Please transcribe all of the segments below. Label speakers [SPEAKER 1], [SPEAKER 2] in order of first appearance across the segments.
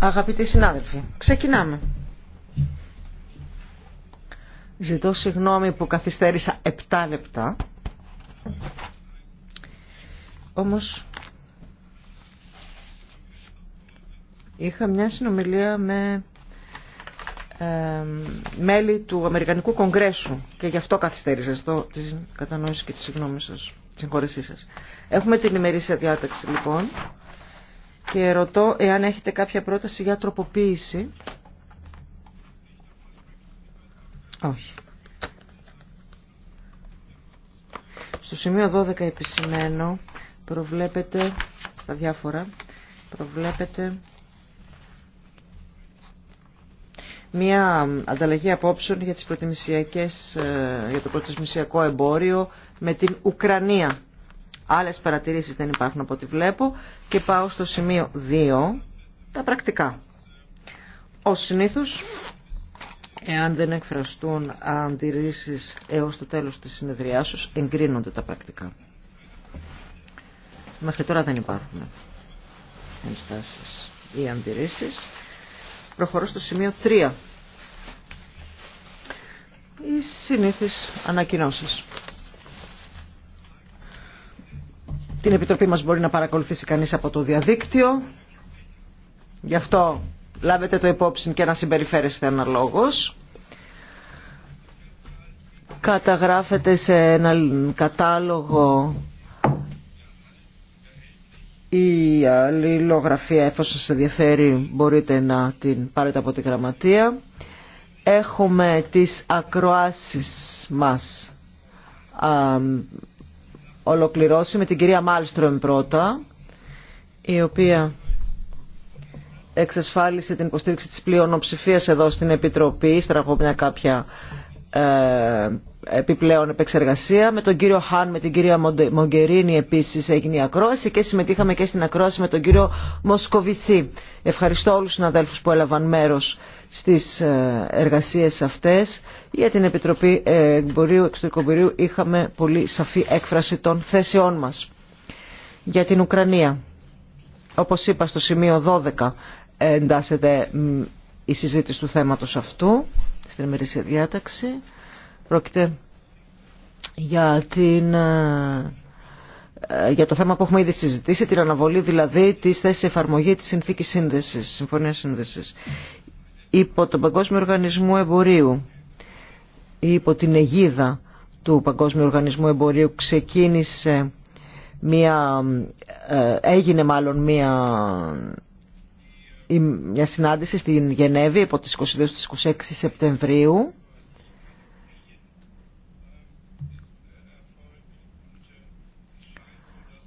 [SPEAKER 1] Αγαπητοί συνάδελφοι, ξεκινάμε. Ζητώ συγγνώμη που καθυστέρησα 7 λεπτά. Όμως είχα μια συνομιλία με μέλη του Αμερικανικού Κογκρέσου και γι' αυτό καθυστέρησα τις την κατανόηση και τη συγγνώμη σας, τη συγχώρεσή σα. Έχουμε την ημερήσια διάταξη λοιπόν και ρωτώ εάν έχετε κάποια πρόταση για τροποποίηση. Όχι. Στο σημείο 12 επισημένο προβλέπετε στα διάφορα, προβλέπετε μια ανταλλαγή απόψεων για, τις προτιμησιακές, ε, για το προτιμησιακό εμπόριο με την Ουκρανία. Άλλες παρατηρήσεις δεν υπάρχουν από ό,τι βλέπω και πάω στο σημείο 2, τα πρακτικά. Ω συνήθως, εάν δεν εκφραστούν αντιρρήσεις έως το τέλος της συνεδριάσεως, εγκρίνονται τα πρακτικά. Μέχρι τώρα δεν υπάρχουν ενστάσεις ή αντιρρήσεις. Προχωρώ στο σημείο 3 οι συνήθεις ανακοινώσεις. Την Επιτροπή μας μπορεί να παρακολουθήσει κανείς από το διαδίκτυο. Γι' αυτό λάβετε το υπόψη και να συμπεριφέρεστε αναλόγως. Καταγράφεται σε ένα κατάλογο η αλληλογραφία εφόσον σας ενδιαφέρει μπορείτε να την πάρετε από τη γραμματεία έχουμε τις ακροάσεις μας α, ολοκληρώσει με την κυρία Μάλστρομ πρώτα, η οποία εξασφάλισε την υποστήριξη της πλειονοψηφίας εδώ στην Επιτροπή, από μια κάποια ε, επιπλέον επεξεργασία. Με τον κύριο Χάν, με την κυρία Μογκερίνη επίσης έγινε η ακρόαση και συμμετείχαμε και στην ακρόαση με τον κύριο Μοσκοβισή. Ευχαριστώ όλους τους αδέλφους που έλαβαν μέρος στις ε, εργασίες αυτές. Για την Επιτροπή Εμπορίου, είχαμε πολύ σαφή έκφραση των θέσεών μας. Για την Ουκρανία, όπως είπα στο σημείο 12 εντάσσεται η συζήτηση του θέματος αυτού στην ημερήσια διάταξη. Πρόκειται για, την, ε, ε, για το θέμα που έχουμε ήδη συζητήσει, την αναβολή δηλαδή της θέσης εφαρμογή της συνθήκης σύνδεσης, συμφωνίας σύνδεσης. Υπό τον Παγκόσμιο Οργανισμό Εμπορίου ή υπό την αιγίδα του Παγκόσμιου Οργανισμού Εμπορίου ξεκίνησε μία, ε, έγινε μάλλον μία μια συνάντηση στην Γενέβη από τις 22 στις 26 Σεπτεμβρίου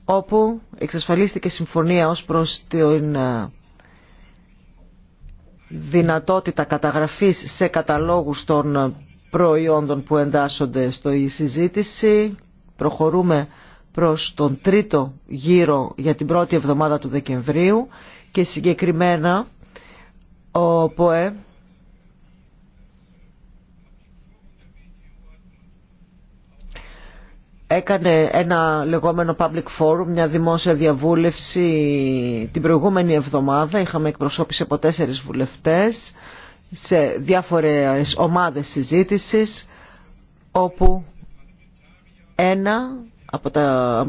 [SPEAKER 1] όπου εξασφαλίστηκε συμφωνία ως προς την ε, δυνατότητα καταγραφής σε καταλόγους των προϊόντων που εντάσσονται στο η συζήτηση. Προχωρούμε προς τον τρίτο γύρο για την πρώτη εβδομάδα του Δεκεμβρίου και συγκεκριμένα ο ΠΟΕ έκανε ένα λεγόμενο public forum, μια δημόσια διαβούλευση την προηγούμενη εβδομάδα. Είχαμε εκπροσώπηση από τέσσερις βουλευτές σε διάφορες ομάδες συζήτησης όπου ένα από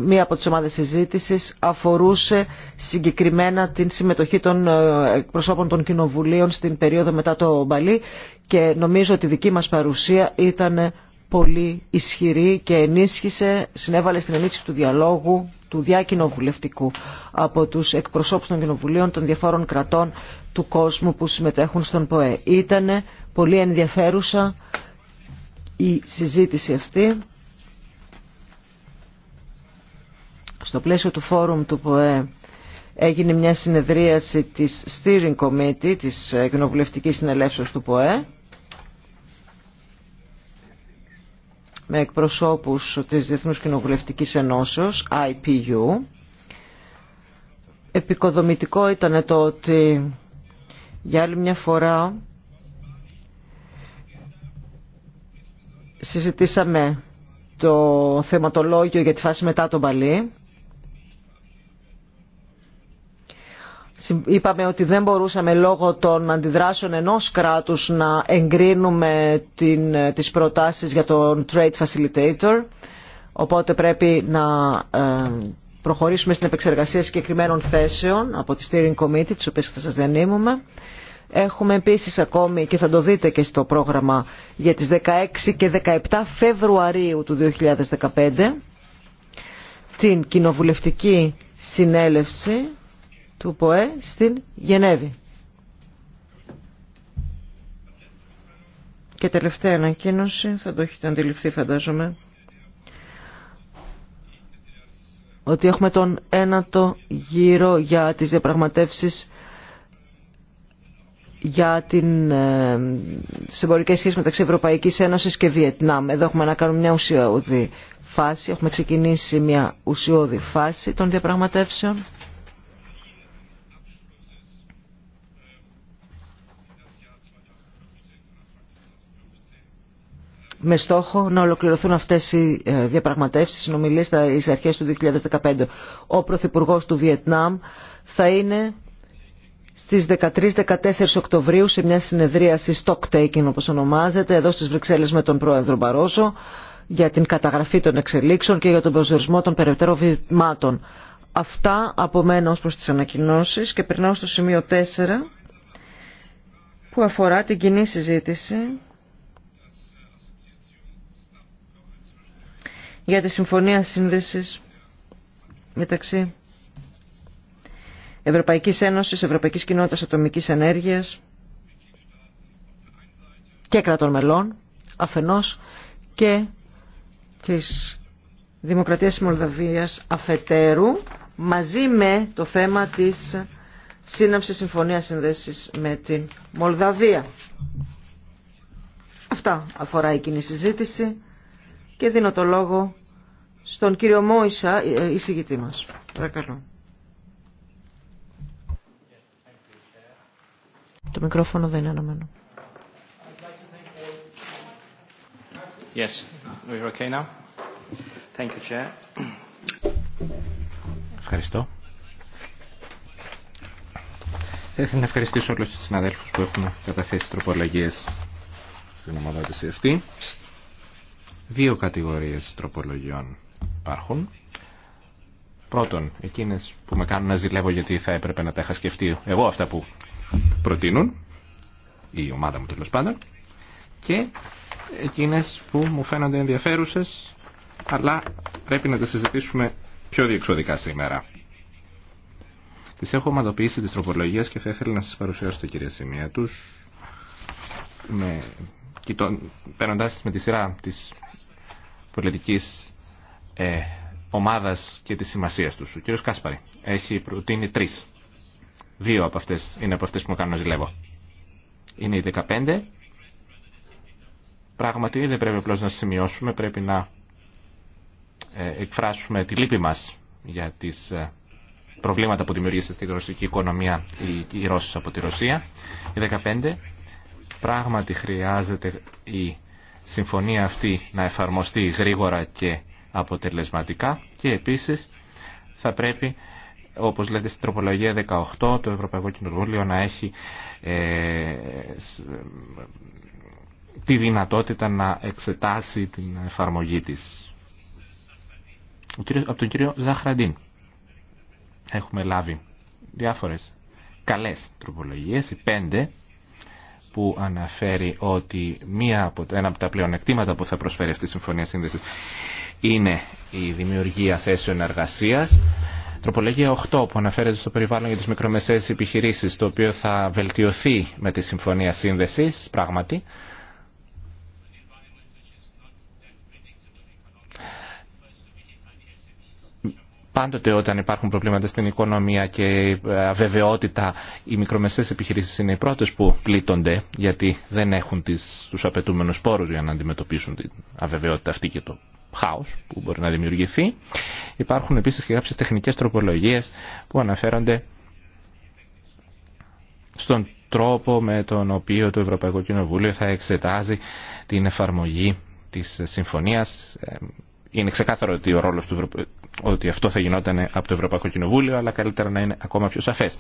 [SPEAKER 1] μία από τις ομάδες συζήτηση αφορούσε συγκεκριμένα την συμμετοχή των ε, εκπροσώπων των κοινοβουλίων στην περίοδο μετά το Μπαλί και νομίζω ότι η δική μας παρουσία ήταν πολύ ισχυρή και ενίσχυσε, συνέβαλε στην ενίσχυση του διαλόγου του διακοινοβουλευτικού από τους εκπροσώπους των κοινοβουλίων των διαφόρων κρατών του κόσμου που συμμετέχουν στον ΠΟΕ. Ήταν πολύ ενδιαφέρουσα η συζήτηση αυτή στο πλαίσιο του φόρουμ του ΠΟΕ έγινε μια συνεδρίαση της Steering Committee, της Κοινοβουλευτικής Συνελεύσεως του ΠΟΕ, με εκπροσώπους της Διεθνούς Κοινοβουλευτικής Ενώσεως, IPU. Επικοδομητικό ήταν το ότι για άλλη μια φορά συζητήσαμε το θεματολόγιο για τη φάση μετά τον Παλή Είπαμε ότι δεν μπορούσαμε λόγω των αντιδράσεων ενός κράτους να εγκρίνουμε την, ε, τις προτάσεις για τον Trade Facilitator, οπότε πρέπει να ε, προχωρήσουμε στην επεξεργασία συγκεκριμένων θέσεων από τη Steering Committee, τις οποίες θα σας διανύμουμε. Έχουμε επίσης ακόμη, και θα το δείτε και στο πρόγραμμα, για τις 16 και 17 Φεβρουαρίου του 2015, την κοινοβουλευτική συνέλευση του ΠΟΕ στην Γενέβη. Και τελευταία ανακοίνωση, θα το έχετε αντιληφθεί φαντάζομαι, ότι έχουμε τον ένατο γύρο για τις διαπραγματεύσεις για την ε, σχέση μεταξύ Ευρωπαϊκής Ένωσης και Βιετνάμ. Εδώ έχουμε να κάνουμε μια ουσιώδη φάση, έχουμε ξεκινήσει μια ουσιώδη φάση των διαπραγματεύσεων. με στόχο να ολοκληρωθούν αυτές οι ε, διαπραγματεύσεις, οι συνομιλίες στις του 2015. Ο Πρωθυπουργό του Βιετνάμ θα είναι στις 13-14 Οκτωβρίου σε μια συνεδρίαση stock taking όπως ονομάζεται εδώ στις Βρυξέλλες με τον Πρόεδρο Μπαρόζο για την καταγραφή των εξελίξεων και για τον προσδιορισμό των περαιτέρω βημάτων. Αυτά από μένα ως προς τις ανακοινώσεις και περνάω στο σημείο 4 που αφορά την κοινή συζήτηση για τη Συμφωνία Σύνδεσης μεταξύ Ευρωπαϊκής Ένωσης, Ευρωπαϊκής Κοινότητας Ατομικής Ενέργειας και κρατών μελών αφενός και της Δημοκρατίας της Μολδαβίας αφετέρου μαζί με το θέμα της σύναψης συμφωνίας συνδέσης με την Μολδαβία. Αυτά αφορά η κοινή συζήτηση και δίνω το λόγο στον κύριο Μόησα, ε, εισηγητή μας. Παρακαλώ. Το μικρόφωνο δεν είναι αναμένο.
[SPEAKER 2] Yes, we're okay now. Thank you, Chair. Ευχαριστώ. Θα ήθελα να ευχαριστήσω όλους τους συναδέλφους που έχουν καταθέσει τροπολογίες στην ομάδα της αυτή. Δύο κατηγορίες τροπολογιών υπάρχουν. Πρώτον, εκείνες που με κάνουν να ζηλεύω γιατί θα έπρεπε να τα είχα σκεφτεί εγώ αυτά που προτείνουν, η ομάδα μου τέλο πάντων, και εκείνες που μου φαίνονται ενδιαφέρουσες, αλλά πρέπει να τα συζητήσουμε πιο διεξοδικά σήμερα. Τι έχω ομαδοποιήσει τι τροπολογίε και θα ήθελα να σα παρουσιάσω τα κυρία σημεία του. Με... Παίρνοντα με τη σειρά τη πολιτικής ε, ομάδας και της σημασίας τους. Ο κύριος Κάσπαρη έχει προτείνει τρεις. Δύο από αυτές είναι από αυτές που με κάνουν να ζηλεύω. Είναι οι 15. Πράγματι δεν πρέπει απλώς να σημειώσουμε, πρέπει να ε, εκφράσουμε τη λύπη μας για τις ε, προβλήματα που δημιουργήσε στην ρωσική οικονομία οι, οι από τη Ρωσία. Η 15 πράγματι χρειάζεται η συμφωνία αυτή να εφαρμοστεί γρήγορα και αποτελεσματικά και επίσης θα πρέπει όπως λέτε στην τροπολογία 18 το Ευρωπαϊκό Κοινοβούλιο να έχει ε, τη δυνατότητα να εξετάσει την εφαρμογή της. από τον κύριο Ζαχραντίν έχουμε λάβει διάφορες καλές τροπολογίες, οι πέντε που αναφέρει ότι μία από, ένα από τα πλεονεκτήματα που θα προσφέρει αυτή η Συμφωνία Σύνδεσης είναι η δημιουργία θέσεων εργασίας. Τροπολογία 8 που αναφέρεται στο περιβάλλον για τις μικρομεσαίες επιχειρήσεις, το οποίο θα βελτιωθεί με τη Συμφωνία Σύνδεσης, πράγματι. Πάντοτε όταν υπάρχουν προβλήματα στην οικονομία και ε, αβεβαιότητα, οι μικρομεσαίες επιχειρήσεις είναι οι πρώτες που πλήττονται, γιατί δεν έχουν τις, τους απαιτούμενους πόρους για να αντιμετωπίσουν την αβεβαιότητα αυτή και το χάος που μπορεί να δημιουργηθεί. Υπάρχουν επίσης και κάποιες τεχνικές τροπολογίες που αναφέρονται στον τρόπο με τον οποίο το Ευρωπαϊκό Κοινοβούλιο θα εξετάζει την εφαρμογή της συμφωνίας ε, είναι ξεκάθαρο ότι ο ρόλος του ότι αυτό θα γινόταν από το Ευρωπαϊκό Κοινοβούλιο, αλλά καλύτερα να είναι ακόμα πιο σαφές.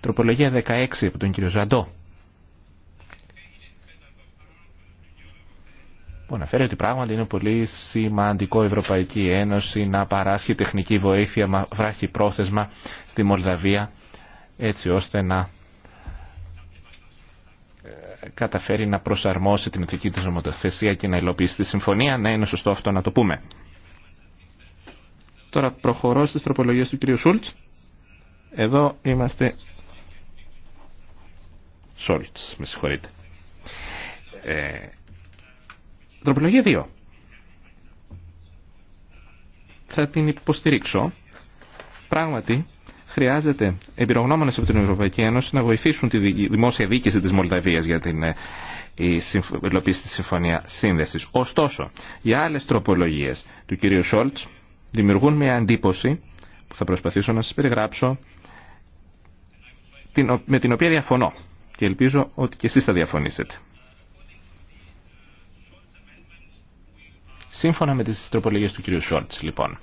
[SPEAKER 2] Τροπολογία 16 από τον κύριο Ζαντό. Που αναφέρει ότι πράγματι είναι πολύ σημαντικό η Ευρωπαϊκή Ένωση να παράσχει τεχνική βοήθεια βράχει πρόθεσμα στη Μολδαβία έτσι ώστε να ε, καταφέρει να προσαρμόσει την ηθική της νομοθεσία και να υλοποιήσει τη συμφωνία. Ναι, είναι σωστό αυτό να το πούμε. Τώρα προχωρώ στις τροπολογίες του κυρίου Σούλτς. Εδώ είμαστε... Σόλτς, με συγχωρείτε. Ε, τροπολογία 2. Θα την υποστηρίξω. Πράγματι, χρειάζεται εμπειρογνώμονε από την Ευρωπαϊκή Ένωση να βοηθήσουν τη δημόσια δίκηση τη Μολδαβία για την ε, υλοποίηση της Συμφωνία Σύνδεσης. Ωστόσο, οι άλλες τροπολογίε του κύριου Σόλτ δημιουργούν μια αντίποση που θα προσπαθήσω να σας περιγράψω με την οποία διαφωνώ και ελπίζω ότι και εσείς θα διαφωνήσετε. Σύμφωνα με τις τροπολογίες του κ. Σόλτς, λοιπόν,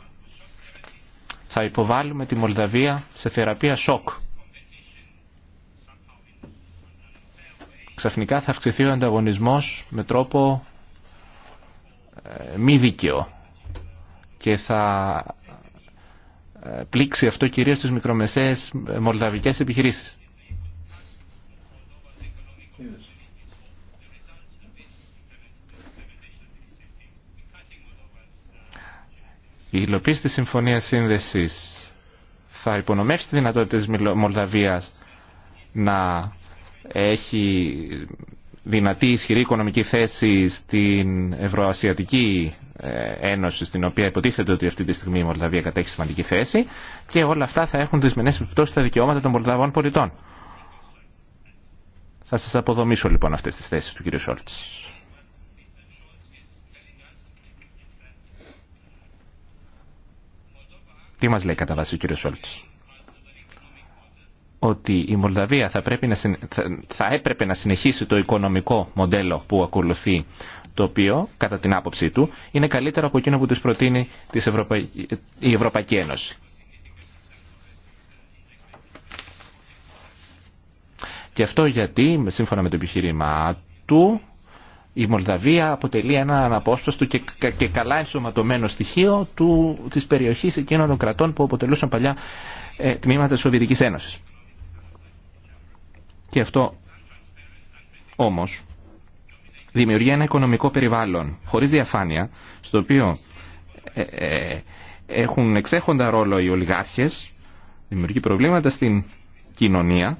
[SPEAKER 2] θα υποβάλουμε τη Μολδαβία σε θεραπεία σοκ. Ξαφνικά θα αυξηθεί ο ανταγωνισμός με τρόπο ε, μη δίκαιο και θα ε, πλήξει αυτό κυρίως τις μικρομεσαίες ε, μολδαβικές επιχειρήσεις. Η υλοποίηση της Συμφωνίας Σύνδεσης θα υπονομεύσει τη δυνατότητα της Μολδαβίας να έχει δυνατή ισχυρή οικονομική θέση στην Ευρωασιατική ε, Ένωση, στην οποία υποτίθεται ότι αυτή τη στιγμή η Μολδαβία κατέχει σημαντική θέση και όλα αυτά θα έχουν δυσμενές επιπτώσεις στα δικαιώματα των Μολδαβών πολιτών. Θα σας αποδομήσω λοιπόν αυτές τις θέσεις του κ. Σόλτς. Τι μας λέει κατά βάση ο κ. Σόλτς ότι η Μολδαβία θα, πρέπει να, θα έπρεπε να συνεχίσει το οικονομικό μοντέλο που ακολουθεί το οποίο, κατά την άποψή του, είναι καλύτερο από εκείνο που της προτείνει της η Ευρωπαϊκή Ένωση. Και αυτό γιατί, σύμφωνα με το επιχείρημα του, η Μολδαβία αποτελεί ένα αναπόσπαστο και, και καλά ενσωματωμένο στοιχείο του, της περιοχής εκείνων των κρατών που αποτελούσαν παλιά ε, τμήματα της Σοβιετικής Ένωσης. Και αυτό όμως δημιουργεί ένα οικονομικό περιβάλλον χωρίς διαφάνεια, στο οποίο ε, ε, έχουν εξέχοντα ρόλο οι ολιγάρχες, δημιουργεί προβλήματα στην κοινωνία,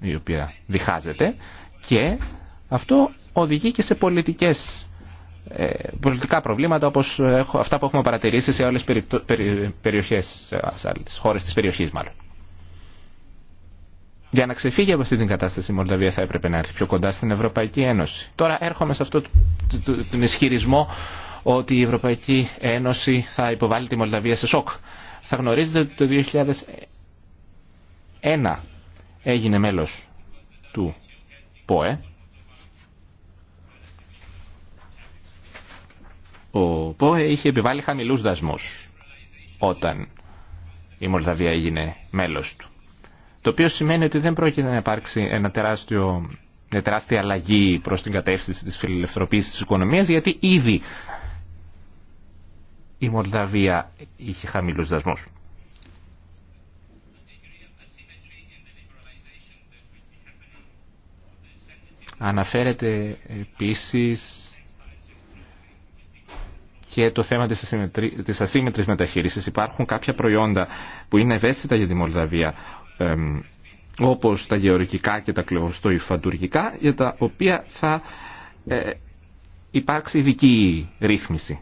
[SPEAKER 2] η οποία διχάζεται, και αυτό οδηγεί και σε πολιτικές ε, πολιτικά προβλήματα όπως αυτά που έχουμε παρατηρήσει σε όλες περιοχές, σε άλλες χώρες της περιοχής μάλλον για να ξεφύγει από αυτή την κατάσταση η Μολδαβία θα έπρεπε να έρθει πιο κοντά στην Ευρωπαϊκή Ένωση. Τώρα έρχομαι σε αυτό τον ισχυρισμό ότι η Ευρωπαϊκή Ένωση θα υποβάλει τη Μολδαβία σε σοκ. Θα γνωρίζετε ότι το 2001 έγινε μέλος του ΠΟΕ. Ο ΠΟΕ είχε επιβάλει χαμηλούς δασμούς όταν η Μολδαβία έγινε μέλος του. Το οποίο σημαίνει ότι δεν πρόκειται να υπάρξει ένα τεράστιο, μια τεράστια αλλαγή προς την κατεύθυνση της φιλελευθερωποίησης της οικονομίας, γιατί ήδη η Μολδαβία είχε χαμηλού δασμού. Αναφέρεται επίσης και το θέμα της, της ασύμμετρης μεταχείρισης. Υπάρχουν κάποια προϊόντα που είναι ευαίσθητα για τη Μολδαβία, όπως τα γεωργικά και τα κλωστοϊφαντουργικά, για τα οποία θα ε, υπάρξει ειδική ρύθμιση.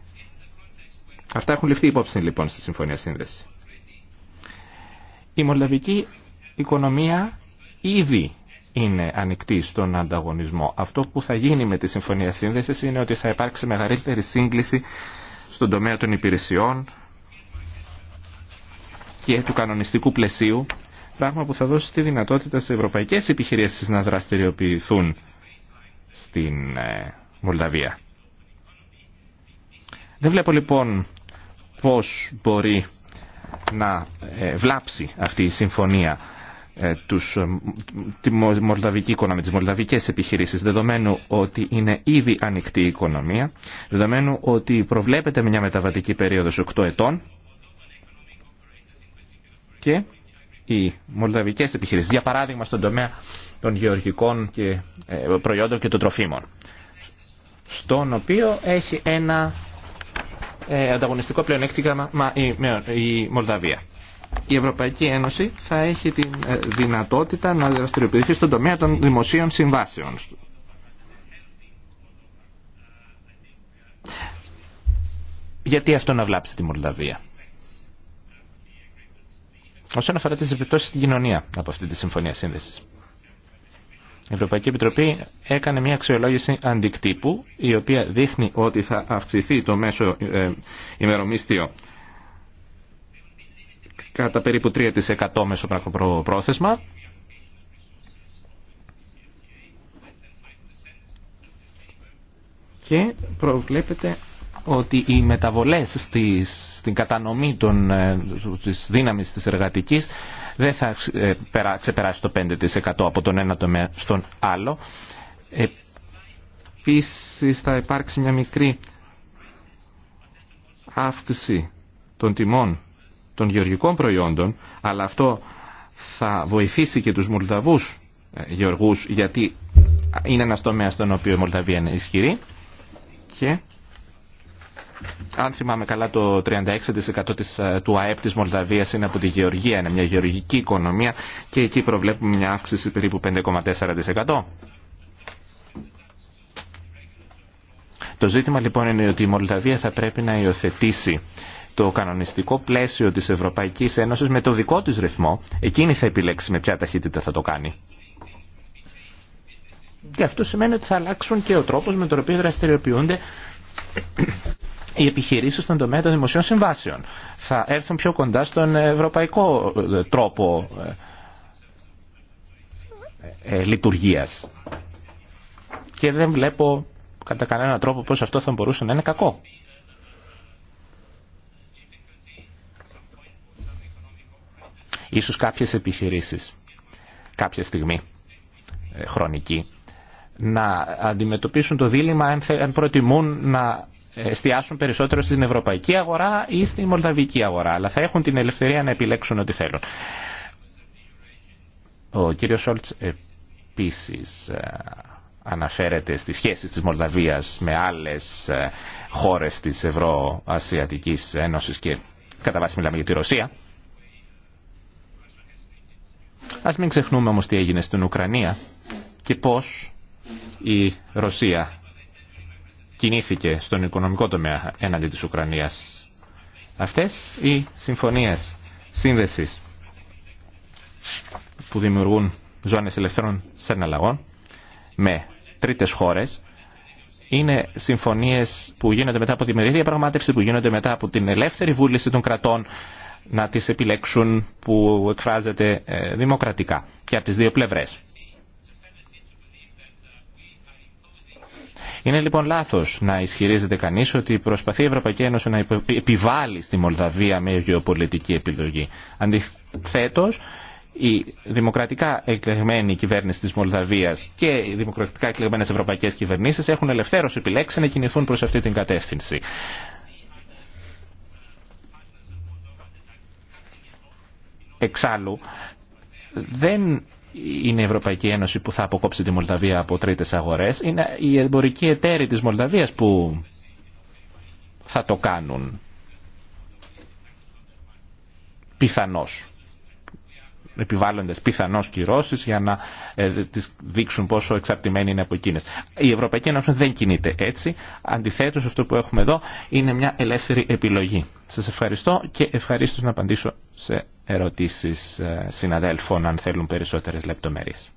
[SPEAKER 2] Αυτά έχουν ληφθεί υπόψη λοιπόν στη Συμφωνία Σύνδεση. Η μολδαβική οικονομία ήδη είναι ανοιχτή στον ανταγωνισμό. Αυτό που θα γίνει με τη Συμφωνία σύνδεση είναι ότι θα υπάρξει μεγαλύτερη σύγκληση στον τομέα των υπηρεσιών και του κανονιστικού πλαισίου Πράγμα που θα δώσει τη δυνατότητα σε ευρωπαϊκές επιχειρήσεις να δραστηριοποιηθούν στην ε, Μολδαβία. Δεν βλέπω λοιπόν πώς μπορεί να ε, βλάψει αυτή η συμφωνία ε, τους, τη μολδαβική οικονομία, τις μολδαβικές επιχειρήσεις, δεδομένου ότι είναι ήδη ανοιχτή η οικονομία, δεδομένου ότι προβλέπεται μια μεταβατική περίοδος 8 ετών και οι μολδαβικέ επιχειρήσει, για παράδειγμα στον τομέα των γεωργικών και, ε, προϊόντων και των τροφίμων, στον οποίο έχει ένα ε, ανταγωνιστικό πλεονέκτημα η Μολδαβία. Η Ευρωπαϊκή Ένωση θα έχει τη ε, δυνατότητα να δραστηριοποιηθεί στον τομέα των δημοσίων συμβάσεων. Γιατί αυτό να βλάψει τη Μολδαβία όσον αφορά τις επιπτώσεις στην κοινωνία από αυτή τη Συμφωνία Σύνδεσης. Η Ευρωπαϊκή Επιτροπή έκανε μια αξιολόγηση αντικτύπου, η οποία δείχνει ότι θα αυξηθεί το μέσο ε, ημερομίσθιο κατά περίπου 3% μέσω πρόθεσμα. Και προβλέπεται ότι οι μεταβολές στις, στην κατανομή των, ε, της δύναμης της εργατικής δεν θα ε, ξεπεράσει το 5% από τον ένα τομέα στον άλλο. Επίσης θα υπάρξει μια μικρή αύξηση των τιμών των γεωργικών προϊόντων, αλλά αυτό θα βοηθήσει και τους Μολδαβούς ε, γεωργούς, γιατί είναι ένας τομέας στον οποίο η Μολδαβία είναι ισχυρή και αν θυμάμαι καλά το 36% της, ε, του ΑΕΠ της Μολδαβίας είναι από τη γεωργία, είναι μια γεωργική οικονομία και εκεί προβλέπουμε μια αύξηση περίπου 5,4%. Το ζήτημα λοιπόν είναι ότι η Μολδαβία θα πρέπει να υιοθετήσει το κανονιστικό πλαίσιο της Ευρωπαϊκής Ένωσης με το δικό της ρυθμό. Εκείνη θα επιλέξει με ποια ταχύτητα θα το κάνει. Και αυτό σημαίνει ότι θα αλλάξουν και ο τρόπος με τον οποίο δραστηριοποιούνται οι επιχειρήσει στον τομέα των δημοσίων συμβάσεων. Θα έρθουν πιο κοντά στον ευρωπαϊκό ε, τρόπο ε, ε, λειτουργίας. Και δεν βλέπω κατά κανέναν τρόπο πώς αυτό θα μπορούσε να είναι κακό. Ίσως κάποιες επιχειρήσεις κάποια στιγμή χρονική να αντιμετωπίσουν το δίλημα αν προτιμούν να εστιάσουν περισσότερο στην ευρωπαϊκή αγορά ή στη μολδαβική αγορά, αλλά θα έχουν την ελευθερία να επιλέξουν ό,τι θέλουν. Ο κύριος Σόλτς επίσης ε, αναφέρεται στις σχέσεις της Μολδαβίας με άλλες ε, χώρες της Ευρωασιατικής Ένωσης και κατά βάση μιλάμε για τη Ρωσία. Ας μην ξεχνούμε όμως τι έγινε στην Ουκρανία και πώς η Ρωσία κινήθηκε στον οικονομικό τομέα έναντι της Ουκρανίας. Αυτές οι συμφωνίες σύνδεσης που δημιουργούν ζώνες ελευθερών συναλλαγών με τρίτες χώρες είναι συμφωνίες που γίνονται μετά από τη μερίδια πραγμάτευση, που γίνονται μετά από την ελεύθερη βούληση των κρατών να τις επιλέξουν που εκφράζεται ε, δημοκρατικά και από τις δύο πλευρές. Είναι λοιπόν λάθος να ισχυρίζεται κανείς ότι προσπαθεί η Ευρωπαϊκή Ένωση να επιβάλλει στη Μολδαβία με γεωπολιτική επιλογή. Αντιθέτω, η δημοκρατικά εκλεγμένη κυβέρνηση της Μολδαβίας και οι δημοκρατικά εκλεγμένες ευρωπαϊκές κυβερνήσεις έχουν ελευθερώ επιλέξει να κινηθούν προς αυτή την κατεύθυνση. Εξάλλου, δεν είναι η Ευρωπαϊκή Ένωση που θα αποκόψει τη Μολδαβία από τρίτε αγορές. Είναι οι εμπορικοί εταίροι της Μολδαβία που θα το κάνουν. Πιθανώς. Επιβάλλοντας πιθανώς κυρώσει για να ε, τις δείξουν πόσο εξαρτημένοι είναι από εκείνες. Η Ευρωπαϊκή Ένωση δεν κινείται έτσι. αντιθέτω, αυτό που έχουμε εδώ είναι μια ελεύθερη επιλογή. Σα ευχαριστώ και ευχαριστώ να απαντήσω σε ερωτήσεις ε, συναδέλφων αν θέλουν περισσότερες λεπτομέρειες.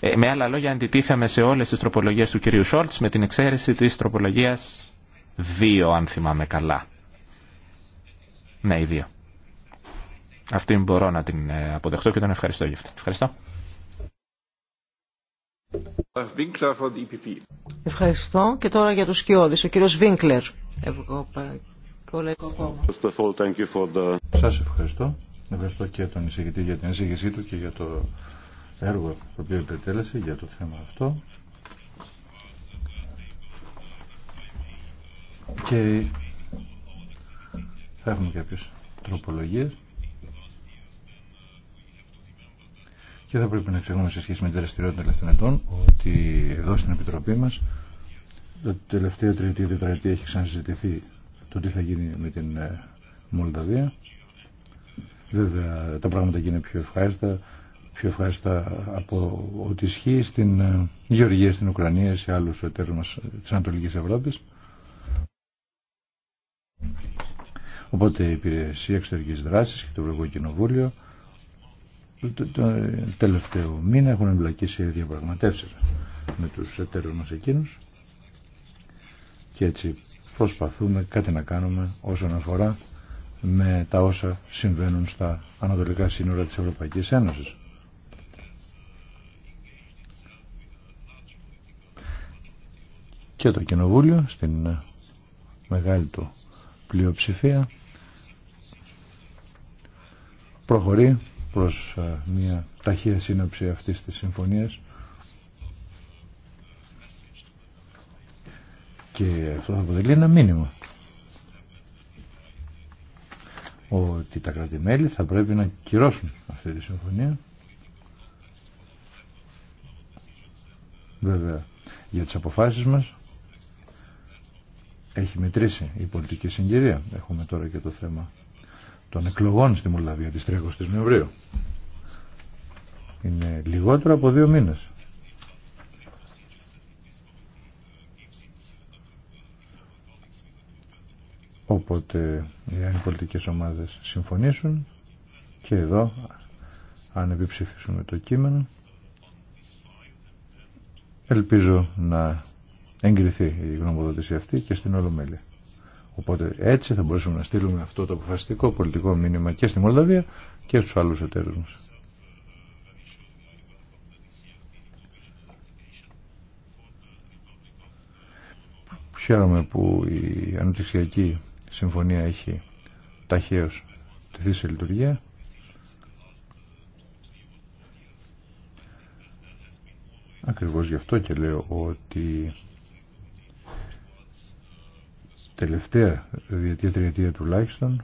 [SPEAKER 2] Ε, με άλλα λόγια αντιτίθεμε σε όλες τις τροπολογίες του κυρίου Σόλτς με την εξαίρεση της τροπολογίας 2 αν θυμάμαι καλά. Ναι, η 2. Αυτή μπορώ να την ε, αποδεχτώ και τον ευχαριστώ γι' αυτό. Ευχαριστώ.
[SPEAKER 1] Ευχαριστώ και τώρα για τους σκιώδεις. Ο κύριος Βίνκλερ. Σας
[SPEAKER 3] ευχαριστώ. Ευχαριστώ και τον εισηγητή για την εισηγησή του και για το έργο το οποίο επιτέλεσε για το θέμα αυτό. Και θα έχουμε κάποιες τροπολογίες. Και θα πρέπει να ξεχνούμε σε σχέση με την δραστηριότητα των τελευταίων ετών ότι εδώ στην Επιτροπή μας το τελευταίο τριετη τριετή-τετραετή έχει ξαναζητηθεί το τι θα γίνει με την ε, Μολδαβία. Βέβαια τα πράγματα γίνουν πιο ευχάριστα, πιο ευχάριστα από ό,τι ισχύει στην ε, Γεωργία, στην Ουκρανία, σε άλλους εταίρους μας της Ανατολικής Ευρώπης. Οπότε η Υπηρεσία Εξωτερικής Δράσης και το Ευρωπαϊκό Κοινοβούλιο το, τελευταίο μήνα έχουν εμπλακεί σε διαπραγματεύσεις με τους εταίρους μας εκείνους και έτσι προσπαθούμε κάτι να κάνουμε όσον αφορά με τα όσα συμβαίνουν στα ανατολικά σύνορα της Ευρωπαϊκής Ένωσης. Και το Κοινοβούλιο στην μεγάλη του πλειοψηφία προχωρεί προς ε, μια ταχεία σύνοψη αυτής της συμφωνίας Και αυτό θα αποτελεί ένα μήνυμα. Ότι τα κρατη θα πρέπει να κυρώσουν αυτή τη συμφωνία. Βέβαια, για τις αποφάσεις μας έχει μετρήσει η πολιτική συγκυρία. Έχουμε τώρα και το θέμα των εκλογών στη Μολδαβία της 30 Νοεμβρίου. Είναι λιγότερο από δύο μήνες. Οπότε, οι πολιτικές ομάδες συμφωνήσουν και εδώ, αν επιψηφίσουμε το κείμενο, ελπίζω να εγκριθεί η γνωμοδότηση αυτή και στην Ολομέλεια. Οπότε έτσι θα μπορέσουμε να στείλουμε αυτό το αποφασιστικό πολιτικό μήνυμα και στη Μολδαβία και στους άλλους εταίρους μας. Χαίρομαι που η αναπτυξιακή συμφωνία έχει ταχαίως τεθεί σε λειτουργία. Ακριβώς γι' αυτό και λέω ότι τελευταία διετία, τριετία τουλάχιστον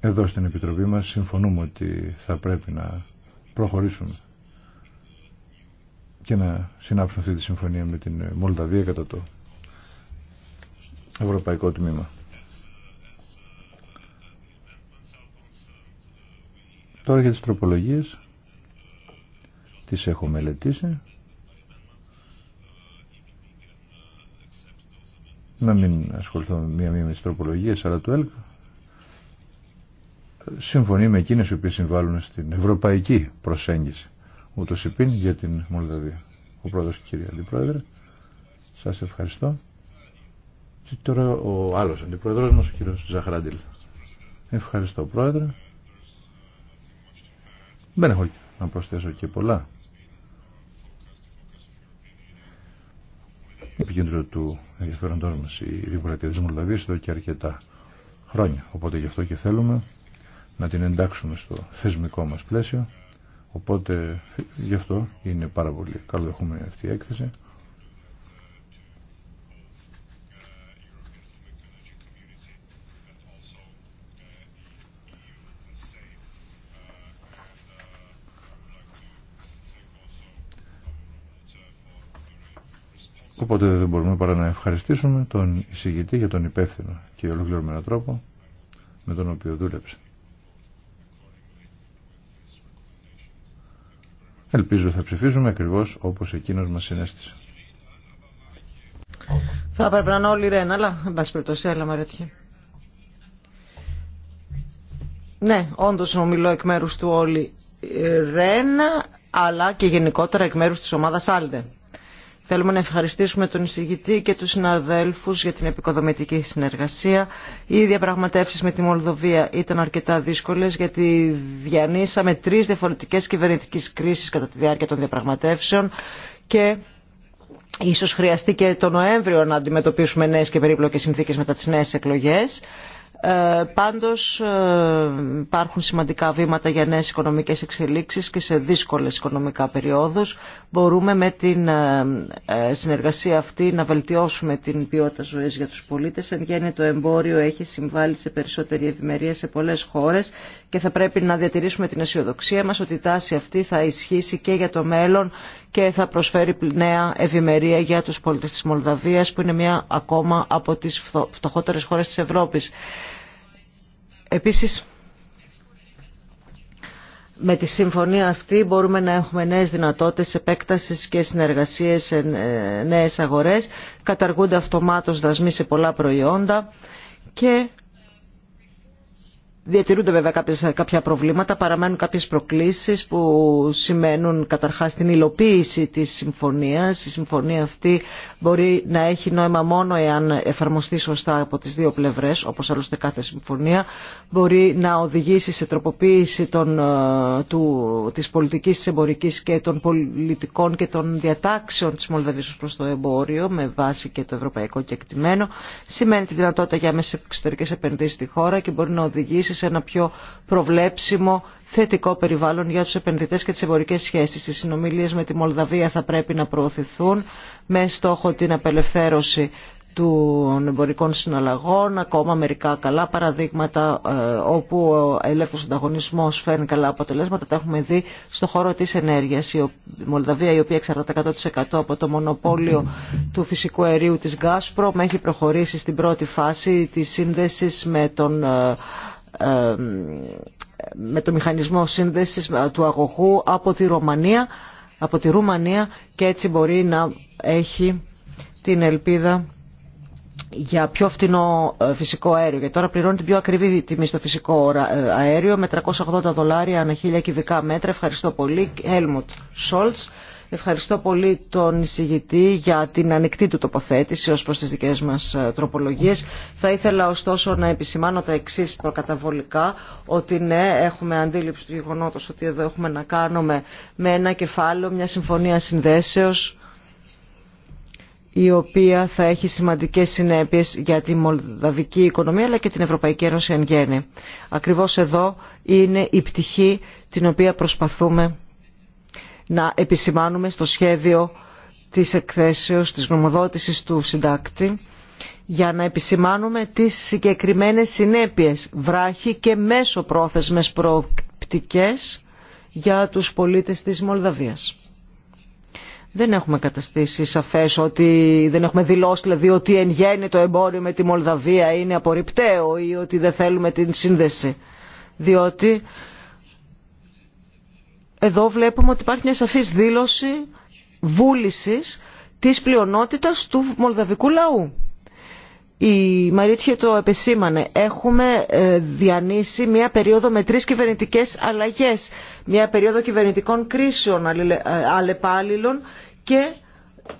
[SPEAKER 3] εδώ στην Επιτροπή μας συμφωνούμε ότι θα πρέπει να προχωρήσουμε και να συνάψουμε αυτή τη συμφωνία με την Μολδαβία κατά το Ευρωπαϊκό Τμήμα. Τώρα για τις τροπολογίες τις έχω μελετήσει να μην ασχοληθώ μία-μία με τις τροπολογίες αλλά το ΕΛΚ συμφωνεί με εκείνες οι οποίες συμβάλλουν στην ευρωπαϊκή προσέγγιση ούτως υπήν για την Μολδαβία. Ο πρόεδρος και κυρία Αντιπρόεδρε σας ευχαριστώ. Τώρα ο άλλο αντιπρόεδρος μας, ο κύριο Ζαχράντιλ. Ευχαριστώ πρόεδρε. Δεν έχω να προσθέσω και πολλά. Επικέντρο του ενδιαφέροντό μας η Δημοκρατία τη Μολδαβία εδώ και αρκετά χρόνια. Οπότε γι' αυτό και θέλουμε να την εντάξουμε στο θεσμικό μας πλαίσιο. Οπότε γι' αυτό είναι πάρα πολύ καλό έχουμε αυτή η έκθεση. Οπότε δεν μπορούμε παρά να ευχαριστήσουμε τον εισηγητή για τον υπεύθυνο και ολοκληρωμένο τρόπο με τον οποίο δούλεψε. Ελπίζω θα ψηφίσουμε ακριβώς όπως εκείνος μας συνέστησε.
[SPEAKER 1] Θα έπρεπε να είναι όλοι ρένα, αλλά εν πάση περιπτώσει, Ναι, όντως ομιλώ εκ μέρους του όλοι ρένα, αλλά και γενικότερα εκ μέρους της ομάδας Άλντε. Θέλουμε να ευχαριστήσουμε τον εισηγητή και τους συναδέλφους για την επικοδομητική συνεργασία. Οι διαπραγματεύσεις με τη Μολδοβία ήταν αρκετά δύσκολες γιατί διανύσαμε τρεις διαφορετικές κυβερνητικές κρίσεις κατά τη διάρκεια των διαπραγματεύσεων και ίσως χρειαστεί και το Νοέμβριο να αντιμετωπίσουμε νέες και περίπλοκες συνθήκες μετά τις νέες εκλογές. Ε, πάντως ε, υπάρχουν σημαντικά βήματα για νέες οικονομικές εξελίξεις και σε δύσκολες οικονομικά περιόδους. Μπορούμε με την ε, ε, συνεργασία αυτή να βελτιώσουμε την ποιότητα ζωής για τους πολίτες. Εν γέννη το εμπόριο έχει συμβάλει σε περισσότερη ευημερία σε πολλές χώρες και θα πρέπει να διατηρήσουμε την αισιοδοξία μας ότι η τάση αυτή θα ισχύσει και για το μέλλον και θα προσφέρει νέα ευημερία για τους πολίτες της Μολδαβίας που είναι μια ακόμα από τις φτωχότερες χώρες της Ευρώπης. Επίσης, με τη συμφωνία αυτή μπορούμε να έχουμε νέες δυνατότητες επέκτασης και συνεργασίες σε νέες αγορές. Καταργούνται αυτομάτως δασμοί σε πολλά προϊόντα και Διατηρούνται βέβαια κάποια προβλήματα, παραμένουν κάποιες προκλήσεις που σημαίνουν καταρχάς την υλοποίηση της συμφωνίας. Η συμφωνία αυτή μπορεί να έχει νόημα μόνο εάν εφαρμοστεί σωστά από τις δύο πλευρές, όπως άλλωστε κάθε συμφωνία. Μπορεί να οδηγήσει σε τροποποίηση των, ε, του, της πολιτικής, της εμπορικής και των πολιτικών και των διατάξεων της Μολδαβής προς το εμπόριο με βάση και το ευρωπαϊκό κεκτημένο. Σημαίνει τη δυνατότητα για μέσα εξωτερικές επενδύσεις στη χώρα και μπορεί να οδηγήσει σε ένα πιο προβλέψιμο θετικό περιβάλλον για τους επενδυτές και τις εμπορικές σχέσεις. Οι συνομιλίες με τη Μολδαβία θα πρέπει να προωθηθούν με στόχο την απελευθέρωση των εμπορικών συναλλαγών, ακόμα μερικά καλά παραδείγματα ε, όπου ο ελεύθερος ανταγωνισμός φέρνει καλά αποτελέσματα. Τα έχουμε δει στο χώρο της ενέργειας. Η Μολδαβία, η οποία εξαρτάται 100% από το μονοπόλιο του φυσικού αερίου της Γκάσπρο έχει προχωρήσει στην πρώτη φάση της σύνδεσης με τον ε, με το μηχανισμό σύνδεσης ε, του αγωγού από τη, Ρωμανία, από τη Ρουμανία και έτσι μπορεί να έχει την ελπίδα για πιο φθηνό ε, φυσικό αέριο. Γιατί τώρα πληρώνει την πιο ακριβή τιμή στο φυσικό ε, αέριο με 380 δολάρια ανά χίλια κυβικά μέτρα. Ευχαριστώ πολύ. Helmut Σόλτ, Ευχαριστώ πολύ τον εισηγητή για την ανοιχτή του τοποθέτηση ως προς τις δικές μας ε, τροπολογίες. Θα ήθελα ωστόσο να επισημάνω τα εξή προκαταβολικά, ότι ναι, έχουμε αντίληψη του γεγονότος ότι εδώ έχουμε να κάνουμε με ένα κεφάλαιο, μια συμφωνία συνδέσεως, η οποία θα έχει σημαντικές συνέπειες για τη μολδαβική οικονομία αλλά και την Ευρωπαϊκή Ένωση εν γέννη. Ακριβώς εδώ είναι η πτυχή την οποία προσπαθούμε να επισημάνουμε στο σχέδιο της εκθέσεως, της γνωμοδότησης του συντάκτη για να επισημάνουμε τις συγκεκριμένες συνέπειες βράχη και μέσο πρόθεσμες προοπτικές για τους πολίτες της Μολδαβίας δεν έχουμε καταστήσει σαφέ ότι δεν έχουμε δηλώσει δηλαδή ότι εν γέννη το εμπόριο με τη Μολδαβία είναι απορριπταίο ή ότι δεν θέλουμε την σύνδεση. Διότι εδώ βλέπουμε ότι υπάρχει μια σαφής δήλωση βούλησης της πλειονότητας του μολδαβικού λαού. Η Μαρίτσια το επεσήμανε. Έχουμε ε, διανύσει μια περίοδο με τρεις κυβερνητικές αλλαγές. Μια περίοδο κυβερνητικών κρίσεων ε, αλλεπάλληλων και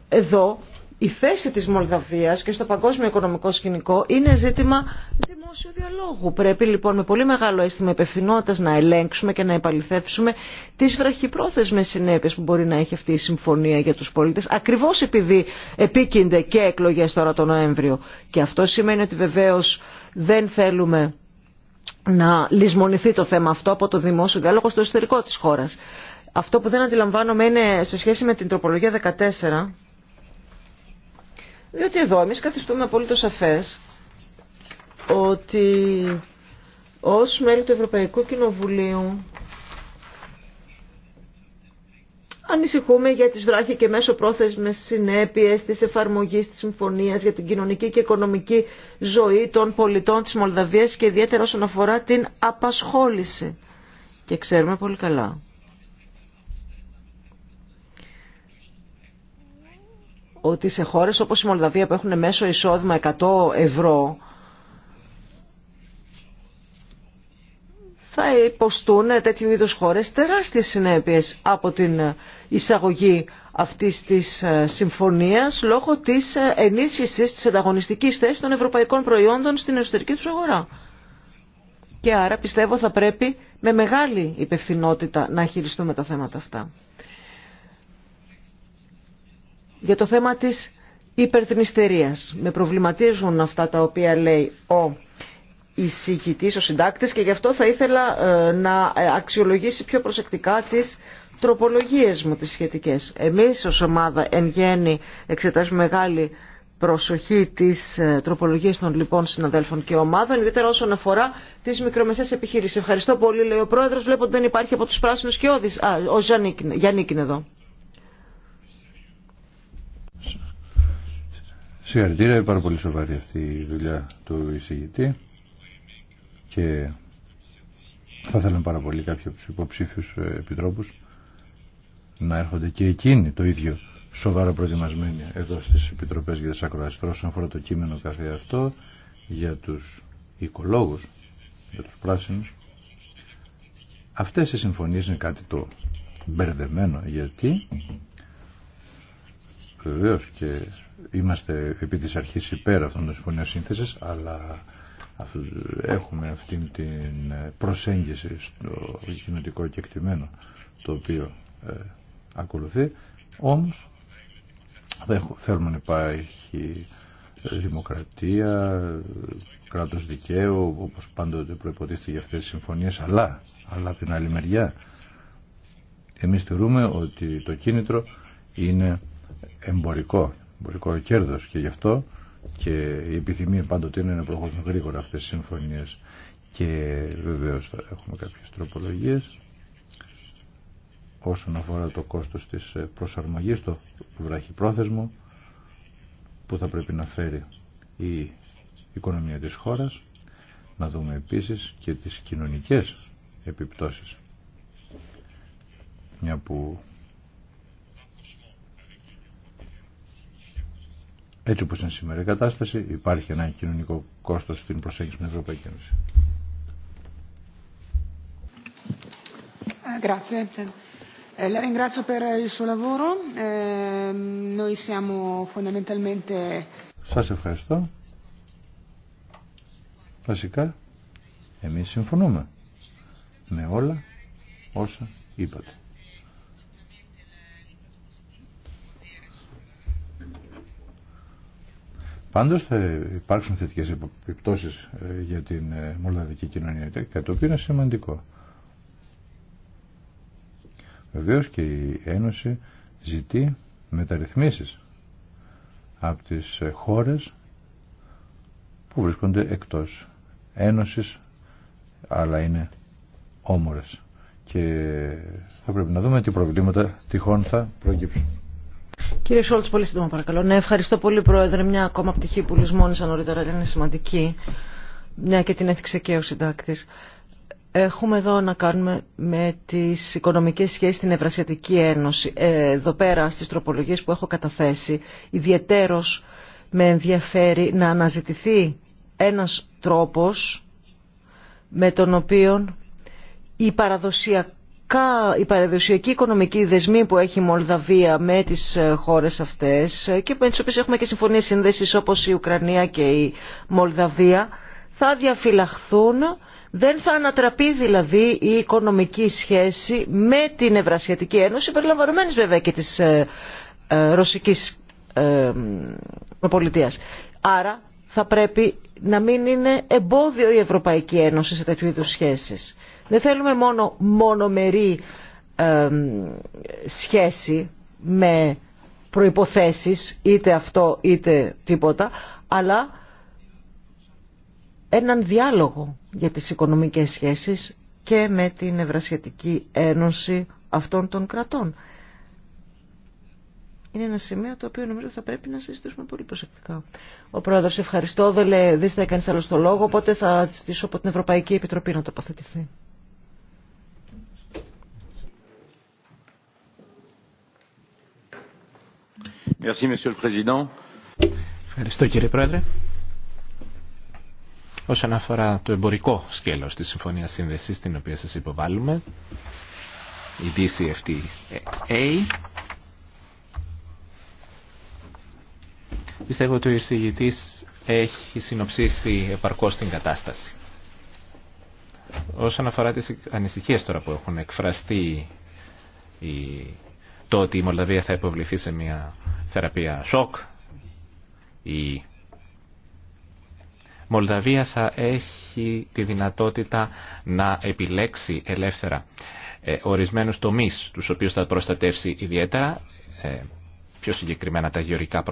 [SPEAKER 1] εδώ η θέση της Μολδαβίας και στο παγκόσμιο οικονομικό σκηνικό είναι ζήτημα δημόσιου διαλόγου. Πρέπει λοιπόν με πολύ μεγάλο αίσθημα υπευθυνότητας να ελέγξουμε και να επαληθεύσουμε τις βραχυπρόθεσμες συνέπειες που μπορεί να έχει αυτή η συμφωνία για τους πολίτες ακριβώς επειδή επίκυνται και εκλογές τώρα τον Νοέμβριο. Και αυτό σημαίνει ότι βεβαίως δεν θέλουμε να λησμονηθεί το θέμα αυτό από το δημόσιο διάλογο στο εσωτερικό της χώρας. Αυτό που δεν αντιλαμβάνομαι είναι σε σχέση με την τροπολογία 14 διότι εδώ εμεί καθιστούμε απόλυτο σαφέ ότι ως μέλη του Ευρωπαϊκού Κοινοβουλίου Ανησυχούμε για τις βράχοι και μέσο πρόθεσμες συνέπειες της εφαρμογής της συμφωνίας για την κοινωνική και οικονομική ζωή των πολιτών της Μολδαβίας και ιδιαίτερα όσον αφορά την απασχόληση. Και ξέρουμε πολύ καλά ότι σε χώρες όπως η Μολδαβία που έχουν μέσο εισόδημα 100 ευρώ θα υποστούν τέτοιου είδους χώρες τεράστιες συνέπειες από την εισαγωγή αυτής της ε, συμφωνίας λόγω της ε, ενίσχυσης της ανταγωνιστικής θέσης των ευρωπαϊκών προϊόντων στην εσωτερική του αγορά. Και άρα πιστεύω θα πρέπει με μεγάλη υπευθυνότητα να χειριστούμε τα θέματα αυτά για το θέμα της υπερθυμιστερίας. Με προβληματίζουν αυτά τα οποία λέει ο εισηγητής, ο συντάκτης και γι' αυτό θα ήθελα ε, να αξιολογήσει πιο προσεκτικά τις τροπολογίες μου τις σχετικές. Εμείς ως ομάδα εν γέννη εξετάζουμε μεγάλη προσοχή της ε, τροπολογίας των λοιπόν συναδέλφων και ομάδων, ιδιαίτερα όσον αφορά τις μικρομεσαίες επιχειρήσεις. Ευχαριστώ πολύ, λέει ο Πρόεδρος, βλέπω ότι δεν υπάρχει από τους πράσινους και όδης. Α, ο Γιάννικ είναι εδώ.
[SPEAKER 3] Συγχαρητήρια, είναι πάρα πολύ σοβαρή αυτή η δουλειά του εισηγητή και θα θέλαμε πάρα πολύ κάποιοι από τους υποψήφιους ε, επιτρόπους να έρχονται και εκείνοι το ίδιο σοβαρά προετοιμασμένοι εδώ στις Επιτροπές για τις Ακροασίες όσον αφορά το κείμενο καθε αυτό για τους οικολόγους, για τους πράσινους. Αυτές οι συμφωνίες είναι κάτι το μπερδεμένο γιατί βεβαίω και είμαστε επί της αρχής υπέρ αυτών των συμφωνίων σύνθεσης, αλλά έχουμε αυτή την προσέγγιση στο κοινωτικό κεκτημένο το οποίο ε, ακολουθεί. Όμως θέλουμε να υπάρχει δημοκρατία, κράτος δικαίου, όπως πάντοτε προϋποτίθεται για αυτές τις συμφωνίες, αλλά, αλλά από την άλλη μεριά εμείς θεωρούμε ότι το κίνητρο είναι εμπορικό εμπορικό κέρδο και γι' αυτό και η επιθυμία πάντοτε είναι να προχωρήσουν γρήγορα αυτέ τις συμφωνίε και βεβαίω θα έχουμε κάποιες τροπολογίε. όσον αφορά το κόστος της προσαρμογής, το βραχυπρόθεσμο που θα πρέπει να φέρει η οικονομία της χώρας, να δούμε επίσης και τις κοινωνικές επιπτώσεις. Μια που Έτσι όπως είναι σήμερα η κατάσταση υπάρχει ένα κοινωνικό κόστος στην προσέγγιση με την Ευρωπαϊκή Ένωση.
[SPEAKER 1] Ε, ε, la ringrazio per il suo lavoro. Ε, noi siamo fondamentalmente.
[SPEAKER 3] Σας ευχαριστώ. Βασικά, εμείς συμφωνούμε με όλα όσα είπατε. Πάντω θα ε, υπάρξουν θετικές επιπτώσεις ε, για την ε, μολδαβική κοινωνία, κάτι το οποίο είναι σημαντικό. Βεβαίω και η Ένωση ζητεί μεταρρυθμίσει από τι χώρες που βρίσκονται εκτό. Ένωσης, αλλά είναι όμορε. Και θα πρέπει να δούμε τι προβλήματα τυχόν θα προκύψουν.
[SPEAKER 1] Κύριε Σόλτ, πολύ σύντομα παρακαλώ. Ναι, ευχαριστώ πολύ, Πρόεδρε. Μια ακόμα πτυχή που λησμόνησα νωρίτερα είναι σημαντική, μια και την έθιξε και ο συντάκτη. Έχουμε εδώ να κάνουμε με τι οικονομικέ σχέσει στην Ευρασιατική Ένωση. Ε, εδώ πέρα στι τροπολογίε που έχω καταθέσει, ιδιαιτέρω με ενδιαφέρει να αναζητηθεί ένα τρόπο με τον οποίο η παραδοσιακή οι παραδοσιακοί οικονομικοί δεσμοί που έχει η Μολδαβία με τις ε, χώρες αυτές ε, και με τις οποίες έχουμε και συμφωνίες σύνδεση όπως η Ουκρανία και η Μολδαβία θα διαφυλαχθούν, δεν θα ανατραπεί δηλαδή η οικονομική σχέση με την Ευρασιατική Ένωση, περιλαμβανομένης βέβαια και της ε, ε, Ρωσικής ε, Άρα θα πρέπει να μην είναι εμπόδιο η Ευρωπαϊκή Ένωση σε τέτοιου είδους σχέσεις. Δεν θέλουμε μόνο μονομερή σχέση με προϋποθέσεις, είτε αυτό είτε τίποτα, αλλά έναν διάλογο για τις οικονομικές σχέσεις και με την Ευρασιατική Ένωση αυτών των κρατών. Είναι ένα σημείο το οποίο νομίζω θα πρέπει να συζητήσουμε πολύ προσεκτικά. Ο Πρόεδρος, ευχαριστώ. Δεν, θα έκανε άλλο το λόγο, οπότε θα ζητήσω από την Ευρωπαϊκή Επιτροπή να τοποθετηθεί.
[SPEAKER 2] Ευχαριστώ κύριε Πρόεδρε. Όσον αφορά το εμπορικό σκέλος της Συμφωνίας Σύνδεσης την οποία σας υποβάλλουμε, η DCFTA, πιστεύω ότι ο εισηγητής έχει συνοψίσει επαρκώς την κατάσταση. Όσον αφορά τις ανησυχίες τώρα που έχουν εκφραστεί οι το ότι η Μολδαβία θα υποβληθεί σε μια θεραπεία σοκ. Η Μολδαβία θα έχει τη δυνατότητα να επιλέξει ελεύθερα ε, ορισμένους τομείς, τους οποίους θα προστατεύσει ιδιαίτερα, ε, πιο συγκεκριμένα τα γεωρικά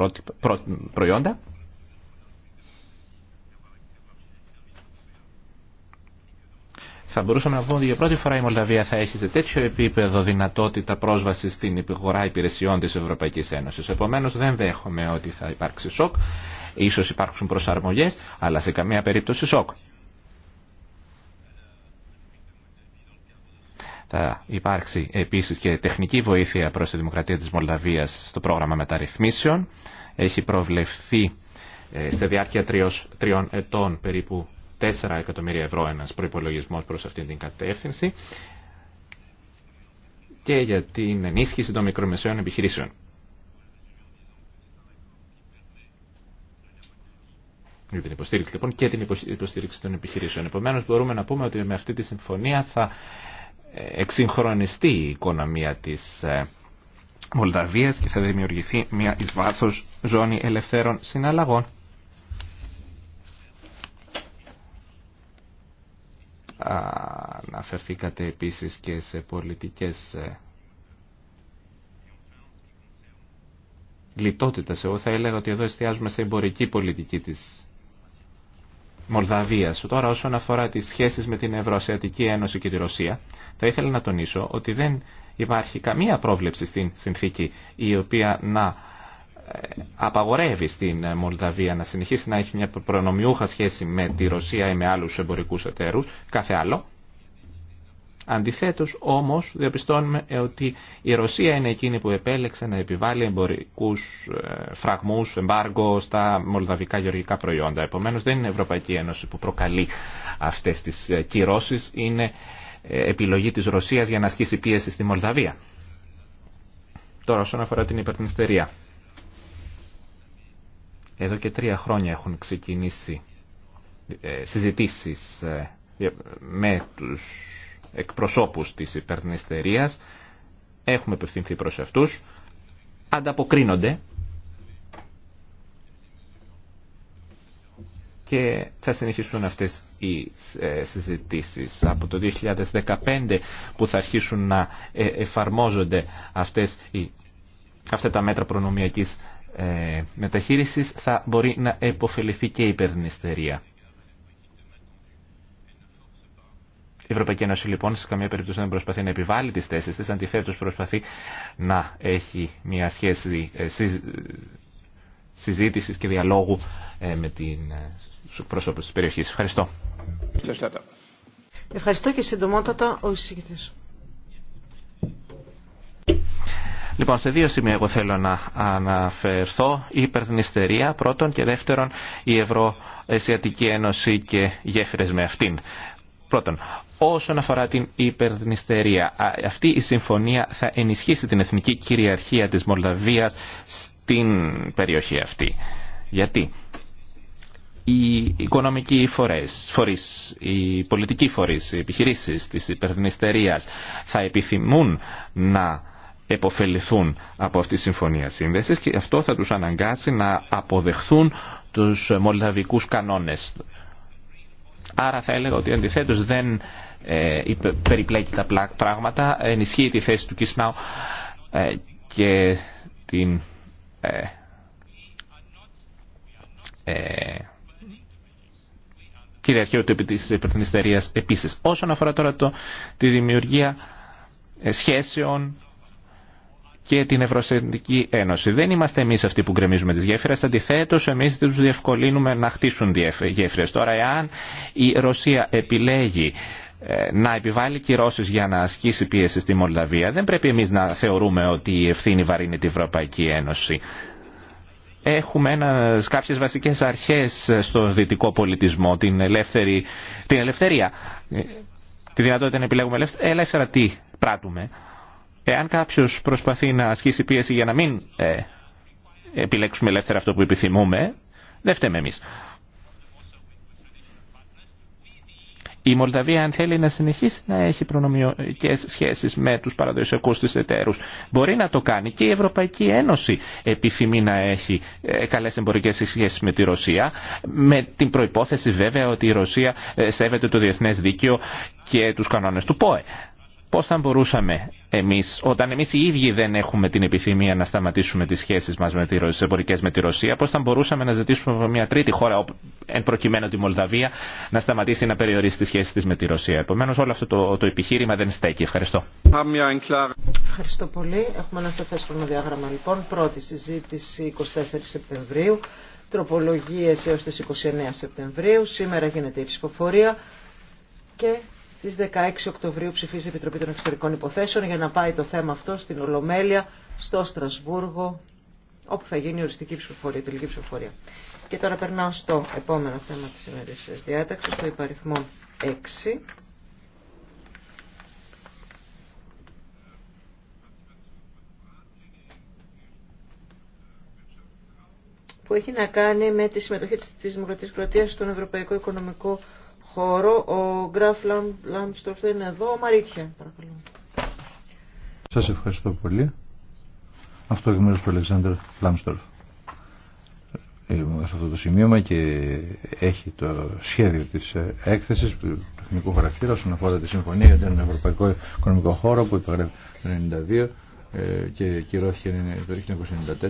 [SPEAKER 2] προϊόντα Θα μπορούσαμε να πούμε ότι για πρώτη φορά η Μολδαβία θα έχει σε τέτοιο επίπεδο δυνατότητα πρόσβαση στην υπηγορά υπηρεσιών τη Ευρωπαϊκή Ένωση. Επομένω, δεν δέχομαι ότι θα υπάρξει σοκ. Ίσως υπάρξουν προσαρμογέ, αλλά σε καμία περίπτωση σοκ. Θα υπάρξει επίση και τεχνική βοήθεια προ τη Δημοκρατία τη Μολδαβία στο πρόγραμμα μεταρρυθμίσεων. Έχει προβλεφθεί ε, στη διάρκεια τριών ετών περίπου 4 εκατομμύρια ευρώ ένας προϋπολογισμός προς αυτήν την κατεύθυνση και για την ενίσχυση των μικρομεσαίων επιχειρήσεων. Για την υποστήριξη λοιπόν και την υποστήριξη των επιχειρήσεων. Επομένως μπορούμε να πούμε ότι με αυτή τη συμφωνία θα ε, εξυγχρονιστεί η οικονομία της ε, Μολδαβίας και θα δημιουργηθεί μια εις βάθος ζώνη ελευθέρων συναλλαγών Αναφερθήκατε επίσης και σε πολιτικές ε, λιτότητας. Εγώ θα έλεγα ότι εδώ εστιάζουμε σε εμπορική πολιτική της Μολδαβίας. Τώρα όσον αφορά τις σχέσεις με την Ευρωασιατική Ένωση και τη Ρωσία, θα ήθελα να τονίσω ότι δεν υπάρχει καμία πρόβλεψη στην συνθήκη η οποία να απαγορεύει στην Μολδαβία να συνεχίσει να έχει μια προνομιούχα σχέση με τη Ρωσία ή με άλλους εμπορικούς εταίρους, κάθε άλλο. Αντιθέτως όμως διαπιστώνουμε ότι η Ρωσία είναι εκείνη που επέλεξε να επιβάλλει εμπορικούς ε, φραγμούς, εμπάργκο στα μολδαβικά γεωργικά προϊόντα. Επομένως δεν είναι η Ευρωπαϊκή Ένωση που προκαλεί αυτές τις ε, κυρώσεις, είναι ε, επιλογή της Ρωσίας για να ασκήσει πίεση στη Μολδαβία. Τώρα όσον αφορά την υπερτινιστερία. Εδώ και τρία χρόνια έχουν ξεκινήσει ε, συζητήσεις ε, με τους εκπροσώπους της υπερνηστερίας. Έχουμε επευθυνθεί προς αυτούς. Ανταποκρίνονται και θα συνεχιστούν αυτές οι ε, συζητήσεις. Από το 2015 που θα αρχίσουν να εφαρμόζονται αυτές οι, αυτά τα μέτρα προνομιακής ε, μεταχείρισης θα μπορεί να επωφεληθεί και η υπερδνηστερία. Η Ευρωπαϊκή Ένωση λοιπόν σε καμία περίπτωση δεν προσπαθεί να επιβάλλει τις θέσεις της, αντιθέτως προσπαθεί να έχει μια σχέση ε, συζήτησης και διαλόγου ε, με την ε, πρόσωπο της περιοχής. Ευχαριστώ.
[SPEAKER 1] Ευχαριστώ και συντομότατα ο εισηγητής.
[SPEAKER 2] Λοιπόν, σε δύο σημεία εγώ θέλω να αναφερθώ. Η υπερδνηστερία πρώτον και δεύτερον η Ευρωασιατική Ένωση και γέφυρες με αυτήν. Πρώτον, όσον αφορά την υπερδνηστερία, αυτή η συμφωνία θα ενισχύσει την εθνική κυριαρχία της Μολδαβίας στην περιοχή αυτή. Γιατί οι οικονομικοί φορές, φορείς, οι πολιτικοί φορείς, οι επιχειρήσεις της υπερδνηστερίας θα επιθυμούν να εποφεληθούν από αυτή τη συμφωνία σύνδεσης και αυτό θα τους αναγκάσει να αποδεχθούν τους μολδαβικούς κανόνες. Άρα θα έλεγα ότι αντιθέτως δεν ε, περιπλέκει τα πράγματα, ενισχύει τη θέση του Κισνάου ε, και την ε, ε, κυριαρχία του υπερθυνιστερίας επίσης. Όσον αφορά τώρα το, τη δημιουργία ε, σχέσεων και την Ευρωσυντική Ένωση. Δεν είμαστε εμεί αυτοί που γκρεμίζουμε τι γέφυρε. Αντιθέτω, εμεί του διευκολύνουμε να χτίσουν γέφυρε. Τώρα, εάν η Ρωσία επιλέγει ε, να επιβάλλει κυρώσει για να ασκήσει πίεση στη Μολδαβία, δεν πρέπει εμεί να θεωρούμε ότι η ευθύνη βαρύνει την Ευρωπαϊκή Ένωση. Έχουμε κάποιε κάποιες βασικές αρχές στον δυτικό πολιτισμό, την, ελεύθερη, την ελευθερία, ε, τη δυνατότητα να επιλέγουμε ελεύθερα τι πράττουμε Εάν κάποιο προσπαθεί να ασκήσει πίεση για να μην ε, επιλέξουμε ελεύθερα αυτό που επιθυμούμε, δεν φταίμε εμεί. Η Μολδαβία, αν θέλει να συνεχίσει να έχει προνομιακέ σχέσει με του παραδοσιακού τη εταίρου, μπορεί να το κάνει και η Ευρωπαϊκή Ένωση επιθυμεί να έχει ε, καλέ εμπορικέ σχέσει με τη Ρωσία, με την προπόθεση βέβαια ότι η Ρωσία ε, σέβεται το διεθνέ δίκαιο και του κανόνε του ΠΟΕ. Πώ θα μπορούσαμε εμείς, όταν εμείς οι ίδιοι δεν έχουμε την επιθυμία να σταματήσουμε τις σχέσεις μας με τη, τις εμπορικές με τη Ρωσία, πώς θα μπορούσαμε να ζητήσουμε από μια τρίτη χώρα, εν προκειμένου τη Μολδαβία, να σταματήσει να περιορίσει τις σχέσεις της με τη Ρωσία. Επομένως όλο αυτό το, το επιχείρημα δεν στέκει. Ευχαριστώ.
[SPEAKER 1] Ευχαριστώ πολύ. Έχουμε ένα σαφές χρονοδιάγραμμα λοιπόν. Πρώτη συζήτηση 24 Σεπτεμβρίου, τροπολογίες έως τις 29 Σεπτεμβρίου. Σήμερα γίνεται η ψηφοφορία και στις 16 Οκτωβρίου ψηφίζει η Επιτροπή των Εξωτερικών Υποθέσεων για να πάει το θέμα αυτό στην Ολομέλεια, στο Στρασβούργο, όπου θα γίνει η οριστική ψηφοφορία, η τελική ψηφοφορία. Και τώρα περνάω στο επόμενο θέμα της ημερήσιας διάταξης, το υπαριθμό 6. που έχει να κάνει με τη συμμετοχή της Δημοκρατίας Κροατίας στον Ευρωπαϊκό Οικονομικό χώρο. Ο Γκραφ Λάμπστορφ δεν είναι εδώ. Ο Μαρίτσια, παρακαλώ.
[SPEAKER 3] Σας ευχαριστώ πολύ. Αυτό ο μέρους του Αλεξάνδρου Λάμπστορφ. Ε, σε αυτό το σημείωμα και έχει το σχέδιο της ε, έκθεσης του τεχνικού χαρακτήρα όσον αφορά τη συμφωνία για τον Ευρωπαϊκό Οικονομικό Χώρο που υπογράφει το 1992 ε, και κυρώθηκε το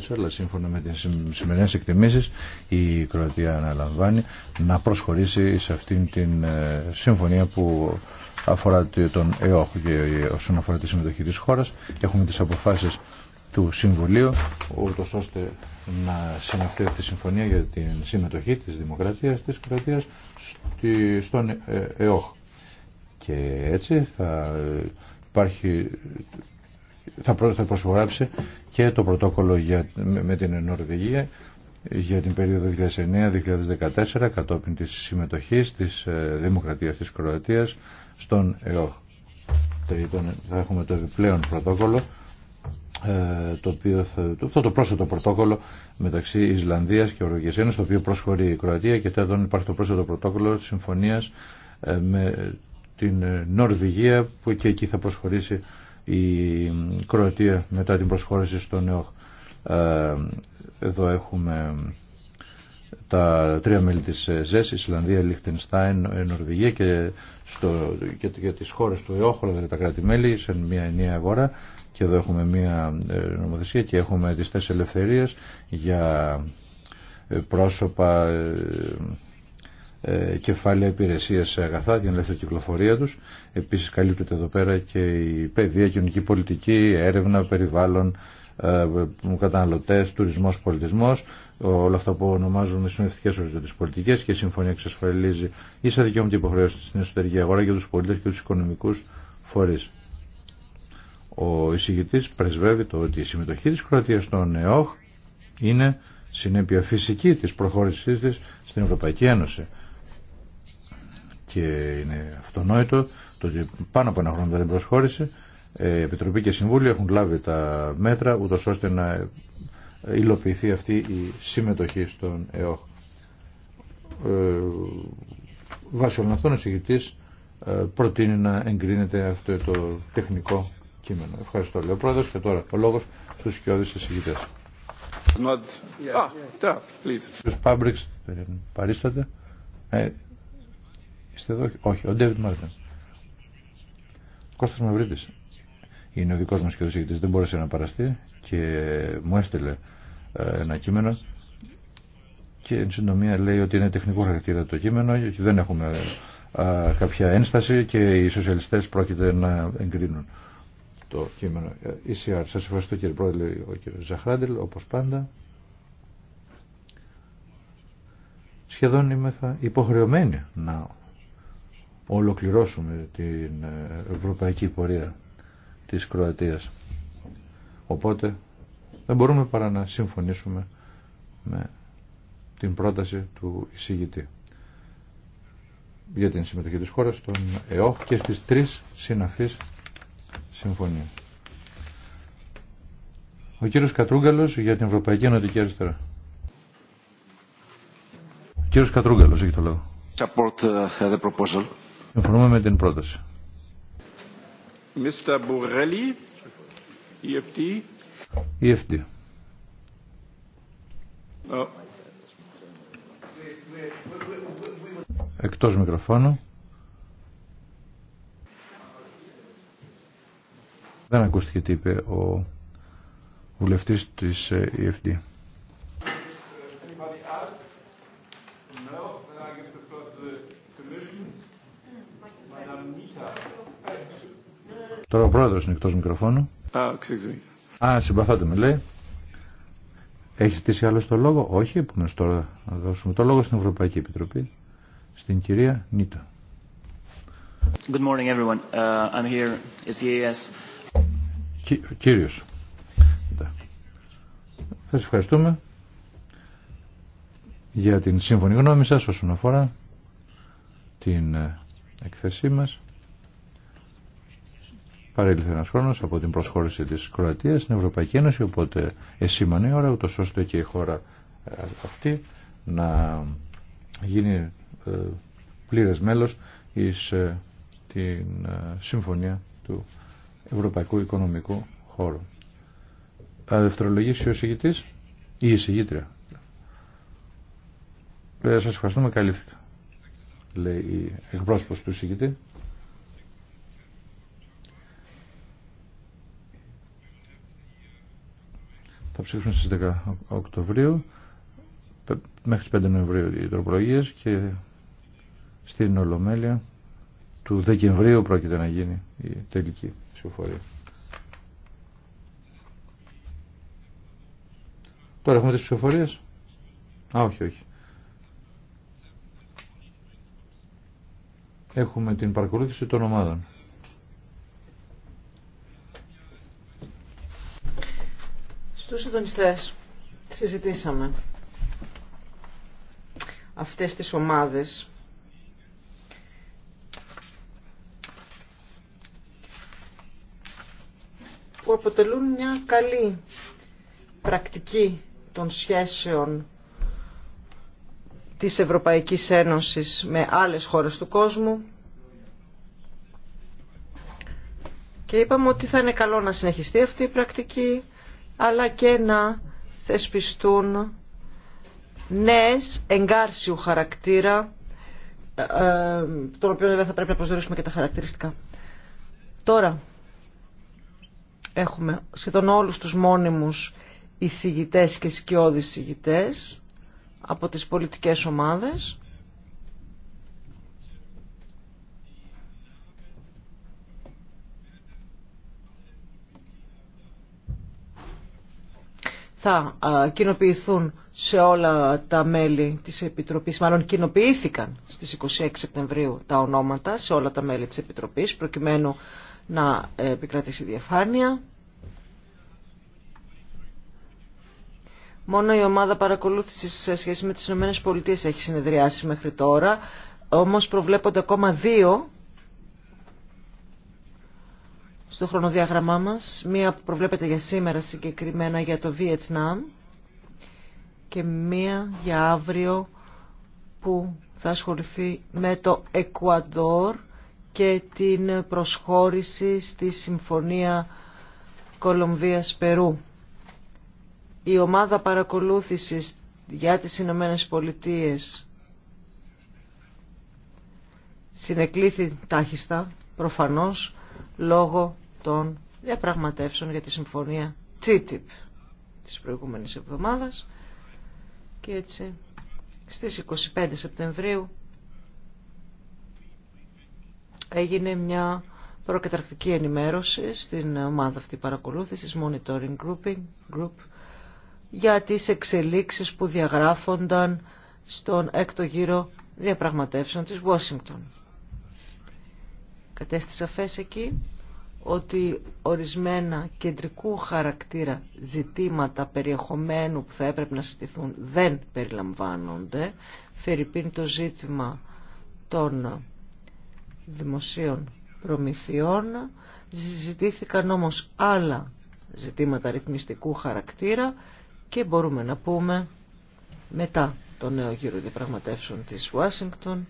[SPEAKER 3] 1994 αλλά σύμφωνα με τις σημερινές εκτιμήσεις η Κροατία αναλαμβάνει να προσχωρήσει σε αυτήν την ε, συμφωνία που αφορά τον ΕΟΧ και ε, όσον αφορά τη συμμετοχή της χώρας έχουμε τις αποφάσεις του Συμβουλίου ούτω ώστε να αυτή τη συμφωνία για την συμμετοχή της Δημοκρατίας της Κροατίας στον ΕΟΧ και έτσι θα υπάρχει θα, προ, προσφοράψει και το πρωτόκολλο για, με, την Νορβηγία για την περίοδο 2009-2014 κατόπιν της συμμετοχής της ε, Δημοκρατίας της Κροατίας στον ΕΟΧ. Θα έχουμε το επιπλέον πρωτόκολλο ε, το οποίο θα, αυτό το πρόσθετο πρωτόκολλο μεταξύ Ισλανδίας και Ευρωπαϊκής Ένωσης το οποίο προσχωρεί η Κροατία και τέτοιο υπάρχει το πρόσθετο πρωτόκολλο της συμφωνίας ε, με την Νορβηγία που και εκεί θα προσχωρήσει η Κροατία μετά την προσχώρηση στον ΕΟΧ. Εδώ έχουμε τα τρία μέλη της ε, ΖΕΣ, Ισλανδία, Λιχτενστάιν, ε, Νορβηγία και, στο, και, και τις χώρες του ΕΟΧ, όλα δηλαδή τα κράτη-μέλη, σε μια ενιαία αγορά και εδώ έχουμε μια ε, νομοθεσία και έχουμε τις τέσσερις ελευθερίες για πρόσωπα, ε, κεφάλαια υπηρεσία σε αγαθά, την ελεύθερη κυκλοφορία του επίση καλύπτεται εδώ πέρα και η παιδεία, κοινωνική πολιτική, έρευνα, περιβάλλον, ε, καταναλωτέ, τουρισμό, πολιτισμό, όλα αυτά που ονομάζουμε συνοδευτικέ οριζόντιε πολιτικές και η συμφωνία εξασφαλίζει ίσα δικαιώματα υποχρέωση στην εσωτερική αγορά για του πολίτε και του οικονομικού φορεί. Ο εισηγητή πρεσβεύει το ότι η συμμετοχή τη Κροατία στον ΕΟΧ είναι συνέπεια φυσική της προχώρησή τη στην Ευρωπαϊκή Ένωση. Και είναι αυτονόητο το ότι πάνω από ένα χρόνο δεν προσχώρησε. Ε, Επιτροπή και Συμβούλιο έχουν λάβει τα μέτρα ούτω ώστε να υλοποιηθεί αυτή η συμμετοχή στον ΕΟΧ. Ε, βάσει όλων αυτών ο ε, προτείνει να εγκρίνεται αυτό το τεχνικό κείμενο. Ευχαριστώ λέει και τώρα ο λόγος στους σκιώδεις εισηγητές. Not... Ah, Είστε εδώ, όχι, ο Ντέβιτ Μάρτιν. Κώστας Μαυρίτης είναι ο δικός μας ο δεν μπόρεσε να παραστεί και μου έστελε ε, ένα κείμενο και εν συντομία λέει ότι είναι τεχνικό χαρακτήρα το κείμενο και δεν έχουμε ε, κάποια ένσταση και οι σοσιαλιστές πρόκειται να εγκρίνουν το κείμενο. Ε, ECR, σας ευχαριστώ κύριε Πρόεδρε, ο κύριος Ζαχράντελ, όπως πάντα. Σχεδόν είμαι θα υποχρεωμένη να ολοκληρώσουμε την ε, ευρωπαϊκή πορεία της Κροατίας. Οπότε δεν μπορούμε παρά να συμφωνήσουμε με την πρόταση του εισηγητή για την συμμετοχή της χώρας στον ΕΟΧ και στις τρεις συναφείς συμφωνίες. Ο κύριος Κατρούγκαλος για την Ευρωπαϊκή Ενωτική Αριστερά. Ο κύριος Κατρούγκαλος έχει το λόγο. Support, uh, the proposal. Συμφωνούμε με την πρόταση. Mr. Borelli, EFD. EFD. Oh. Εκτός μικροφώνου. Δεν ακούστηκε τι είπε ο βουλευτής της ε, EFD. Τώρα ο πρόεδρος είναι εκτός μικροφώνου. Α, Α, συμπαθάτε με λέει. Έχει ζητήσει άλλο το λόγο. Όχι, επομένως τώρα να δώσουμε το λόγο στην Ευρωπαϊκή Επιτροπή, στην κυρία Νίτα.
[SPEAKER 4] Good morning everyone.
[SPEAKER 2] Uh, I'm here. the
[SPEAKER 3] Κυ κύριος. Σας ευχαριστούμε για την σύμφωνη γνώμη σας όσον αφορά την ε, εκθεσή μας παρέλθε ένα χρόνο από την προσχώρηση τη Κροατία στην Ευρωπαϊκή Ένωση. Οπότε εσήμανε η ώρα, ούτω ώστε και η χώρα ε, αυτή να γίνει ε, πλήρε μέλο ει ε, την συμφωνία του Ευρωπαϊκού Οικονομικού Χώρου. Θα ο εισηγητή ή η εισηγήτρια. σα σας ευχαριστούμε, καλύφθηκα, λέει η εκπρόσωπος του εισηγητή. Θα ψηφίσουμε στις 10 Οκτωβρίου μέχρι τις 5 Νοεμβρίου οι τροπολογίες και στην Ολομέλεια του Δεκεμβρίου πρόκειται να γίνει η τελική ψηφοφορία. Τώρα έχουμε τις ψηφοφορίες. Α, όχι, όχι. Έχουμε την παρακολούθηση των ομάδων.
[SPEAKER 1] Στους συντονιστές συζητήσαμε αυτές τις ομάδες που αποτελούν μια καλή πρακτική των σχέσεων της Ευρωπαϊκής Ένωσης με άλλες χώρες του κόσμου και είπαμε ότι θα είναι καλό να συνεχιστεί αυτή η πρακτική αλλά και να θεσπιστούν νέες εγκάρσιου χαρακτήρα, ε, ε, τον οποίο βέβαια θα πρέπει να προσδιορίσουμε και τα χαρακτηριστικά. Τώρα, έχουμε σχεδόν όλους τους μόνιμους εισηγητές και σκιώδεις εισηγητές από τις πολιτικές ομάδες θα κοινοποιηθούν σε όλα τα μέλη της Επιτροπής, μάλλον κοινοποιήθηκαν στις 26 Σεπτεμβρίου τα ονόματα σε όλα τα μέλη της Επιτροπής, προκειμένου να ε, επικρατήσει διαφάνεια. Μόνο η ομάδα παρακολούθησης σε σχέση με τις ΗΠΑ έχει συνεδριάσει μέχρι τώρα, όμως προβλέπονται ακόμα δύο στο χρονοδιάγραμμά μας. Μία που προβλέπεται για σήμερα συγκεκριμένα για το Βιετνάμ και μία για αύριο που θα ασχοληθεί με το Εκουαδόρ και την προσχώρηση στη Συμφωνία Κολομβίας-Περού. Η ομάδα παρακολούθησης για τις Ηνωμένε Πολιτείες συνεκλήθη τάχιστα προφανώς λόγω των διαπραγματεύσεων για τη συμφωνία TTIP της προηγούμενης εβδομάδας και έτσι στις 25 Σεπτεμβρίου έγινε μια προκαταρκτική ενημέρωση στην ομάδα αυτή παρακολούθησης Monitoring Group για τις εξελίξεις που διαγράφονταν στον έκτο γύρο διαπραγματεύσεων της Washington κατέστη σαφές εκεί ότι ορισμένα κεντρικού χαρακτήρα ζητήματα περιεχομένου που θα έπρεπε να συζητηθούν δεν περιλαμβάνονται. Φερρυπίν το ζήτημα των δημοσίων προμηθειών. ζητήθηκαν όμως άλλα ζητήματα ρυθμιστικού χαρακτήρα και μπορούμε να πούμε μετά το νέο γύρο διαπραγματεύσεων της Ουάσιγκτον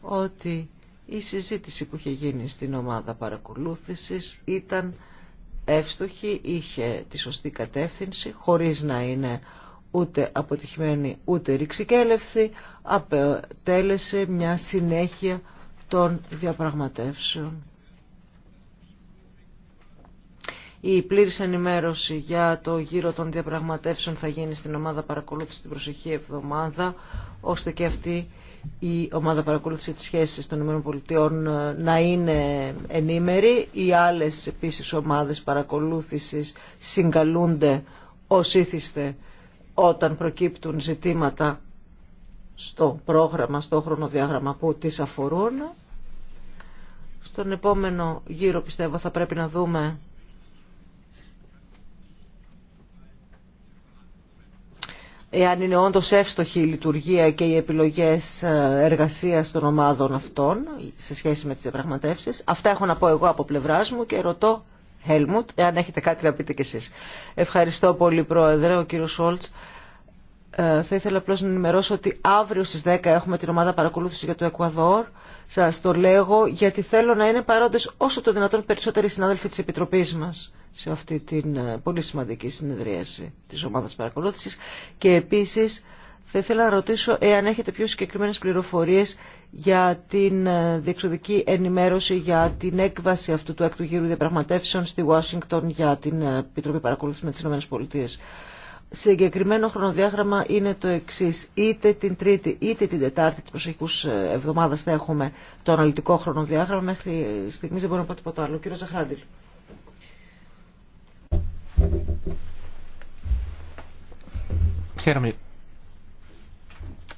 [SPEAKER 1] ότι η συζήτηση που είχε γίνει στην ομάδα παρακολούθησης ήταν εύστοχη, είχε τη σωστή κατεύθυνση, χωρίς να είναι ούτε αποτυχημένη ούτε ρηξικέλευθη, απετέλεσε μια συνέχεια των διαπραγματεύσεων. Η πλήρης ενημέρωση για το γύρο των διαπραγματεύσεων θα γίνει στην ομάδα παρακολούθηση την προσεχή εβδομάδα, ώστε και αυτή η ομάδα παρακολούθηση της σχέσης των ΗΠΑ ε, να είναι ενήμερη. Οι άλλες επίσης ομάδες παρακολούθησης συγκαλούνται ως ήθιστε όταν προκύπτουν ζητήματα στο πρόγραμμα, στο χρονοδιάγραμμα που τις αφορούν. Στον επόμενο γύρο πιστεύω θα πρέπει να δούμε εάν είναι όντως εύστοχη η λειτουργία και οι επιλογές ε, εργασίας των ομάδων αυτών σε σχέση με τις διαπραγματεύσει. Αυτά έχω να πω εγώ από πλευράς μου και ρωτώ, Χέλμουτ, εάν έχετε κάτι να πείτε κι εσείς. Ευχαριστώ πολύ, Πρόεδρε, ο κύριος Σόλτς. Ε, θα ήθελα απλώ να ενημερώσω ότι αύριο στι 10 έχουμε την ομάδα παρακολούθηση για το Εκουαδόρ. σα το λέγω γιατί θέλω να είναι παρόντε όσο το δυνατόν περισσότεροι συνάδελφοι τη Επιτροπή μα σε αυτή την ε, πολύ σημαντική συνεδρίαση τη ομάδα παρακολούθηση. Και επίση θα ήθελα να ρωτήσω εάν έχετε πιο συγκεκριμένε πληροφορίε για την ε, διεξοδική ενημέρωση για την έκβαση αυτού του έκτου γύρου διαπραγματεύσεων στη Ουάσιγκτον για την Επιτροπή παρακολούθηση με τι ΗΠΑ συγκεκριμένο χρονοδιάγραμμα είναι το εξή. Είτε την Τρίτη είτε την Τετάρτη τη προσεχικού εβδομάδα θα έχουμε το αναλυτικό χρονοδιάγραμμα. Μέχρι στιγμή δεν μπορώ να πω τίποτα άλλο. Κύριε Ζαχράντιλ.
[SPEAKER 2] Χαίρομαι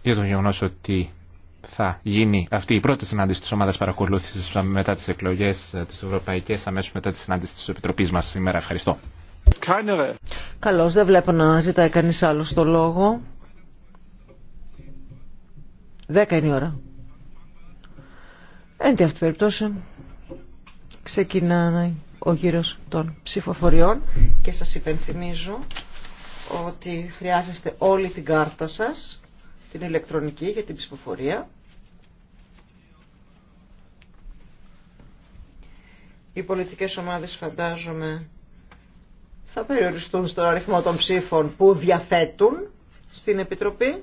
[SPEAKER 2] για το γεγονό ότι θα γίνει αυτή η πρώτη συνάντηση τη ομάδα παρακολούθηση μετά τι εκλογέ ε, τι ευρωπαϊκέ, αμέσω μετά τη συνάντηση τη Επιτροπή μα σήμερα. Ευχαριστώ.
[SPEAKER 1] Καλώς, δεν βλέπω να ζητάει κανείς άλλο το λόγο. Δέκα είναι η ώρα. Εν τη αυτή ξεκινάει ο γύρος των ψηφοφοριών και σας υπενθυμίζω ότι χρειάζεστε όλη την κάρτα σας, την ηλεκτρονική για την ψηφοφορία. Οι πολιτικές ομάδες φαντάζομαι θα περιοριστούν στον αριθμό των ψήφων που διαθέτουν στην Επιτροπή.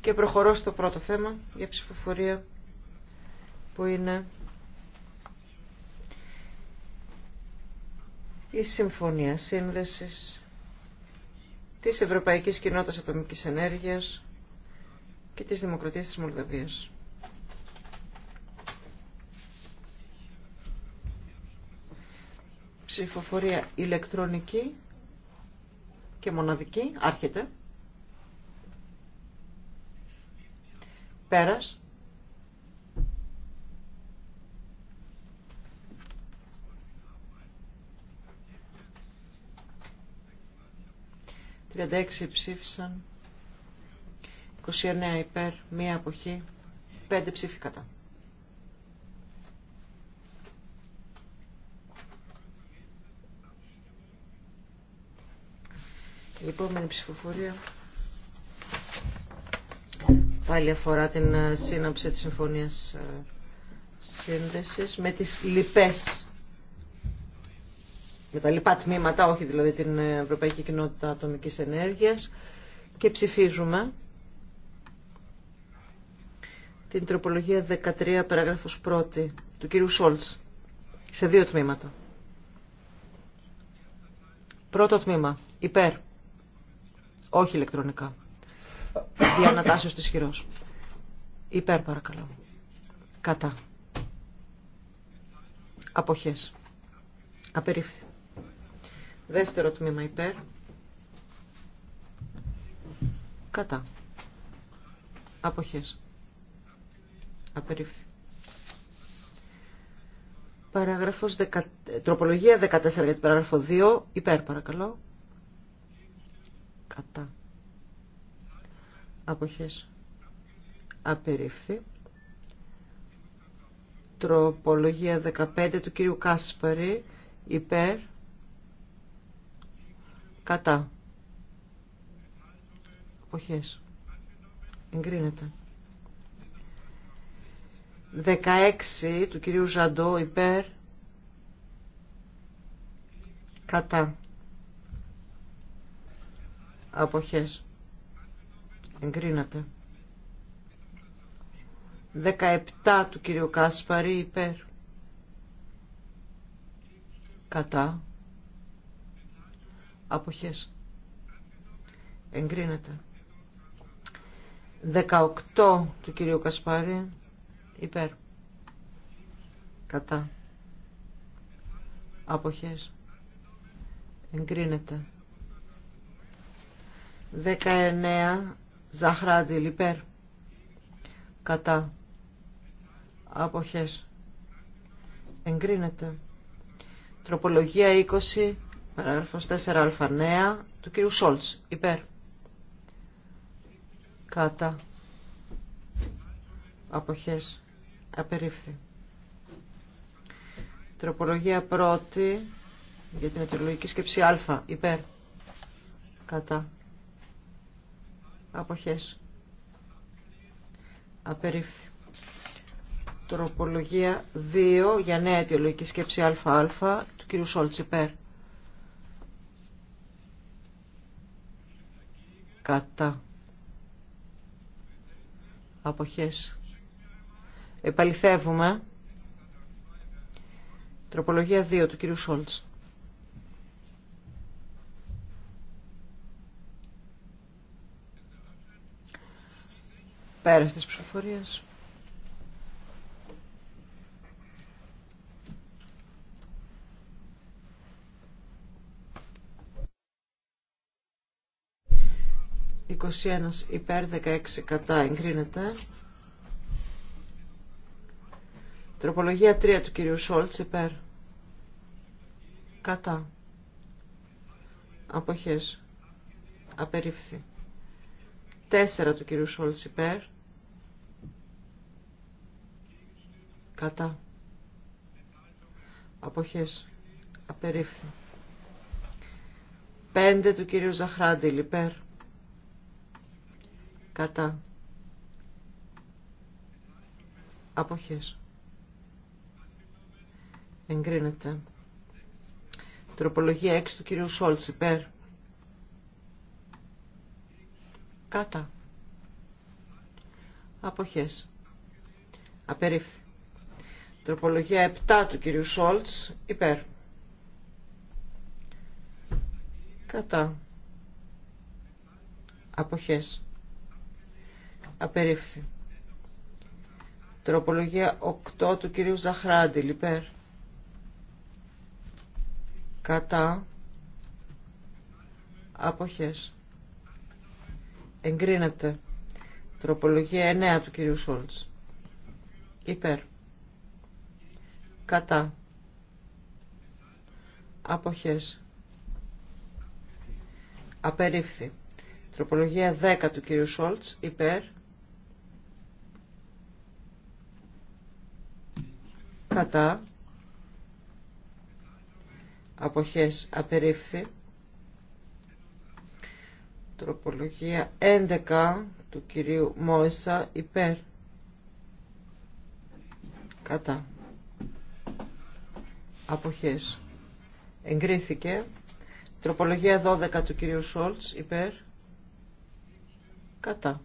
[SPEAKER 1] Και προχωρώ στο πρώτο θέμα για ψηφοφορία που είναι η Συμφωνία Σύνδεσης της Ευρωπαϊκής Κοινότητας Ατομικής Ενέργειας και της Δημοκρατίας της Μολδαβίας. ψηφοφορία ηλεκτρονική και μοναδική. Άρχεται. Πέρας. 36 ψήφισαν. 29 υπέρ, μία αποχή, 5 ψηφικάτα Η επόμενη ψηφοφορία πάλι αφορά την ε, σύναψη της συμφωνίας ε, σύνδεσης με τις λοιπές με τα λοιπά τμήματα, όχι δηλαδή την ε, Ευρωπαϊκή Κοινότητα Ατομικής Ενέργειας και ψηφίζουμε την τροπολογία 13 παραγράφους 1 του κύριου Σόλτς σε δύο τμήματα. Πρώτο τμήμα, υπέρ. Όχι ηλεκτρονικά. Διανατάσεως της χειρός. Υπέρ παρακαλώ. Κατά. Αποχές. Απερίφθη. Δεύτερο τμήμα υπέρ. Κατά. Αποχές. Απερίφθη. Παράγραφος Τροπολογία 14 για την παράγραφο 2. Υπέρ παρακαλώ κατά αποχές απερίφθη τροπολογία 15 του κύριου Κάσπαρη υπέρ κατά αποχές εγκρίνεται 16 του κυρίου Ζαντό υπέρ κατά αποχές εγκρίνεται 17 του κυρίου Κάσπαρη υπέρ κατά αποχές εγκρίνεται 18 του κυρίου Κασπάρη υπέρ κατά αποχές εγκρίνεται 19 Ζαχράντι Λιπέρ κατά αποχές εγκρίνεται τροπολογία 20 παράγραφος 4α νέα του κύριου Σόλτς υπέρ κατά αποχές απερίφθη τροπολογία πρώτη για την αιτιολογική σκέψη α υπέρ κατά αποχές απερίφθη τροπολογία 2 για νέα αιτιολογική σκέψη ΑΑ του κ. Σόλτς υπέρ. Κατά. Αποχές. Επαληθεύουμε. Τροπολογία 2 του κ. Σόλτς. Πέρας της ψηφοφορίας. υπέρ 16 κατά εγκρίνεται. Τροπολογία 3 του κυρίου Σόλτς υπέρ. Κατά. Αποχές. Απερίφθη. 4 του κυρίου Σόλτς υπέρ. κατά αποχές απερίφθη Πέντε του κυρίου Ζαχράντη υπέρ κατά αποχές εγκρίνεται τροπολογία 6 του κυρίου Σόλτς υπέρ κατά αποχές απερίφθη Τροπολογία 7 του κυρίου Σόλτς υπέρ. Κατά. Αποχές. Απερίφθη. Τροπολογία 8 του κυρίου Ζαχράντη υπέρ. Κατά. Αποχές. Εγκρίνεται. Τροπολογία 9 του κυρίου Σόλτς. Υπέρ κατά αποχές απερίφθη τροπολογία 10 του κύριου Σόλτς υπέρ κατά αποχές απερίφθη τροπολογία 11 του κυρίου Μόησα υπέρ κατά αποχές εγκρίθηκε. Τροπολογία 12 του κυρίου Σόλτς υπέρ κατά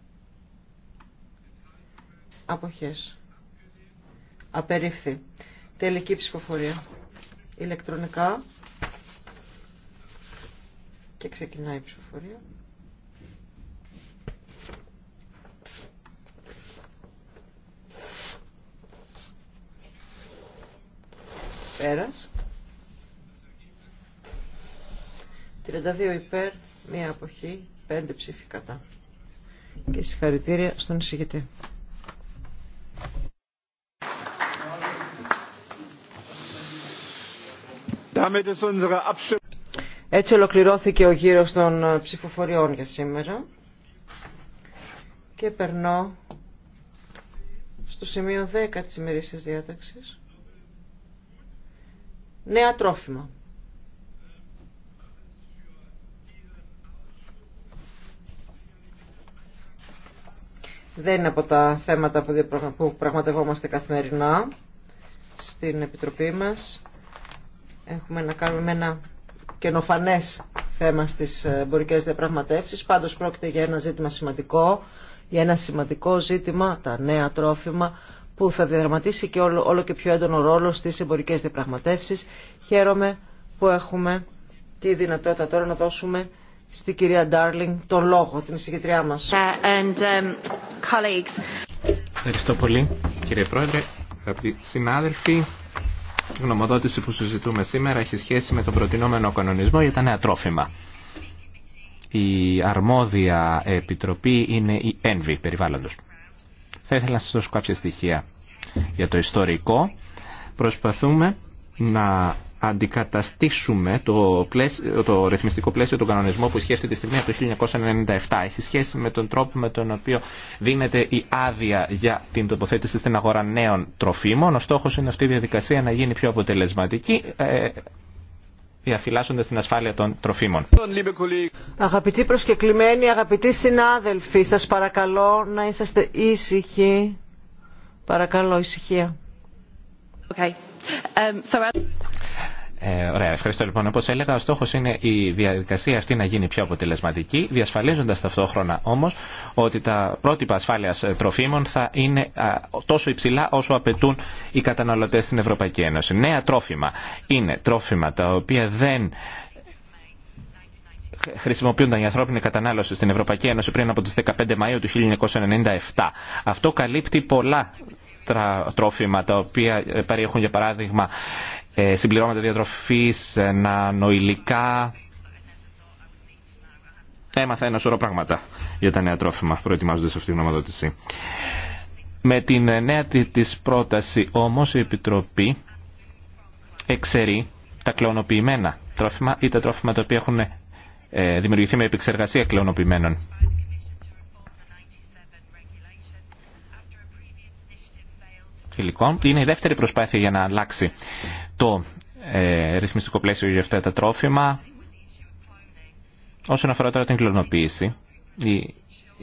[SPEAKER 1] αποχές απερίφθη. Τελική ψηφοφορία ηλεκτρονικά και ξεκινάει η ψηφοφορία. Πέρας. 32 υπέρ, μία αποχή, πέντε ψήφοι κατά. Και συγχαρητήρια στον εισηγητή. Έτσι ολοκληρώθηκε ο γύρος των ε, ψηφοφοριών για σήμερα και περνώ στο σημείο 10 της ημερήσιας διάταξης νέα τρόφιμα. Δεν είναι από τα θέματα που πραγματευόμαστε καθημερινά στην Επιτροπή μας. Έχουμε να κάνουμε ένα καινοφανές θέμα στις ε, εμπορικέ διαπραγματεύσεις. Πάντως πρόκειται για ένα ζήτημα σημαντικό, για ένα σημαντικό ζήτημα, τα νέα τρόφιμα που θα διαδραματίσει και όλο, όλο και πιο έντονο ρόλο στις εμπορικές διαπραγματεύσει, Χαίρομαι που έχουμε τη δυνατότητα τώρα να δώσουμε στην κυρία Ντάρλινγκ τον λόγο, την συγκεκριά μας. Uh, um,
[SPEAKER 2] Ευχαριστώ πολύ κύριε Πρόεδρε, αγαπητοί συνάδελφοι. Η γνωμοδότηση που συζητούμε σήμερα έχει σχέση με τον προτινόμενο κανονισμό για τα νέα τρόφιμα. Η αρμόδια επιτροπή είναι η ΕΝΒΗ περιβάλλοντος. Θα ήθελα να σας δώσω κάποια στοιχεία για το ιστορικό, προσπαθούμε να αντικαταστήσουμε το, το ρυθμιστικό πλαίσιο του κανονισμού που ισχύει αυτή τη στιγμή από το 1997. Έχει σχέση με τον τρόπο με τον οποίο δίνεται η άδεια για την τοποθέτηση στην αγορά νέων τροφίμων. Ο στόχος είναι αυτή η διαδικασία να γίνει πιο αποτελεσματική ε, διαφυλάσσοντας την ασφάλεια των τροφίμων.
[SPEAKER 1] Αγαπητοί προσκεκλημένοι, αγαπητοί συνάδελφοι, σας παρακαλώ να είσαστε ήσυχοι. Παρακαλώ, ησυχία. Okay. Um,
[SPEAKER 2] ε, ωραία, ευχαριστώ λοιπόν. Όπω έλεγα, ο στόχο είναι η διαδικασία αυτή να γίνει πιο αποτελεσματική, διασφαλίζοντα ταυτόχρονα όμω, ότι τα πρότυπα ασφάλεια ε, τροφίμων θα είναι τόσο υψηλά όσο απαιτούν οι καταναλωτέ στην Ευρωπαϊκή Ένωση. Νέα τρόφιμα είναι τρόφιμα τα οποία δεν χρησιμοποιούνταν η ανθρώπινη κατανάλωση στην Ευρωπαϊκή Ένωση πριν από τις 15 Μαΐου του 1997. Αυτό καλύπτει πολλά τρόφιμα τα οποία ε, περιέχουν για παράδειγμα ε, συμπληρώματα διατροφής, ε, νανοηλικά. Έμαθα ένα σωρό πράγματα για τα νέα τρόφιμα σε αυτή την γνωμοδότηση. Με την νέα της πρόταση όμως η Επιτροπή εξαιρεί τα κλωνοποιημένα τρόφιμα ή τα τρόφιμα τα οποία έχουν ε, δημιουργηθεί με επεξεργασία κλωνοποιημένων. Υλικών. Είναι η δεύτερη προσπάθεια για να αλλάξει το ε, ρυθμιστικό πλαίσιο για αυτά τα τρόφιμα. Όσον αφορά τώρα την κλωνοποίηση, η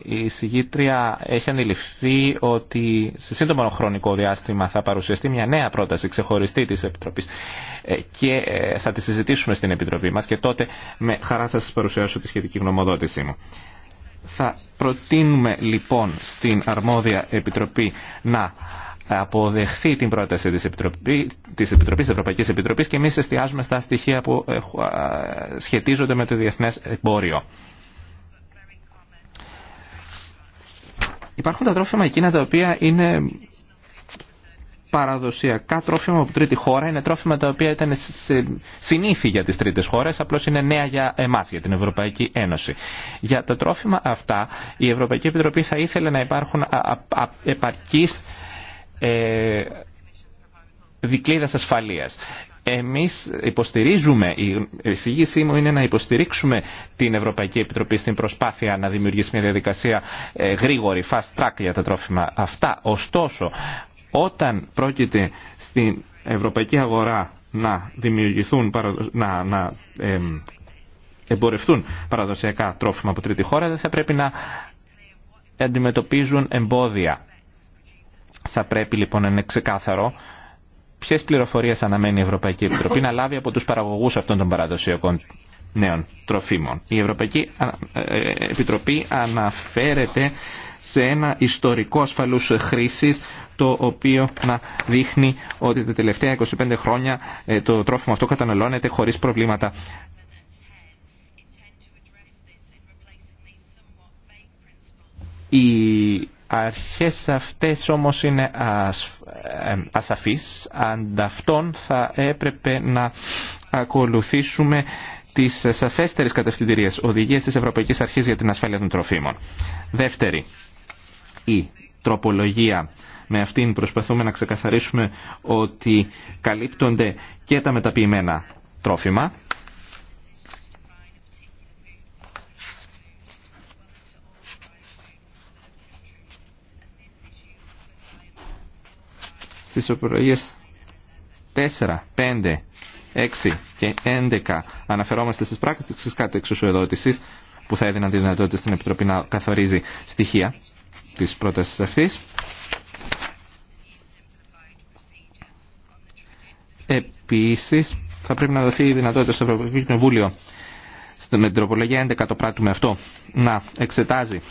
[SPEAKER 2] η συγγήτρια έχει αντιληφθεί ότι σε σύντομο χρονικό διάστημα θα παρουσιαστεί μια νέα πρόταση ξεχωριστή της Επιτροπής ε, και ε, θα τη συζητήσουμε στην Επιτροπή μας και τότε με χαρά θα σας παρουσιάσω τη σχετική γνωμοδότησή μου. Θα προτείνουμε λοιπόν στην αρμόδια Επιτροπή να αποδεχθεί την πρόταση της, Επιτροπή, της Επιτροπής, της Ευρωπαϊκής Επιτροπής και εμείς εστιάζουμε στα στοιχεία που ε, σχετίζονται με το διεθνές εμπόριο. Υπάρχουν τα τρόφιμα εκείνα τα οποία είναι παραδοσιακά τρόφιμα από τρίτη χώρα, είναι τρόφιμα τα οποία ήταν συνήθι για τις τρίτες χώρες, απλώς είναι νέα για εμάς, για την Ευρωπαϊκή Ένωση. Για τα τρόφιμα αυτά, η Ευρωπαϊκή Επιτροπή θα ήθελε να υπάρχουν επαρκείς ε, δικλείδας ασφαλείας. Εμείς υποστηρίζουμε, η εισηγήσή μου είναι να υποστηρίξουμε την Ευρωπαϊκή Επιτροπή στην προσπάθεια να δημιουργήσει μια διαδικασία ε, γρήγορη, fast track για τα τρόφιμα αυτά. Ωστόσο, όταν πρόκειται στην ευρωπαϊκή αγορά να δημιουργηθούν, να, να εμπορευτούν παραδοσιακά τρόφιμα από τρίτη χώρα, δεν θα πρέπει να αντιμετωπίζουν εμπόδια. Θα πρέπει λοιπόν να είναι ξεκάθαρο ποιε πληροφορίε αναμένει η Ευρωπαϊκή Επιτροπή να λάβει από του παραγωγού αυτών των παραδοσιακών νέων τροφίμων. Η Ευρωπαϊκή ε, ε, Επιτροπή αναφέρεται σε ένα ιστορικό ασφαλούς χρήσης το οποίο να δείχνει ότι τα τελευταία 25 χρόνια ε, το τρόφιμο αυτό καταναλώνεται χωρίς προβλήματα. Η αρχές αυτές όμως είναι ε, ασαφείς, ανταυτόν θα έπρεπε να ακολουθήσουμε τις σαφέστερες κατευθυντηρίες οδηγίες της Ευρωπαϊκής Αρχής για την Ασφάλεια των Τροφίμων. Δεύτερη, η τροπολογία. Με αυτήν προσπαθούμε να ξεκαθαρίσουμε ότι καλύπτονται και τα μεταποιημένα τρόφιμα στις οπολογίε 4, 5, 6 και 11 αναφερόμαστε στις πράξεις κάτω εξουσιοδότησης που θα έδιναν τη δυνατότητα στην Επιτροπή να καθορίζει στοιχεία της πρότασης αυτής. Επίσης, θα πρέπει να δοθεί η δυνατότητα στο Ευρωπαϊκό Κοινοβούλιο με την τροπολογία 11 το πράττουμε αυτό να εξετάζει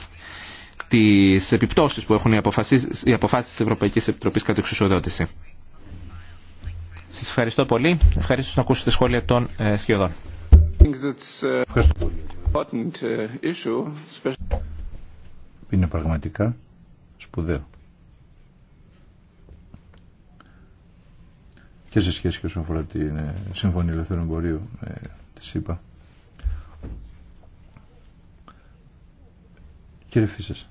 [SPEAKER 2] τις επιπτώσει που έχουν οι αποφάσει τη Ευρωπαϊκή Επιτροπή Ευρωπαϊκής Επιτροπής κατά εξουσιοδότηση. Σας ευχαριστώ πολύ. Ευχαριστώ να ακούσετε σχόλια των ε, σχεδόν.
[SPEAKER 3] Είναι πραγματικά σπουδαίο. Και σε σχέση και όσον αφορά τη ε, Σύμφωνη Ελευθερών Εμπορίου ε, της Κύριε Φίσες,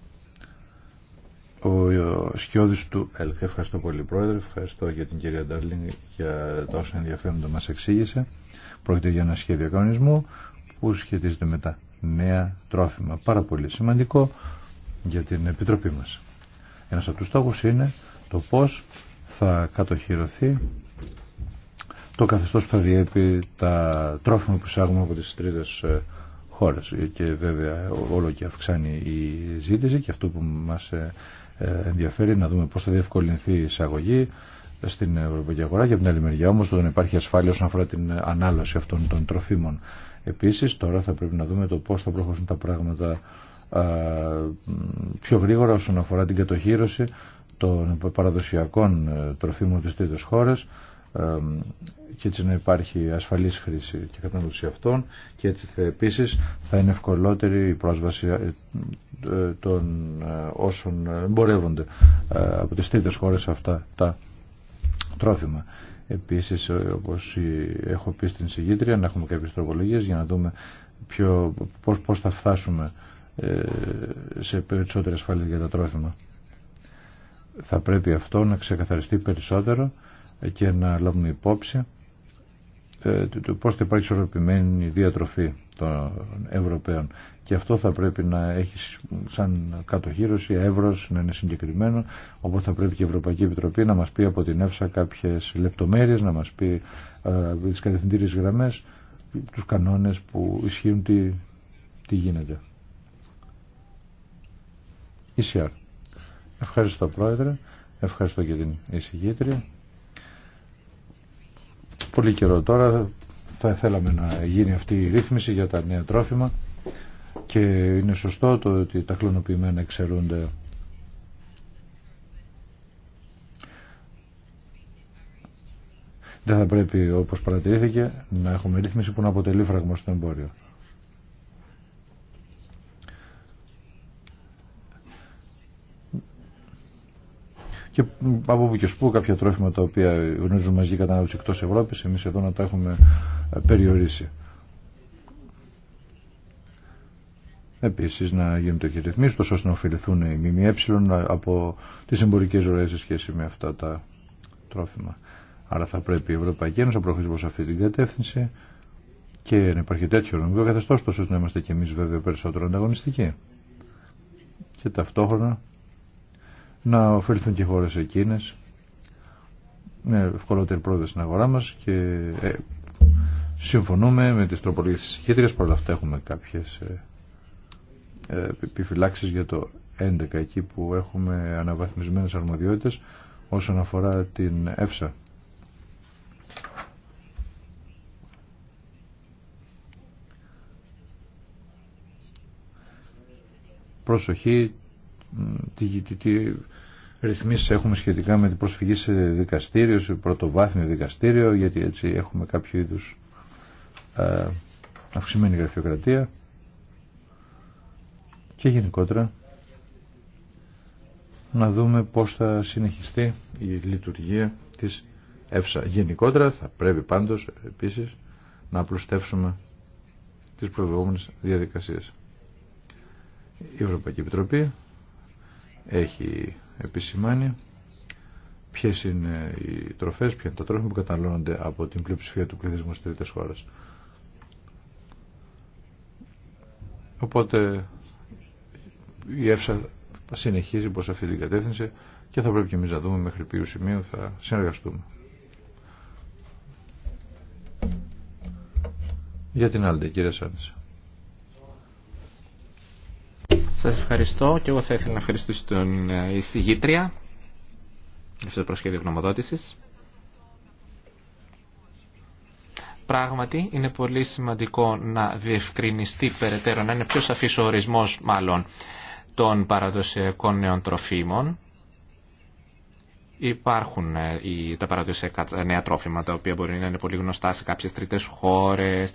[SPEAKER 3] ο σκιώδης του ΕΛΚ. Ευχαριστώ πολύ πρόεδρε, ευχαριστώ για την κυρία Ντάρλινγκ για τα όσα ενδιαφέροντα μας εξήγησε. Πρόκειται για ένα σχέδιο κανονισμού που σχετίζεται με τα νέα τρόφιμα. Πάρα πολύ σημαντικό για την Επιτροπή μας. Ένας από τους στόχους είναι το πώς θα κατοχυρωθεί το καθεστώς που θα διέπει τα τρόφιμα που εισάγουμε από τις τρίτες ε, χώρες. Και βέβαια όλο και αυξάνει η ζήτηση και αυτό που μας ε, ενδιαφέρει να δούμε πώς θα διευκολυνθεί η εισαγωγή στην ευρωπαϊκή αγορά και την άλλη μεριά όμως δεν υπάρχει ασφάλεια όσον αφορά την ανάλωση αυτών των τροφίμων. Επίσης τώρα θα πρέπει να δούμε το πώς θα προχωρήσουν τα πράγματα πιο γρήγορα όσον αφορά την κατοχήρωση των παραδοσιακών ε, τροφίμων της τρίτης χώρας και έτσι να υπάρχει ασφαλής χρήση και κατανοήση αυτών και έτσι θα, επίσης θα είναι ευκολότερη η πρόσβαση ε, ε, των ε, όσων εμπορεύονται από τις τρίτες χώρες αυτά τα τρόφιμα. Επίσης, όπως έχω πει στην συγκήτρια, να έχουμε κάποιες τροπολογίες για να δούμε ποιο, πώς, πώς θα φτάσουμε σε περισσότερη ασφάλεια για τα τρόφιμα. Θα πρέπει αυτό να ξεκαθαριστεί περισσότερο και να λάβουμε υπόψη ε, πώς θα υπάρχει ισορροπημένη διατροφή των Ευρωπαίων. Και αυτό θα πρέπει να έχει σαν κατοχήρωση, εύρος, να είναι συγκεκριμένο, όπου θα πρέπει και η Ευρωπαϊκή Επιτροπή να μας πει από την ΕΦΣΑ κάποιες λεπτομέρειες, να μας πει ε, τις κατευθυντήριες γραμμές, τους κανόνες που ισχύουν τι, τι γίνεται. ECR. Ευχαριστώ Πρόεδρε, ευχαριστώ και την εισηγήτρια. Πολύ καιρό τώρα θα θέλαμε να γίνει αυτή η ρύθμιση για τα νέα τρόφιμα και είναι σωστό το ότι τα κλωνοποιημένα εξαιρούνται. Δεν θα πρέπει όπως παρατηρήθηκε να έχουμε ρύθμιση που να αποτελεί φραγμό στο εμπόριο. και από που και σπού κάποια τρόφιμα τα οποία γνωρίζουν μαζί κατανάλωση εκτός Ευρώπη εμεί εδώ να τα έχουμε ε, περιορίσει. Επίση να γίνονται και ρυθμίσει τόσο ώστε να ωφεληθούν οι ΜΜΕ από τις εμπορικέ ροέ σε σχέση με αυτά τα τρόφιμα. Άρα θα πρέπει η Ευρωπαϊκή Ένωση να προχωρήσει προ αυτή την κατεύθυνση και να υπάρχει τέτοιο νομικό καθεστώ, τόσο ώστε να είμαστε και εμεί βέβαια περισσότερο ανταγωνιστικοί. Και ταυτόχρονα να ωφεληθούν και χώρες εκείνες με ευκολότερη πρόοδο στην αγορά μας και ε, συμφωνούμε με τις τροπολογίες της Παρ' παρόλα αυτά έχουμε κάποιες ε, ε για το 11 εκεί που έχουμε αναβαθμισμένες αρμοδιότητες όσον αφορά την ΕΦΣΑ. Προσοχή τι, τι, τι ρυθμίσεις έχουμε σχετικά με την προσφυγή σε δικαστήριο, σε πρωτοβάθμιο δικαστήριο, γιατί έτσι έχουμε κάποιο είδους ε, αυξημένη γραφειοκρατία και γενικότερα να δούμε πώς θα συνεχιστεί η λειτουργία της ΕΦΣΑ. Γενικότερα θα πρέπει πάντως επίσης να απλουστεύσουμε τις προηγούμενες διαδικασίες. Η Ευρωπαϊκή Επιτροπή έχει επισημάνει Ποιε είναι οι τροφές, ποια είναι τα τρόφιμα που καταναλώνονται από την πλειοψηφία του πληθυσμού στι τρίτε χώρε. Οπότε η ΕΦΣΑ συνεχίζει προ αυτή την κατεύθυνση και θα πρέπει και εμεί να δούμε μέχρι ποιου σημείο θα συνεργαστούμε. Για την άλλη, κύριε Σάντζη. Σας ευχαριστώ και εγώ θα
[SPEAKER 2] ήθελα να ευχαριστήσω τον ε, εισηγήτρια για αυτό το προσχέδιο γνωμοδότησης. Πράγματι, είναι πολύ σημαντικό να διευκρινιστεί περαιτέρω, να είναι πιο σαφής ο ορισμός μάλλον των παραδοσιακών νέων τροφίμων. Υπάρχουν ε, τα παραδοσιακά νέα τρόφιμα τα οποία μπορεί να είναι πολύ γνωστά σε κάποιες τρίτες χώρες,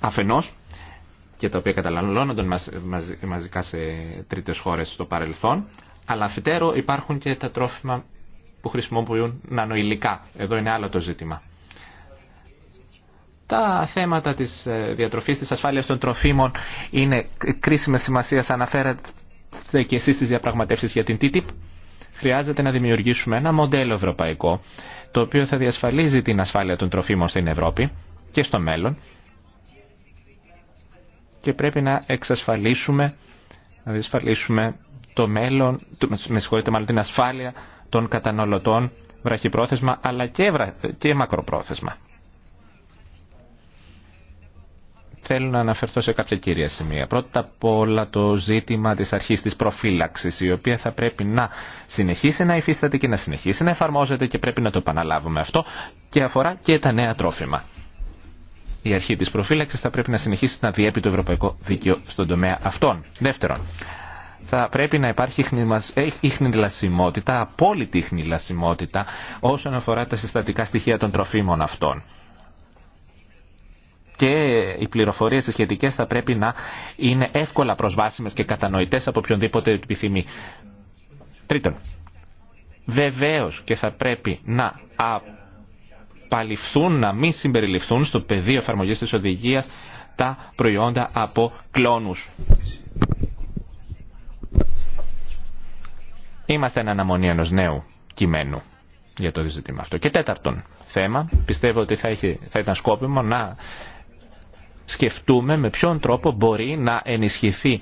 [SPEAKER 2] αφενός και τα οποία καταναλώνονται μαζικά σε τρίτες χώρες στο παρελθόν, αλλά αφετέρου υπάρχουν και τα τρόφιμα που χρησιμοποιούν νανοηλικά. Εδώ είναι άλλο το ζήτημα. Τα θέματα της ε, διατροφής, της ασφάλειας των τροφίμων είναι κρίσιμες σημασίας. Αναφέρατε και εσείς τις διαπραγματεύσεις για την TTIP. Χρειάζεται να δημιουργήσουμε ένα μοντέλο ευρωπαϊκό, το οποίο θα διασφαλίζει την ασφάλεια των τροφίμων στην Ευρώπη και στο μέλλον και πρέπει να εξασφαλίσουμε, να διασφαλίσουμε το μέλλον, με συγχωρείτε μάλλον την ασφάλεια των καταναλωτών βραχυπρόθεσμα αλλά και, και μακροπρόθεσμα. Θέλω να αναφερθώ σε κάποια κύρια σημεία. Πρώτα απ' όλα το ζήτημα της αρχής της προφύλαξης, η οποία θα πρέπει να συνεχίσει να υφίσταται και να συνεχίσει να εφαρμόζεται και πρέπει να το επαναλάβουμε αυτό και αφορά και τα νέα τρόφιμα η αρχή της προφύλαξης θα πρέπει να συνεχίσει να διέπει το ευρωπαϊκό δίκαιο στον τομέα αυτών. Δεύτερον, θα πρέπει να υπάρχει ε, λασιμότητα, απόλυτη λασιμότητα όσον αφορά τα συστατικά στοιχεία των τροφίμων αυτών. Και οι πληροφορίες σχετικές θα πρέπει να είναι εύκολα προσβάσιμες και κατανοητές από οποιονδήποτε επιθυμεί. Τρίτον, βεβαίως και θα πρέπει να να μην συμπεριληφθούν στο πεδίο εφαρμογή τη οδηγία τα προϊόντα από κλόνους. Είμαστε εν αναμονή ενό νέου κειμένου για το ζήτημα αυτό. Και τέταρτον θέμα, πιστεύω ότι θα, έχει, θα ήταν σκόπιμο να σκεφτούμε με ποιον τρόπο μπορεί να ενισχυθεί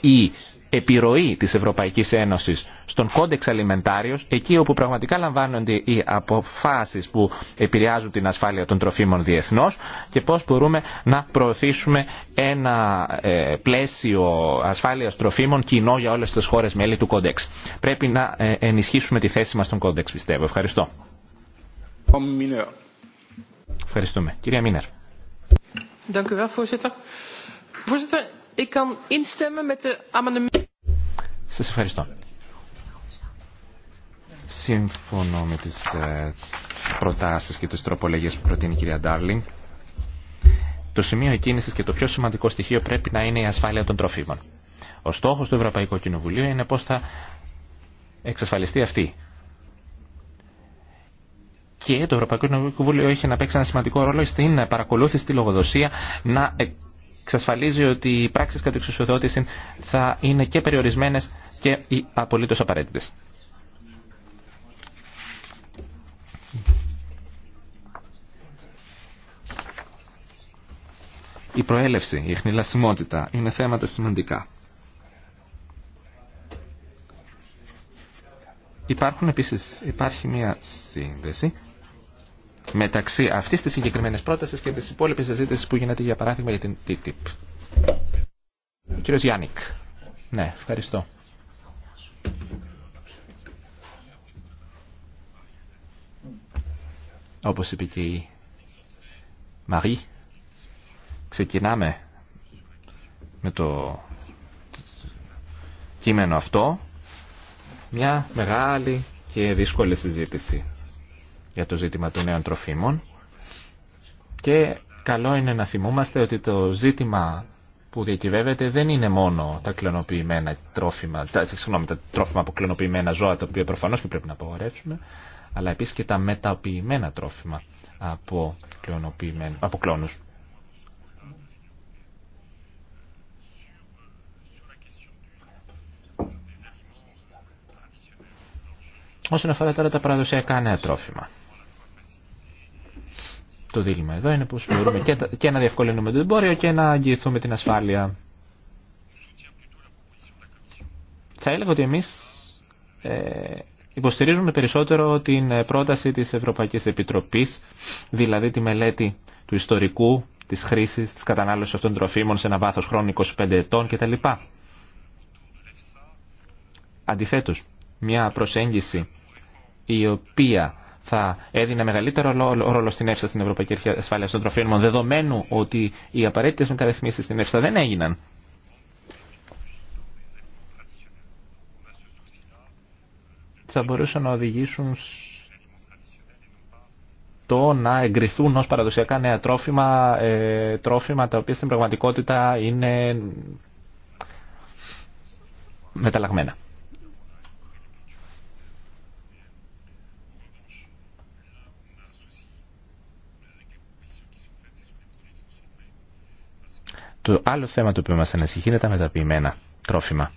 [SPEAKER 2] η επιρροή της Ευρωπαϊκής Ένωσης στον κόντεξ αλιμεντάριος, εκεί όπου πραγματικά λαμβάνονται οι αποφάσεις που επηρεάζουν την ασφάλεια των τροφίμων διεθνώς και πώς μπορούμε να προωθήσουμε ένα ε, πλαίσιο ασφάλειας τροφίμων κοινό για όλες τις χώρες μέλη του κόντεξ. Πρέπει να ε, ενισχύσουμε τη θέση μας στον κόντεξ, πιστεύω. Ευχαριστώ. Ευχαριστούμε. Κυρία Μίνερ.
[SPEAKER 1] Ik kan instemmen met de
[SPEAKER 2] ευχαριστώ. Σύμφωνο με τις ε, προτάσεις και τις τροπολογίες που προτείνει η κυρία Ντάρλινγκ, το σημείο εκκίνησης και το πιο σημαντικό στοιχείο πρέπει να είναι η ασφάλεια των τροφίμων. Ο στόχος του Ευρωπαϊκού Κοινοβουλίου είναι πώς θα εξασφαλιστεί αυτή. Και το Ευρωπαϊκό Κοινοβούλιο έχει να παίξει ένα σημαντικό ρόλο στην παρακολούθηση, τη λογοδοσία, να εξασφαλίζει ότι οι πράξεις κατά εξουσιοδότηση θα είναι και περιορισμένες και οι απολύτως απαραίτητες. Η προέλευση, η χνηλασιμότητα είναι θέματα σημαντικά. Υπάρχουν επίσης, υπάρχει μια σύνδεση μεταξύ αυτής της συγκεκριμένης πρότασης και της υπόλοιπης συζήτηση που γίνεται για παράδειγμα για την TTIP. κύριος Γιάννικ. Ναι, ευχαριστώ. Όπως είπε και η Μαρή, ξεκινάμε με το κείμενο αυτό μια μεγάλη και δύσκολη συζήτηση για το ζήτημα των νέων τροφίμων και καλό είναι να θυμούμαστε ότι το ζήτημα που διακυβεύεται δεν είναι μόνο τα κλωνοποιημένα τρόφιμα, τα, συγγνώμη, τα τρόφιμα από κλωνοποιημένα ζώα, τα οποία προφανώς και πρέπει να απογορεύσουμε, αλλά επίσης και τα μεταποιημένα τρόφιμα από, από κλώνους. Όσον αφορά τώρα τα παραδοσιακά νέα τρόφιμα. Το δίλημα εδώ είναι πως μπορούμε και, να διευκολύνουμε το εμπόριο και να αγγιηθούμε την ασφάλεια. Θα έλεγα ότι εμείς ε, υποστηρίζουμε περισσότερο την ε, πρόταση της Ευρωπαϊκής Επιτροπής, δηλαδή τη μελέτη του ιστορικού, της χρήσης, της κατανάλωσης αυτών των τροφίμων σε ένα βάθος χρόνου 25 ετών κτλ. Αντιθέτως, μια προσέγγιση η οποία θα έδινε μεγαλύτερο ρόλο στην ΕΦΣΑ στην Ευρωπαϊκή Αρχή Ασφάλεια των Τροφίμων, δεδομένου ότι οι απαραίτητε μεταρρυθμίσει στην ΕΦΣΑ δεν έγιναν. Θα μπορούσαν να οδηγήσουν το να εγκριθούν ως παραδοσιακά νέα τρόφιμα, ε, τρόφιμα τα οποία στην πραγματικότητα είναι μεταλλαγμένα. Το άλλο θέμα το οποίο μας ανησυχεί είναι τα μεταποιημένα τρόφιμα.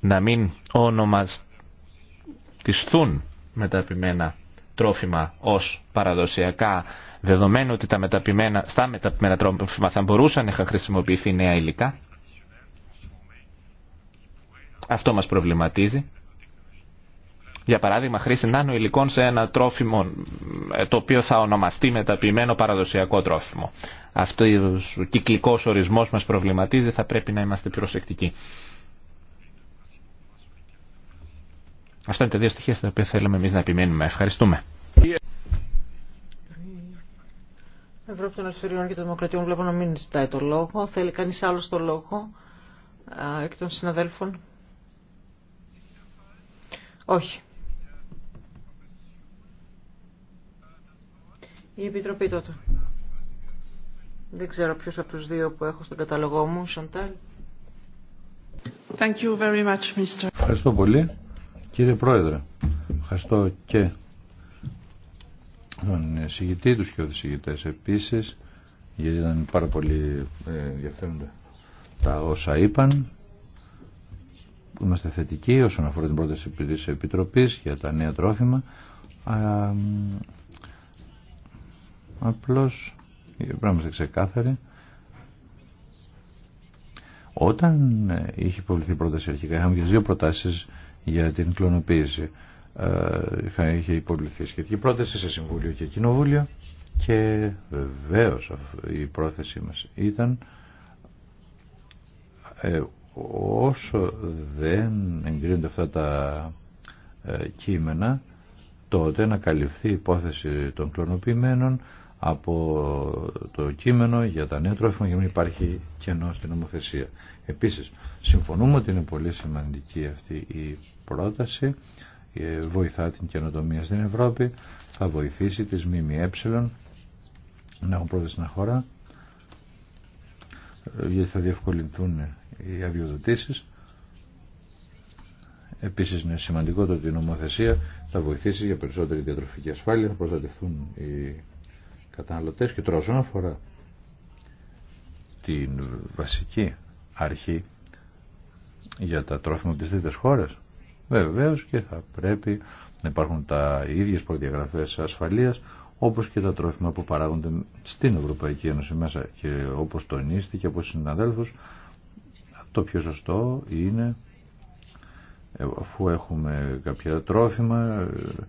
[SPEAKER 2] Να μην ονομαστιστούν μεταποιημένα τρόφιμα ως παραδοσιακά, δεδομένου ότι τα μεταποιημένα, στα μεταποιημένα τρόφιμα θα μπορούσαν να χρησιμοποιηθεί νέα υλικά. Αυτό μας προβληματίζει για παράδειγμα, χρήση νάνο υλικών σε ένα τρόφιμο ε, το οποίο θα ονομαστεί μεταποιημένο παραδοσιακό τρόφιμο. Αυτό ο κυκλικό ορισμό μας προβληματίζει, θα πρέπει να είμαστε προσεκτικοί. Αυτά είναι τα δύο στοιχεία στα οποία θέλουμε εμεί να επιμένουμε. Ευχαριστούμε.
[SPEAKER 1] Ευρώπη των Ελευθεριών και των Δημοκρατιών βλέπω να μην ζητάει το λόγο. Θέλει κανείς άλλο το λόγο εκ των συναδέλφων. Όχι. Η Επιτροπή τότε. Δεν ξέρω ποιος από τους δύο που έχω στον καταλογό μου, Σαντάλ. Thank you very much, Mr.
[SPEAKER 3] Ευχαριστώ πολύ, κύριε Πρόεδρε. Ευχαριστώ και τον συγητή τους και τους συγητές επίσης, γιατί ήταν πάρα πολύ ε, ενδιαφέροντα τα όσα είπαν. Είμαστε θετικοί όσον αφορά την πρόταση της Επιτροπής για τα νέα τρόφιμα Απλώς, πράγμα είναι όταν ε, είχε υποβληθεί πρόταση αρχικά, είχαμε και δύο προτάσεις για την κλωνοποίηση. Ε, είχε υποβληθεί σχετική πρόταση σε Συμβούλιο και Κοινοβούλιο και βεβαίω η πρόθεσή μας ήταν ε, όσο δεν εγκρίνονται αυτά τα κείμενα τότε να καλυφθεί η υπόθεση των κλωνοποιημένων από το κείμενο για τα νέα τρόφιμα για να μην υπάρχει κενό στην νομοθεσία. Επίσης, συμφωνούμε ότι είναι πολύ σημαντική αυτή η πρόταση, ε, βοηθά την καινοτομία στην Ευρώπη, θα βοηθήσει τις ΜΜΕ να έχουν πρόταση στην χώρα, ε, γιατί θα διευκολυνθούν οι αδειοδοτήσεις. Επίσης είναι σημαντικό το ότι η νομοθεσία θα βοηθήσει για περισσότερη διατροφική ασφάλεια, θα προστατευτούν οι καταναλωτές και τώρα όσον αφορά την βασική αρχή για τα τρόφιμα της τρίτες χώρες βεβαίως και θα πρέπει να υπάρχουν τα ίδιες προδιαγραφές ασφαλείας όπως και τα τρόφιμα που παράγονται στην Ευρωπαϊκή Ένωση μέσα και όπως τονίστηκε από συναδέλφους το πιο σωστό είναι ε, αφού έχουμε κάποια τρόφιμα ε,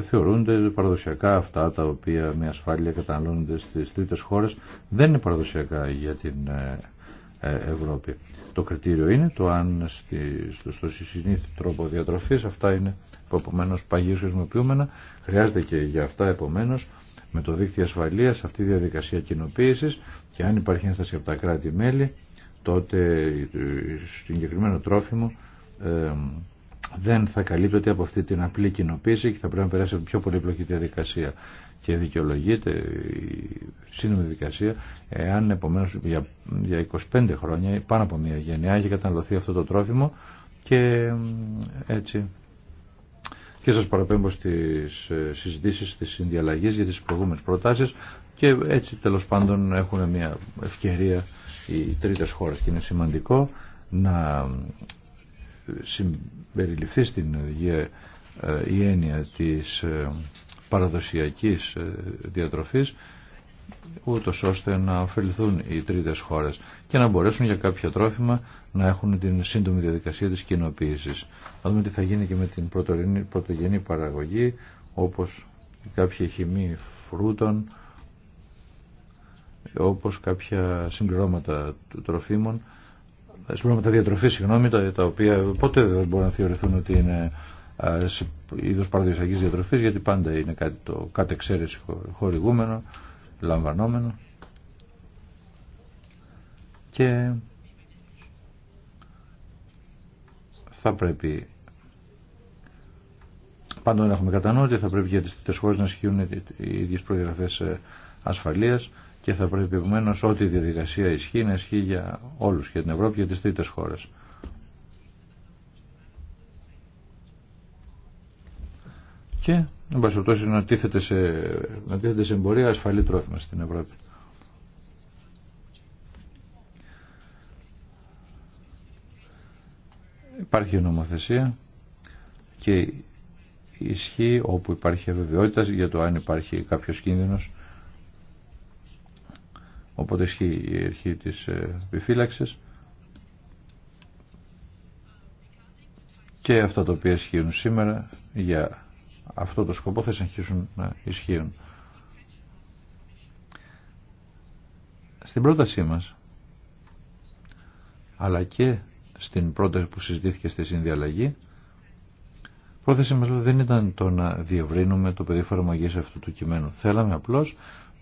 [SPEAKER 3] θεωρούνται παραδοσιακά αυτά τα οποία με ασφάλεια καταναλώνονται στις τρίτες χώρες δεν είναι παραδοσιακά για την ε, ε, Ευρώπη. Το κριτήριο είναι το αν στο, στο τρόπο διατροφής αυτά είναι που επομένως παγίως χρησιμοποιούμενα χρειάζεται και για αυτά επομένως με το δίκτυο ασφαλείας αυτή η διαδικασία κοινοποίηση και αν υπάρχει ένσταση από τα κράτη-μέλη τότε συγκεκριμένο τρόφιμο ε, δεν θα καλύπτεται από αυτή την απλή κοινοποίηση και θα πρέπει να περάσει από πιο πολύπλοκη διαδικασία. Και δικαιολογείται η σύντομη διαδικασία εάν επομένω για, για 25 χρόνια ή πάνω από μια γενιά έχει καταναλωθεί αυτό το τρόφιμο και έτσι. Και σας παραπέμπω στις ε, συζητήσεις τη συνδιαλλαγής για τις προηγούμενε προτάσει και έτσι τέλο πάντων έχουν μια ευκαιρία οι τρίτε χώρε και είναι σημαντικό να συμπεριληφθεί στην οδηγία ε, η έννοια της ε, παραδοσιακής ε, διατροφής ούτω ώστε να ωφεληθούν οι τρίτες χώρες και να μπορέσουν για κάποια τρόφιμα να έχουν την σύντομη διαδικασία της κοινοποίησης. Να δούμε τι θα γίνει και με την πρωτογενή παραγωγή όπως κάποια χυμή φρούτων, όπως κάποια του τροφίμων τα διατροφή, συγγνώμη, τα, τα οποία ποτέ δεν μπορούν να θεωρηθούν ότι είναι είδο παραδοσιακή διατροφής, γιατί πάντα είναι κάτι το κατεξαίρεση χορηγούμενο, λαμβανόμενο. Και θα πρέπει πάντοτε να έχουμε κατανόηση, θα πρέπει για τι τρει χώρε να ισχύουν οι ίδιες προγραφέ ε, ασφαλείας και θα πρέπει επομένω ό,τι η διαδικασία ισχύει να ισχύει για όλους, και την Ευρώπη και τις τρίτες χώρες. Και, εν πάση να τίθεται σε, να τίθεται σε εμπορία ασφαλή τρόφιμα στην Ευρώπη. Υπάρχει νομοθεσία και ισχύει όπου υπάρχει αβεβαιότητα για το αν υπάρχει κάποιος κίνδυνος Οπότε ισχύει η αρχή της ε, επιφύλαξης. Και αυτά τα οποία ισχύουν σήμερα για αυτό το σκοπό θα συνεχίσουν να ισχύουν. Στην πρότασή μας, αλλά και στην πρόταση που συζητήθηκε στη συνδιαλλαγή, πρόθεση μας δηλαδή, δεν ήταν το να διευρύνουμε το πεδίο μαγείς αυτού του κειμένου. Θέλαμε απλώς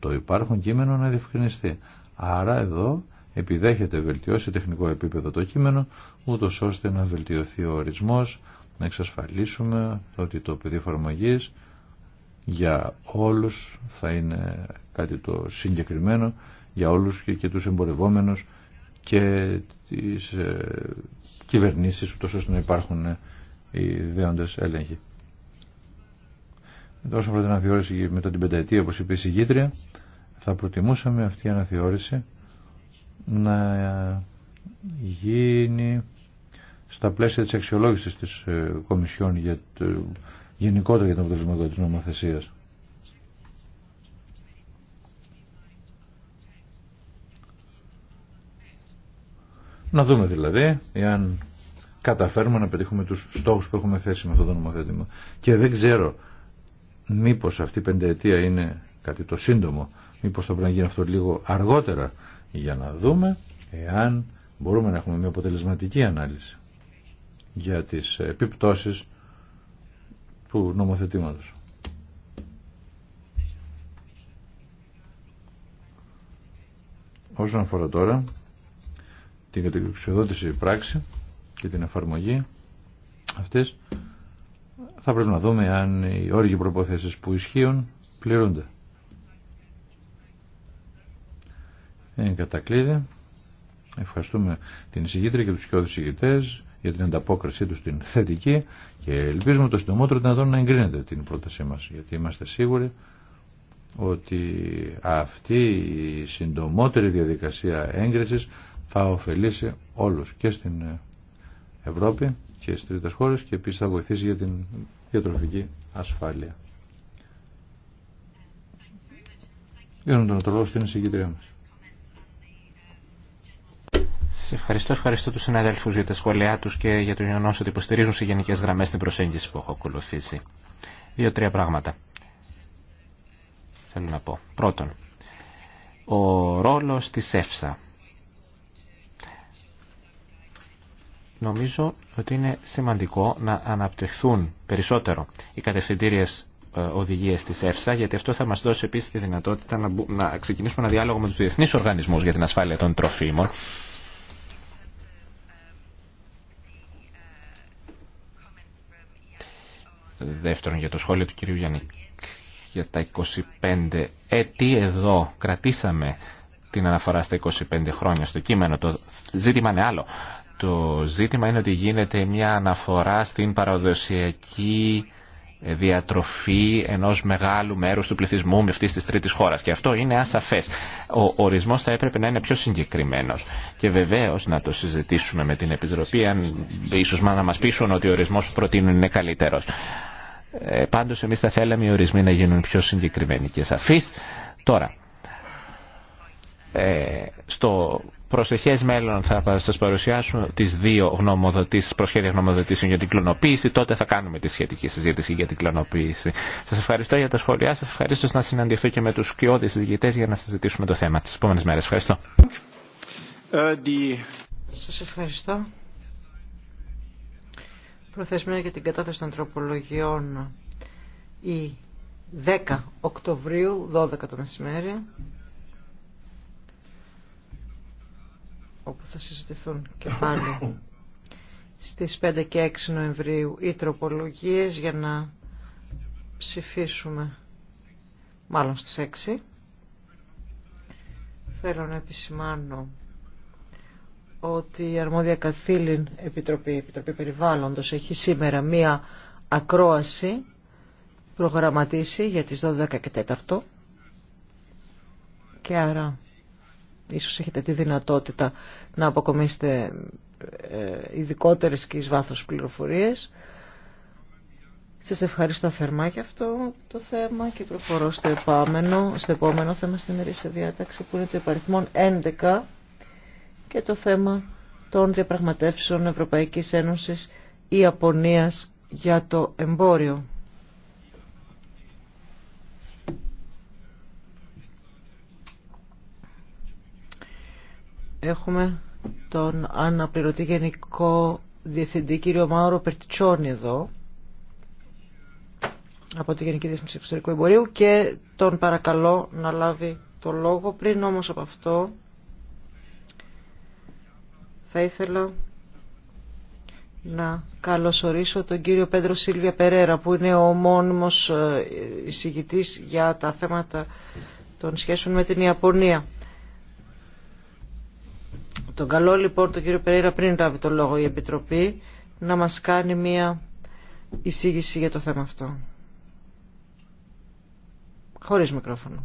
[SPEAKER 3] το υπάρχον κείμενο να διευκρινιστεί. Άρα εδώ επιδέχεται βελτιώσει τεχνικό επίπεδο το κείμενο, ούτω ώστε να βελτιωθεί ο ορισμό να εξασφαλίσουμε ότι το πεδίο εφαρμογή για όλους θα είναι κάτι το συγκεκριμένο, για όλους και, και τους εμπορευόμενους και τις ε, κυβερνήσεις, ούτως ώστε να υπάρχουν οι δέοντες έλεγχοι όσον πρέπει την αναθεώρηση μετά την πενταετία, όπως είπε η συγκήτρια, θα προτιμούσαμε αυτή η αναθεώρηση να γίνει στα πλαίσια της αξιολόγησης της ε, Κομισιόν για το, γενικότερα για τον αποτελεσματικό της νομοθεσίας. Να δούμε δηλαδή εάν καταφέρουμε να πετύχουμε τους στόχους που έχουμε θέσει με αυτό το νομοθέτημα. Και δεν ξέρω μήπως αυτή η πενταετία είναι κάτι το σύντομο, μήπως θα πρέπει να γίνει αυτό λίγο αργότερα για να δούμε εάν μπορούμε να έχουμε μια αποτελεσματική ανάλυση για τις επιπτώσεις του νομοθετήματος. Όσον αφορά τώρα την κατεξοδότηση πράξη και την εφαρμογή αυτής θα πρέπει να δούμε αν οι όργοι προποθέσει που ισχύουν πληρούνται. Εν κατακλείδη, ευχαριστούμε την εισηγήτρια και τους κοιόδους εισηγητές για την ανταπόκρισή τους στην θετική και ελπίζουμε το συντομότερο δυνατόν να εγκρίνεται την πρότασή μας γιατί είμαστε σίγουροι ότι αυτή η συντομότερη διαδικασία έγκρισης θα ωφελήσει όλους και στην Ευρώπη και στις τρίτες χώρες και επίσης θα βοηθήσει για την διατροφική ασφάλεια. Δίνω τον λόγο στην εισηγητρία μας.
[SPEAKER 2] Σε ευχαριστώ, ευχαριστώ τους συναδέλφους για τα σχόλιά τους και για το γεγονό ότι υποστηρίζουν σε γενικές γραμμές την προσέγγιση που έχω ακολουθήσει. Δύο-τρία πράγματα θέλω να πω. Πρώτον, ο ρόλος της ΕΦΣΑ νομίζω ότι είναι σημαντικό να αναπτυχθούν περισσότερο οι κατευθυντήριες ε, οδηγίες της ΕΦΣΑ, γιατί αυτό θα μας δώσει επίσης τη δυνατότητα να, να ξεκινήσουμε ένα διάλογο με τους διεθνείς οργανισμούς για την ασφάλεια των τροφίμων. Δεύτερον, για το σχόλιο του κυρίου Γιάννη, για τα 25 έτη εδώ κρατήσαμε την αναφορά στα 25 χρόνια στο κείμενο. Το ζήτημα είναι άλλο. Το ζήτημα είναι ότι γίνεται μια αναφορά στην παραδοσιακή διατροφή ενός μεγάλου μέρους του πληθυσμού με αυτής της τρίτης χώρας. Και αυτό είναι ασαφές. Ο ορισμός θα έπρεπε να είναι πιο συγκεκριμένος. Και βεβαίως να το συζητήσουμε με την Επιτροπή, αν ίσως να μας πείσουν ότι ο ορισμός που προτείνουν είναι καλύτερος. Ε, πάντως εμείς θα θέλαμε οι ορισμοί να γίνουν πιο συγκεκριμένοι και σαφείς. Τώρα, ε, στο προσεχέ μέλλον θα σα παρουσιάσω τι δύο γνωμοδοτήσεις, προσχέδια γνωμοδοτήσεων για την κλωνοποίηση. Τότε θα κάνουμε τη σχετική συζήτηση για την κλωνοποίηση. Σα ευχαριστώ για τα σχόλιά σα Ευχαριστώ να συναντηθώ και με του κοιόδη συζητητέ για να συζητήσουμε το θέμα τι επόμενε μέρε. Ευχαριστώ.
[SPEAKER 1] Σα ευχαριστώ. Προθεσμία για την κατάθεση των τροπολογιών η 10 Οκτωβρίου, 12 το μεσημέρι. όπου θα συζητηθούν και πάλι στις 5 και 6 Νοεμβρίου οι τροπολογίες για να ψηφίσουμε μάλλον στις 6. Θέλω να επισημάνω ότι η αρμόδια καθήλυν Επιτροπή, Επιτροπή Περιβάλλοντος έχει σήμερα μία ακρόαση προγραμματίσει για τις 12 και 4 και άρα Ίσως έχετε τη δυνατότητα να αποκομίσετε ε, ειδικότερε και εις βάθος πληροφορίες. Σας ευχαριστώ θερμά για αυτό το θέμα και προχωρώ στο επόμενο, στο επόμενο θέμα στην ημερήσια διάταξη που είναι το υπαριθμό 11 και το θέμα των διαπραγματεύσεων Ευρωπαϊκής Ένωσης ή Ιαπωνίας για το εμπόριο. Έχουμε τον αναπληρωτή γενικό διευθυντή κύριο Μάουρο Περτιτσόνη εδώ από τη Γενική Διεύθυνση Εξωτερικού Εμπορίου και τον παρακαλώ να λάβει το λόγο. Πριν όμως από αυτό θα ήθελα να καλωσορίσω τον κύριο Πέντρο Σίλβια Περέρα που είναι ο μόνιμος ε, εισηγητής για τα θέματα των σχέσεων με την Ιαπωνία. Τον καλό λοιπόν τον κύριο Περέιρα πριν λάβει το λόγο η Επιτροπή να μας κάνει μία εισήγηση για το θέμα αυτό. Χωρίς μικρόφωνο.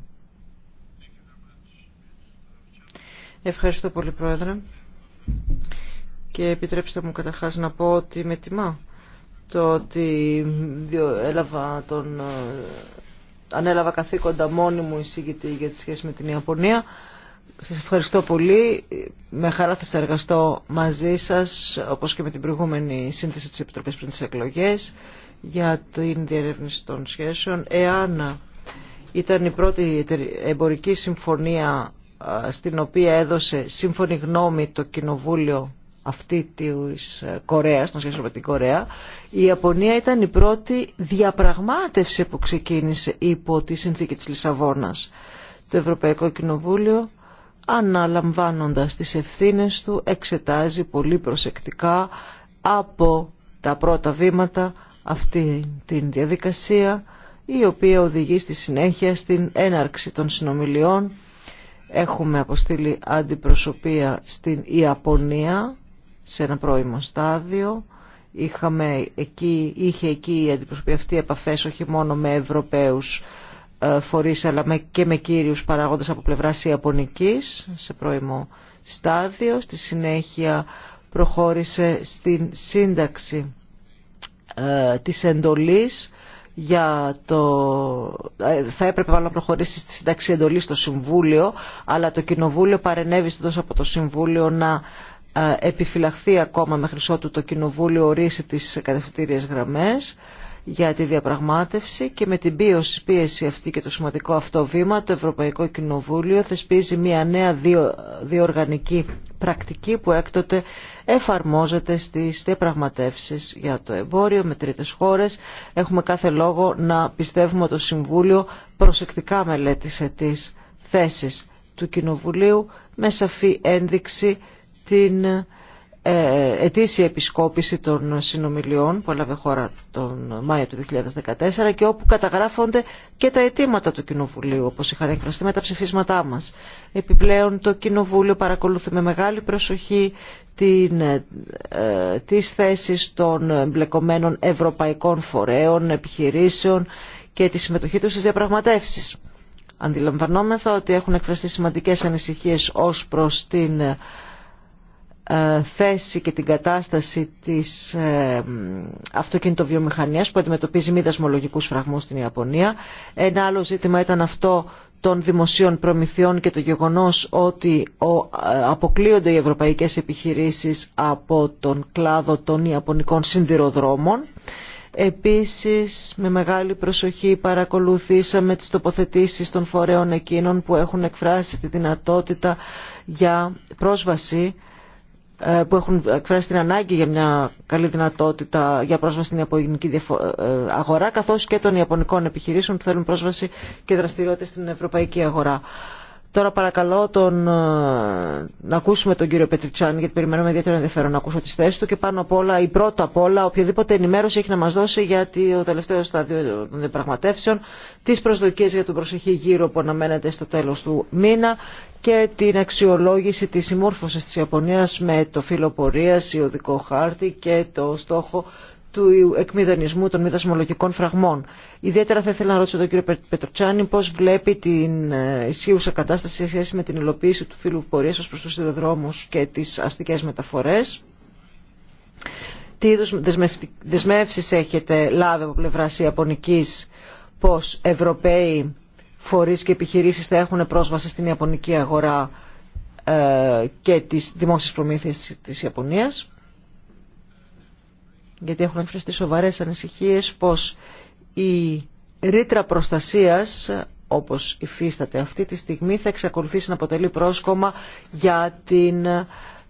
[SPEAKER 1] Ευχαριστώ πολύ Πρόεδρε και επιτρέψτε μου καταρχάς να πω ότι με τιμά το ότι έλαβα τον, ε, ανέλαβα καθήκοντα μόνη μου εισήγητη για τη σχέση με την Ιαπωνία Σα ευχαριστώ πολύ. Με χαρά θα συνεργαστώ μαζί σας, όπως και με την προηγούμενη σύνθεση της Επιτροπής πριν τις εκλογές, για την διερεύνηση των σχέσεων. Εάν ήταν η πρώτη εμπορική συμφωνία στην οποία έδωσε σύμφωνη γνώμη το Κοινοβούλιο αυτή της Κορέας, των σχέσεων με την Κορέα, η Ιαπωνία ήταν η πρώτη διαπραγμάτευση που ξεκίνησε υπό τη συνθήκη της Λισαβόνας. Το Ευρωπαϊκό Κοινοβούλιο αναλαμβάνοντας τις ευθύνες του εξετάζει πολύ προσεκτικά από τα πρώτα βήματα αυτή την διαδικασία η οποία οδηγεί στη συνέχεια στην έναρξη των συνομιλιών. Έχουμε αποστείλει αντιπροσωπεία στην Ιαπωνία σε ένα πρώιμο στάδιο. Είχαμε εκεί, είχε εκεί η αντιπροσωπεία αυτή επαφές όχι μόνο με Ευρωπαίους ε, φορείς αλλά και με κύριους παράγοντες από πλευράς Ιαπωνικής σε πρώιμο στάδιο. Στη συνέχεια προχώρησε στην σύνταξη ε, της εντολής για το... Ε, θα έπρεπε να προχωρήσει στη σύνταξη εντολής στο Συμβούλιο αλλά το Κοινοβούλιο παρενέβη τόσο από το Συμβούλιο να επιφυλαχθεί ακόμα μέχρι ότου το Κοινοβούλιο ορίσει τις κατευθυντήριες γραμμές για τη διαπραγμάτευση και με την πίεση, πίεση αυτή και το σημαντικό αυτό βήμα το Ευρωπαϊκό Κοινοβούλιο θεσπίζει μια νέα διοργανική πρακτική που έκτοτε εφαρμόζεται στις διαπραγματεύσεις για το εμπόριο με τρίτες χώρες. Έχουμε κάθε λόγο να πιστεύουμε το Συμβούλιο προσεκτικά μελέτησε τις θέσεις του Κοινοβουλίου με σαφή ένδειξη την ε, ετήσια επισκόπηση των συνομιλιών που έλαβε χώρα τον Μάιο του 2014 και όπου καταγράφονται και τα αιτήματα του Κοινοβουλίου όπως είχαν εκφραστεί με τα ψηφίσματά μας. Επιπλέον το Κοινοβούλιο παρακολουθεί με μεγάλη προσοχή την, ε, τις θέσεις των εμπλεκομένων ευρωπαϊκών φορέων, επιχειρήσεων και τη συμμετοχή τους στις διαπραγματεύσεις. Αντιλαμβανόμεθα ότι έχουν εκφραστεί σημαντικές ανησυχίες ως προς την ε, ε, θέση και την κατάσταση της ε, αυτοκινητοβιομηχανίας που αντιμετωπίζει μη δασμολογικούς φραγμούς στην Ιαπωνία. Ένα άλλο ζήτημα ήταν αυτό των δημοσίων προμηθειών και το γεγονός ότι ε, αποκλείονται οι ευρωπαϊκές επιχειρήσεις από τον κλάδο των Ιαπωνικών συνδυροδρόμων. Επίσης με μεγάλη προσοχή παρακολουθήσαμε τις τοποθετήσεις των φορέων εκείνων που έχουν εκφράσει τη δυνατότητα για πρόσβαση ε, που έχουν εκφράσει την ανάγκη για μια καλή δυνατότητα για πρόσβαση στην ιαπωνική ε, αγορά καθώς και των ιαπωνικών επιχειρήσεων που θέλουν πρόσβαση και δραστηριότητες στην ευρωπαϊκή αγορά. Τώρα παρακαλώ τον, ε, να ακούσουμε τον κύριο Πετριτσάνη, γιατί περιμένουμε ιδιαίτερο ενδιαφέρον να ακούσω τις θέσεις του και πάνω απ' όλα ή πρώτα απ' όλα οποιαδήποτε ενημέρωση έχει να μας δώσει για το τελευταίο στάδιο των διαπραγματεύσεων, τις προσδοκίες για τον προσεχή γύρο που αναμένεται στο τέλος του μήνα και την αξιολόγηση της συμμόρφωσης της Ιαπωνίας με το φύλλο πορείας, οδικό χάρτη και το στόχο του εκμηδενισμού των μη δασμολογικών φραγμών. Ιδιαίτερα θα ήθελα να ρωτήσω τον κύριο Πετροτσάνη πώς βλέπει την ε, ισχύουσα κατάσταση σε σχέση με την υλοποίηση του φύλου πορείας ως προς τους και τις αστικές μεταφορές. Τι είδους δεσμεύσεις έχετε λάβει από πλευρά Ιαπωνικής πως Ευρωπαίοι φορείς και επιχειρήσεις θα έχουν πρόσβαση στην Ιαπωνική αγορά ε, και τις δημόσιες προμήθειες της Ιαπωνίας γιατί έχουν εμφανιστεί σοβαρές ανησυχίες πως η ρήτρα προστασίας όπως υφίσταται αυτή τη στιγμή θα εξακολουθήσει να αποτελεί πρόσκομα για την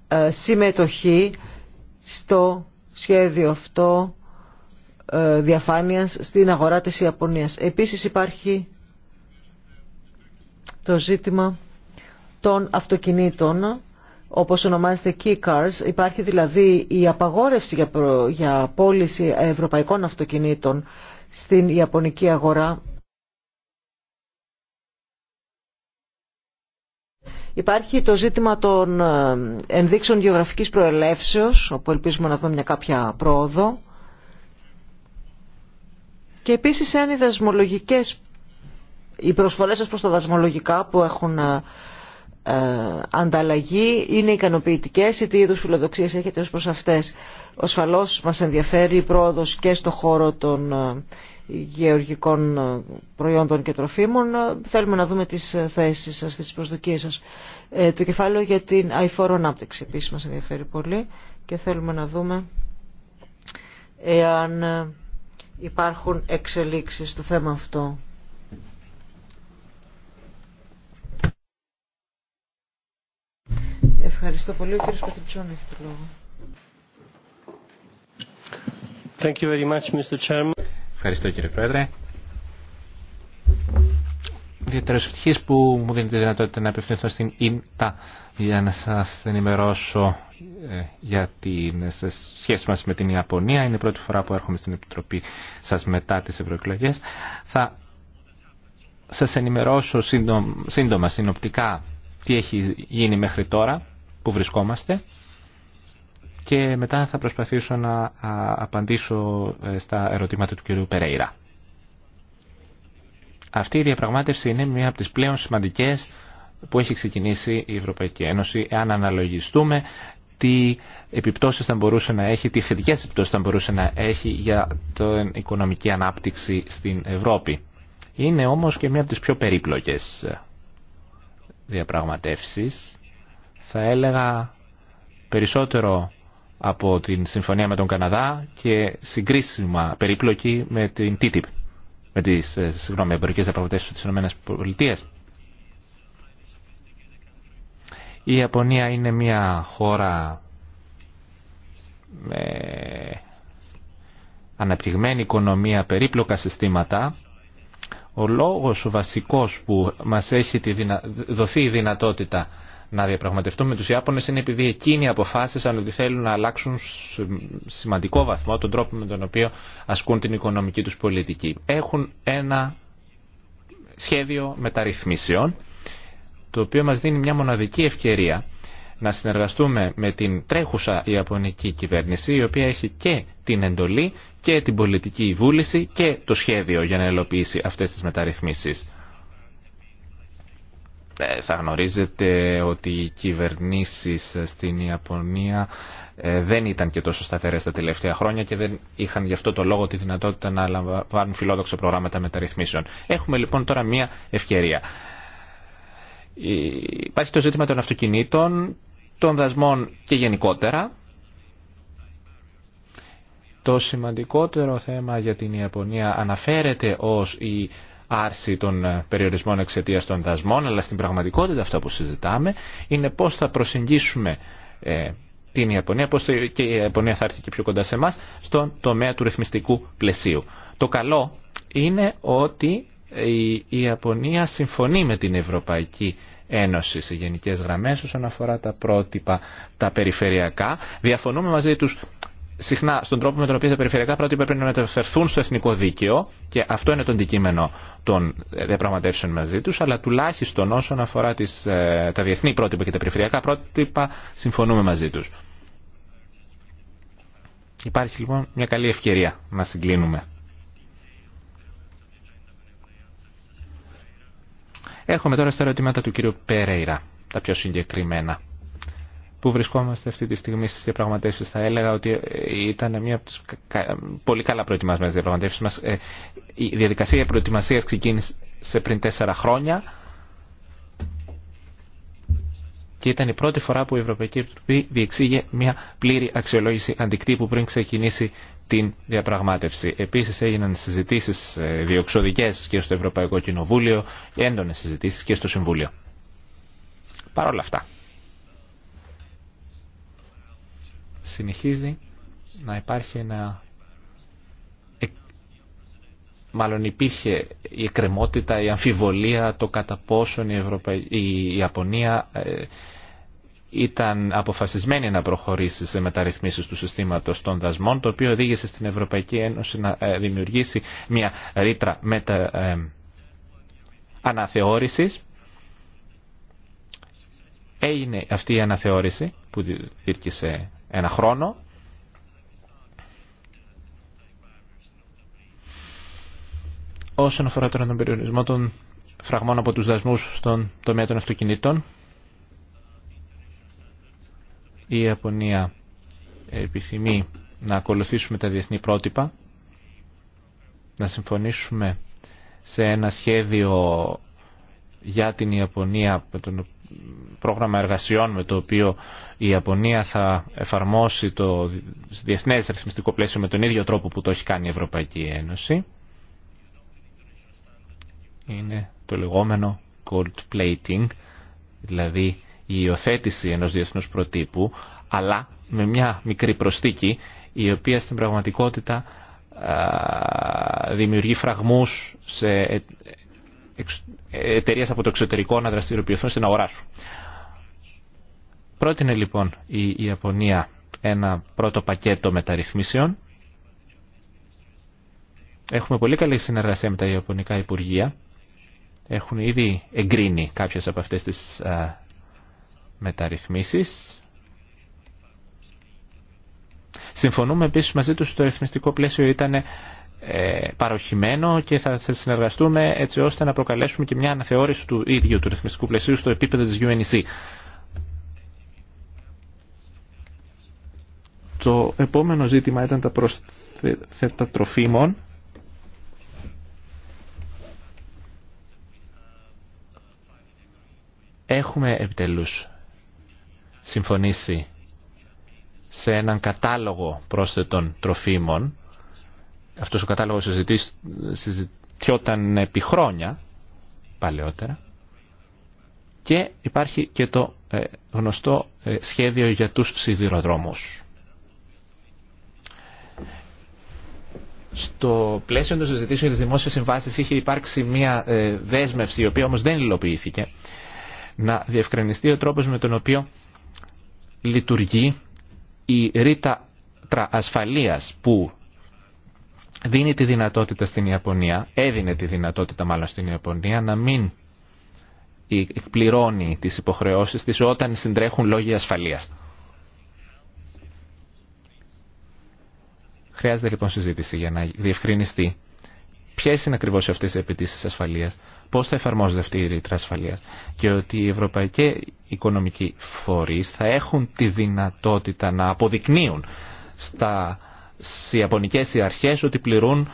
[SPEAKER 1] ε, συμμετοχή στο σχέδιο αυτό ε, διαφάνειας στην αγορά της Ιαπωνίας. Επίσης υπάρχει το ζήτημα των αυτοκινήτων όπως ονομάζεται cars, Υπάρχει δηλαδή η απαγόρευση για, για πώληση ευρωπαϊκών αυτοκινήτων στην Ιαπωνική αγορά. Υπάρχει το ζήτημα των ε, ενδείξεων γεωγραφικής προελεύσεως, όπου ελπίζουμε να δούμε μια κάποια πρόοδο. Και επίσης αν οι δασμολογικές, οι προσφορές σας προς τα δασμολογικά που έχουν ε, ε, ανταλλαγή είναι ικανοποιητικές ή τι είδους φιλοδοξίες έχετε ως προς αυτές. Ασφαλώς μας ενδιαφέρει η πρόοδος και στο χώρο των ε, γεωργικών ε, προϊόντων και τροφίμων. Θέλουμε να δούμε τις θέσεις σας και τις προσδοκίες σας. το κεφάλαιο για την αηφόρο ανάπτυξη επίσης μας ενδιαφέρει πολύ και θέλουμε να δούμε εάν υπάρχουν εξελίξεις στο θέμα αυτό. Ευχαριστώ πολύ. Ο κύριος Πατριτσόν έχει το λόγο.
[SPEAKER 2] Thank you very much, Mr. Chairman. Ευχαριστώ κύριε Πρόεδρε. Ιδιαίτερα ευτυχίες που μου δίνετε τη δυνατότητα να απευθυνθώ στην ΙΝΤΑ για να σας ενημερώσω ε, για την σχέση μας με την Ιαπωνία. Είναι η πρώτη φορά που έρχομαι στην Επιτροπή σας μετά τις ευρωεκλογέ. Θα σας ενημερώσω σύντομα, σύντομα συνοπτικά τι έχει γίνει μέχρι τώρα που βρισκόμαστε και μετά θα προσπαθήσω να απαντήσω ε, στα ερωτήματα του κυρίου Περέιρα. Αυτή η διαπραγμάτευση είναι μία από τις πλέον σημαντικές που έχει ξεκινήσει η Ευρωπαϊκή Ένωση. Εάν αναλογιστούμε τι επιπτώσεις θα μπορούσε να έχει, τι θετικές επιπτώσεις θα μπορούσε να έχει για την οικονομική ανάπτυξη στην Ευρώπη. Είναι όμως και μία από τις πιο περίπλοκες ε, διαπραγματεύσεις θα έλεγα περισσότερο από την συμφωνία με τον Καναδά και συγκρίσιμα περίπλοκη με την TTIP, με τις ε, συγγνώμη, εμπορικές τη της ΗΠΑ. Η Ιαπωνία είναι μια χώρα με αναπτυγμένη οικονομία, περίπλοκα συστήματα. Ο λόγος ο βασικός που μας έχει δοθεί η δυνατότητα να διαπραγματευτούμε με τους Ιάπωνες είναι επειδή εκείνοι αποφάσισαν ότι θέλουν να αλλάξουν σε σημαντικό βαθμό τον τρόπο με τον οποίο ασκούν την οικονομική τους πολιτική. Έχουν ένα σχέδιο μεταρρυθμίσεων το οποίο μας δίνει μια μοναδική ευκαιρία να συνεργαστούμε με την τρέχουσα Ιαπωνική κυβέρνηση η οποία έχει και την εντολή και την πολιτική βούληση και το σχέδιο για να ελοποιήσει αυτές τις μεταρρυθμίσεις. Ε, θα γνωρίζετε ότι οι κυβερνήσεις στην Ιαπωνία ε, δεν ήταν και τόσο σταθερές τα τελευταία χρόνια και δεν είχαν γι' αυτό το λόγο τη δυνατότητα να λαμβάνουν φιλόδοξα προγράμματα μεταρρυθμίσεων. Έχουμε λοιπόν τώρα μία ευκαιρία. Ε, υπάρχει το ζήτημα των αυτοκινήτων, των δασμών και γενικότερα. Το σημαντικότερο θέμα για την Ιαπωνία αναφέρεται ως η άρση των ε, περιορισμών εξαιτία των δασμών, αλλά στην πραγματικότητα αυτά που συζητάμε είναι πώς θα προσεγγίσουμε ε, την Ιαπωνία, πώς και η Ιαπωνία θα έρθει και πιο κοντά σε εμά στον τομέα του ρυθμιστικού πλαισίου. Το καλό είναι ότι η Ιαπωνία συμφωνεί με την Ευρωπαϊκή Ένωση σε γενικές γραμμές όσον αφορά τα πρότυπα τα περιφερειακά. Διαφωνούμε μαζί τους συχνά στον τρόπο με τον οποίο τα περιφερειακά πρότυπα πρέπει να μεταφερθούν στο εθνικό δίκαιο και αυτό είναι το αντικείμενο των διαπραγματεύσεων μαζί του, αλλά τουλάχιστον όσον αφορά τις, ε, τα διεθνή πρότυπα και τα περιφερειακά πρότυπα συμφωνούμε μαζί του. Υπάρχει λοιπόν μια καλή ευκαιρία να συγκλίνουμε. Έρχομαι τώρα στα ερωτήματα του κύριου Περέιρα, τα πιο συγκεκριμένα που βρισκόμαστε αυτή τη στιγμή στις διαπραγματεύσεις. Θα έλεγα ότι ε, ήταν μια από τις πολύ καλά προετοιμασμένες διαπραγματεύσεις μας. Ε, η διαδικασία προετοιμασίας ξεκίνησε πριν τέσσερα χρόνια και ήταν η πρώτη φορά που η Ευρωπαϊκή Επιτροπή διεξήγε μια πλήρη αξιολόγηση αντικτύπου πριν ξεκινήσει την διαπραγμάτευση. Επίση, έγιναν συζητήσει ε, διοξοδικές και στο Ευρωπαϊκό Κοινοβούλιο, έντονε συζητήσει και στο Συμβούλιο. Παρ' όλα αυτά. συνεχίζει να υπάρχει ένα μάλλον υπήρχε η εκκρεμότητα, η αμφιβολία το κατά πόσον η, η Ιαπωνία ε, ήταν αποφασισμένη να προχωρήσει σε μεταρρυθμίσεις του συστήματος των δασμών, το οποίο οδήγησε στην Ευρωπαϊκή Ένωση να ε, δημιουργήσει μια ρήτρα μετα... Ε, αναθεώρησης. Έγινε αυτή η αναθεώρηση που διήρκησε ένα χρόνο. Όσον αφορά τον περιορισμό των φραγμών από τους δασμούς στον τομέα των αυτοκινήτων, η Ιαπωνία επιθυμεί να ακολουθήσουμε τα διεθνή πρότυπα, να συμφωνήσουμε σε ένα σχέδιο για την Ιαπωνία, με το πρόγραμμα εργασιών με το οποίο η Ιαπωνία θα εφαρμόσει το διεθνές ρυθμιστικό πλαίσιο με τον ίδιο τρόπο που το έχει κάνει η Ευρωπαϊκή Ένωση. Είναι το λεγόμενο cold plating, δηλαδή η υιοθέτηση ενός διεθνούς προτύπου, αλλά με μια μικρή προστίκη, η οποία στην πραγματικότητα δημιουργεί φραγμούς σε εταιρείε από το εξωτερικό να δραστηριοποιηθούν στην αγορά σου. Πρότεινε λοιπόν η Ιαπωνία ένα πρώτο πακέτο μεταρρυθμίσεων. Έχουμε πολύ καλή συνεργασία με τα Ιαπωνικά Υπουργεία. Έχουν ήδη εγκρίνει κάποιες από αυτές τις μεταρρυθμίσεις. Συμφωνούμε επίσης μαζί τους στο ρυθμιστικό πλαίσιο ήταν ε, παροχημένο και θα συνεργαστούμε έτσι ώστε να προκαλέσουμε και μια αναθεώρηση του ίδιου του ρυθμιστικού πλαισίου στο επίπεδο της UNEC. Το επόμενο ζήτημα ήταν τα προσθέτα τροφίμων. Έχουμε επιτελούς συμφωνήσει σε έναν κατάλογο πρόσθετων τροφίμων αυτός ο κατάλογος συζητιόταν επί χρόνια παλαιότερα και υπάρχει και το ε, γνωστό ε, σχέδιο για τους σιδηροδρόμους. Στο πλαίσιο των συζητήσεων για τις δημόσιες συμβάσεις είχε υπάρξει μια ε, δέσμευση η οποία όμως δεν υλοποιήθηκε να διευκρινιστεί ο τρόπος με τον οποίο λειτουργεί η ρήτα ασφαλείας που δίνει τη δυνατότητα στην Ιαπωνία, έδινε τη δυνατότητα μάλλον στην Ιαπωνία να μην εκπληρώνει τις υποχρεώσεις της όταν συντρέχουν λόγοι ασφαλείας. Χρειάζεται λοιπόν συζήτηση για να διευκρινιστεί ποιε είναι ακριβώ αυτέ οι απαιτήσει ασφαλείας, πώ θα εφαρμόζεται αυτή η ρήτρα ασφαλεία και ότι οι ευρωπαϊκοί οικονομικοί φορεί θα έχουν τη δυνατότητα να αποδεικνύουν στα στι Ιαπωνικέ αρχέ ότι πληρούν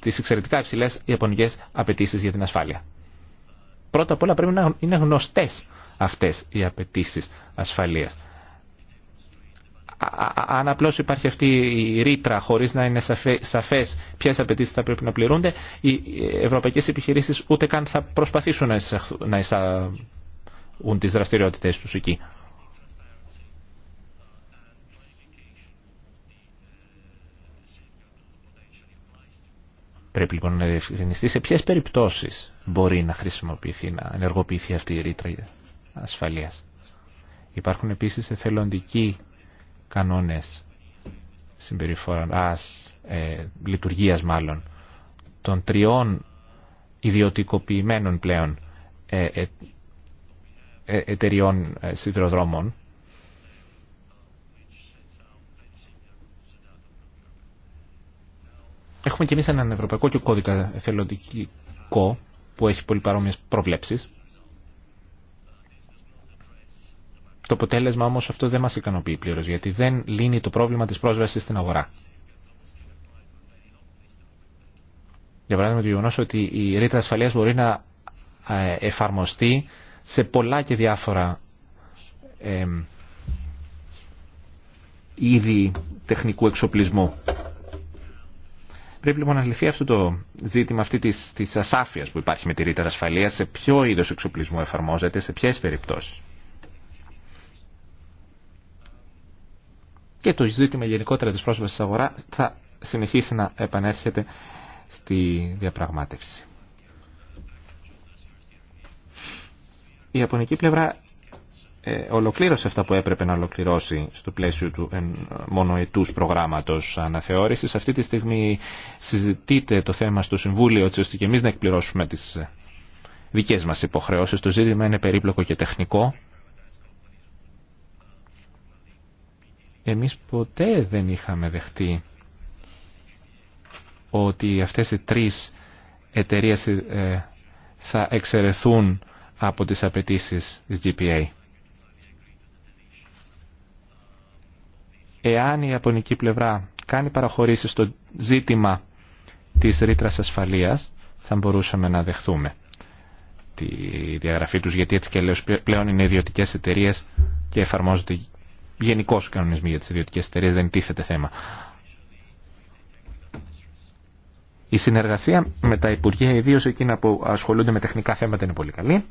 [SPEAKER 2] τι εξαιρετικά υψηλέ Ιαπωνικέ απαιτήσει για την ασφάλεια. Πρώτα απ' όλα πρέπει να είναι γνωστέ αυτέ οι απαιτήσει ασφαλεία. Αν απλώ υπάρχει αυτή η ρήτρα χωρί να είναι σαφέ ποιε απαιτήσει θα πρέπει να πληρούνται, οι ευρωπαϊκέ επιχειρήσει ούτε καν θα προσπαθήσουν να εισαγούν τι δραστηριότητε του εκεί. Πρέπει λοιπόν να διευκρινιστεί σε ποιε περιπτώσεις μπορεί να χρησιμοποιηθεί, να ενεργοποιηθεί αυτή η ρήτρα ασφαλεία. Υπάρχουν επίσης εθελοντικοί κανόνες συμπεριφοράς, ε, λειτουργίας μάλλον, των τριών ιδιωτικοποιημένων πλέον ε, ε, ε εταιριών ε, σιδηροδρόμων Έχουμε και εμεί έναν ευρωπαϊκό και κώδικα εθελοντικό που έχει πολύ παρόμοιε προβλέψει. Το αποτέλεσμα όμω αυτό δεν μα ικανοποιεί πλήρω γιατί δεν λύνει το πρόβλημα τη πρόσβαση στην αγορά. Για παράδειγμα, το γεγονό ότι η ρήτρα ασφαλεία μπορεί να ε, εφαρμοστεί σε πολλά και διάφορα ε, είδη τεχνικού εξοπλισμού. Πρέπει λοιπόν να λυθεί αυτό το ζήτημα αυτή της, της ασάφειας που υπάρχει με τη ρήτρα ασφαλείας, σε ποιο είδος εξοπλισμού εφαρμόζεται, σε ποιες περιπτώσεις. Και το ζήτημα γενικότερα της πρόσβασης αγορά θα συνεχίσει να επανέρχεται στη διαπραγμάτευση. Η Ιαπωνική πλευρά ε, ολοκλήρωσε αυτά που έπρεπε να ολοκληρώσει στο πλαίσιο του μονοετούς προγράμματος αναθεώρησης. Αυτή τη στιγμή συζητείται το θέμα στο Συμβούλιο έτσι ώστε και εμείς να εκπληρώσουμε τις ε, δικές μας υποχρεώσεις. Το ζήτημα είναι περίπλοκο και τεχνικό. Εμείς ποτέ δεν είχαμε δεχτεί ότι αυτές οι τρεις εταιρείες ε, θα εξαιρεθούν από τις απαιτήσεις της GPA. Εάν η Ιαπωνική πλευρά κάνει παραχωρήσεις στο ζήτημα της ρήτρα ασφαλείας, θα μπορούσαμε να δεχθούμε τη διαγραφή τους, γιατί έτσι και λέω πλέον είναι ιδιωτικές εταιρείε και εφαρμόζονται γενικώ ο για τις ιδιωτικές εταιρείε, δεν τίθεται θέμα. Η συνεργασία με τα Υπουργεία, ιδίω εκείνα που ασχολούνται με τεχνικά θέματα, είναι πολύ καλή.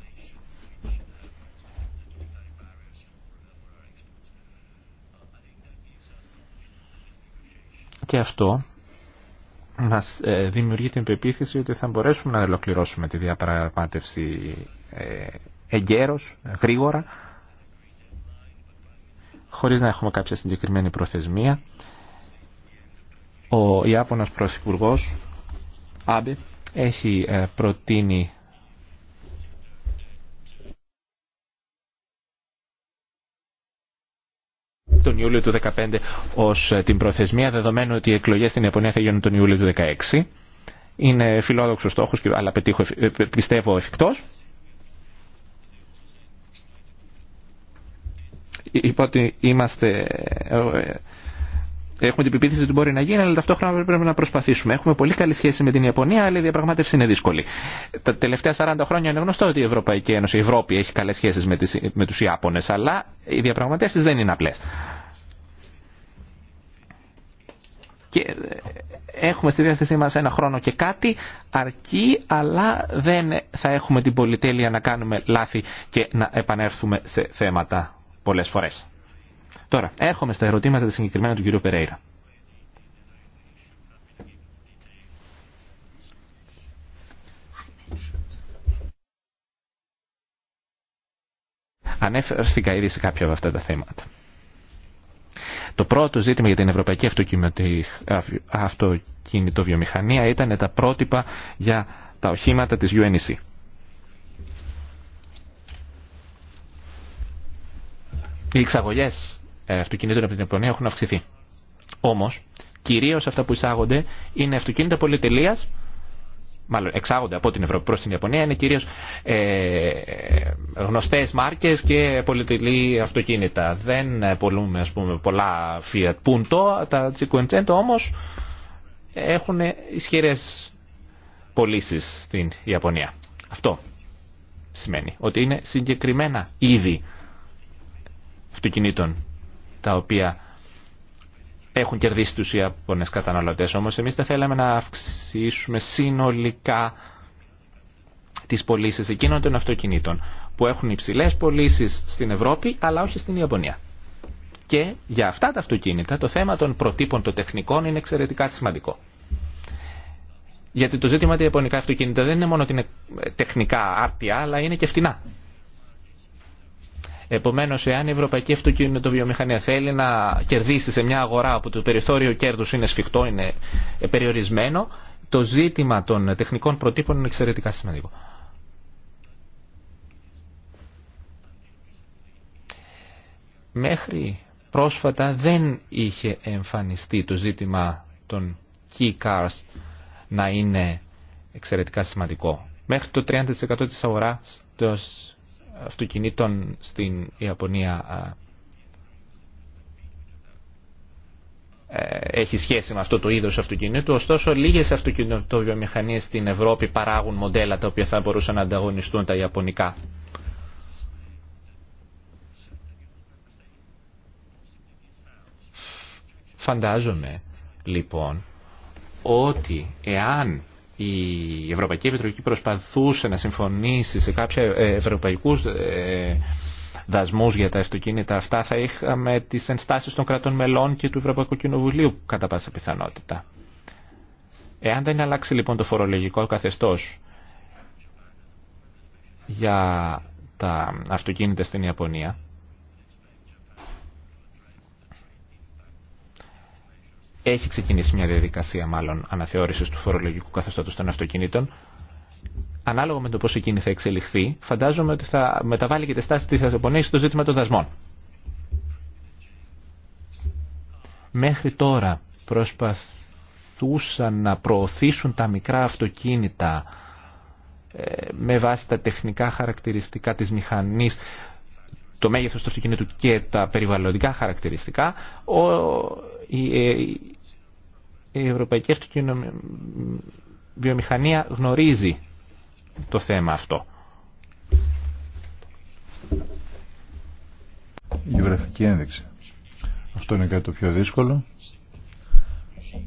[SPEAKER 2] Και αυτό μας ε, δημιουργεί την πεποίθηση ότι θα μπορέσουμε να ολοκληρώσουμε τη διαπραγμάτευση ε, εγκαίρως, γρήγορα, χωρίς να έχουμε κάποια συγκεκριμένη προθεσμία. Ο Ιάπωνας Πρωθυπουργός Άμπε έχει ε, προτείνει τον Ιούλιο του 2015 ως ε, την προθεσμία, δεδομένου ότι οι εκλογές στην Ιαπωνία θα γίνουν τον Ιούλιο του 2016. Είναι φιλόδοξος στόχος, αλλά πετύχω, ε, πιστεύω εφικτός. ότι είμαστε... Ε, έχουμε την πεποίθηση ότι μπορεί να γίνει, αλλά ταυτόχρονα πρέπει να προσπαθήσουμε. Έχουμε πολύ καλή σχέση με την Ιαπωνία, αλλά η διαπραγμάτευση είναι δύσκολη. Τα τελευταία 40 χρόνια είναι γνωστό ότι η Ευρωπαϊκή Ένωση, η Ευρώπη έχει καλέ σχέσει με, με του Ιάπωνε, αλλά οι διαπραγματεύσει δεν είναι απλέ. και ε, έχουμε στη διάθεσή μας ένα χρόνο και κάτι αρκεί αλλά δεν θα έχουμε την πολυτέλεια να κάνουμε λάθη και να επανέλθουμε σε θέματα πολλές φορές. Τώρα, έρχομαι στα ερωτήματα της συγκεκριμένα του κ. Περέιρα. Ανέφερθηκα ήδη σε κάποια από αυτά τα θέματα. Το πρώτο ζήτημα για την ευρωπαϊκή αυτοκινητοβιομηχανία ήταν τα πρότυπα για τα οχήματα της UNEC. Οι εξαγωγέ ε, αυτοκινήτων από την Ιαπωνία έχουν αυξηθεί. Όμως, κυρίως αυτά που εισάγονται είναι αυτοκίνητα πολυτελείας μάλλον εξάγονται από την Ευρώπη προς την Ιαπωνία είναι κυρίως ε, γνωστές μάρκες και πολυτελή αυτοκίνητα. Δεν πολλούμε ας πούμε, πολλά Fiat Punto, τα Cinquecento όμως έχουν ισχυρές πωλήσει στην Ιαπωνία. Αυτό σημαίνει ότι είναι συγκεκριμένα είδη αυτοκινήτων τα οποία έχουν κερδίσει τους Ιαπωνές καταναλωτές, όμως εμείς δεν θέλαμε να αυξήσουμε συνολικά τις πωλήσει εκείνων των αυτοκινήτων που έχουν υψηλές πωλήσει στην Ευρώπη αλλά όχι στην Ιαπωνία. Και για αυτά τα αυτοκίνητα το θέμα των προτύπων των τεχνικών είναι εξαιρετικά σημαντικό. Γιατί το ζήτημα τα ιαπωνικά αυτοκίνητα δεν είναι μόνο ότι είναι τεχνικά άρτια αλλά είναι και φτηνά. Επομένω, εάν η Ευρωπαϊκή Αυτοκινητοβιομηχανία θέλει να κερδίσει σε μια αγορά όπου το περιθώριο κέρδου είναι σφιχτό, είναι ε, περιορισμένο, το ζήτημα των τεχνικών προτύπων είναι εξαιρετικά σημαντικό. Μέχρι πρόσφατα δεν είχε εμφανιστεί το ζήτημα των key cars να είναι εξαιρετικά σημαντικό. Μέχρι το 30% της αγοράς αυτοκινήτων στην Ιαπωνία ε, έχει σχέση με αυτό το είδος αυτοκινήτου, ωστόσο λίγες αυτοκινητοβιομηχανίες στην Ευρώπη παράγουν μοντέλα τα οποία θα μπορούσαν να ανταγωνιστούν τα Ιαπωνικά. Φαντάζομαι λοιπόν ότι εάν η Ευρωπαϊκή Επιτροπή προσπαθούσε να συμφωνήσει σε κάποια ε, ευρωπαϊκούς ε, δασμούς για τα αυτοκίνητα αυτά θα είχαμε τις ενστάσεις των κρατών μελών και του Ευρωπαϊκού Κοινοβουλίου κατά πάσα πιθανότητα. Εάν δεν αλλάξει λοιπόν το φορολογικό καθεστώς για τα αυτοκίνητα στην Ιαπωνία έχει ξεκινήσει μια διαδικασία μάλλον αναθεώρησης του φορολογικού καθεστώτος των αυτοκινήτων. Ανάλογα με το πώς εκείνη θα εξελιχθεί, φαντάζομαι ότι θα μεταβάλει και τη στάση της στο ζήτημα των δασμών. Μέχρι τώρα προσπαθούσαν να προωθήσουν τα μικρά αυτοκίνητα ε, με βάση τα τεχνικά χαρακτηριστικά της μηχανής το μέγεθος του αυτοκινήτου και τα περιβαλλοντικά χαρακτηριστικά, ε, η ευρωπαϊκή Βιομηχανία γνωρίζει το θέμα αυτό.
[SPEAKER 3] Γεωγραφική ένδειξη. Αυτό είναι κάτι το πιο δύσκολο.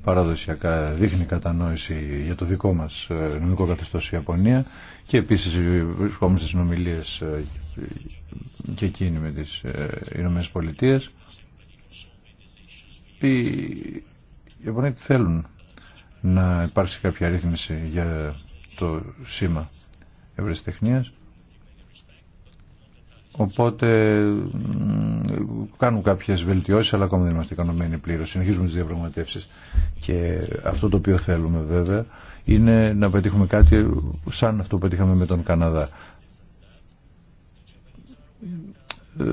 [SPEAKER 3] Παραδοσιακά δείχνει κατανόηση για το δικό μας ε, νομικό καθεστώς η Ιαπωνία και επίσης βρισκόμαστε στι συνομιλίες ε, και εκείνη με τις Ηνωμένες οι Ιαπωνοί θέλουν να υπάρξει κάποια ρύθμιση για το σήμα ευρεσιτεχνίας οπότε κάνουν κάποιες βελτιώσεις αλλά ακόμα δεν είμαστε ικανομένοι πλήρως συνεχίζουμε τις διαπραγματεύσεις και αυτό το οποίο θέλουμε βέβαια είναι να πετύχουμε κάτι σαν αυτό που πετύχαμε με τον Καναδά ε,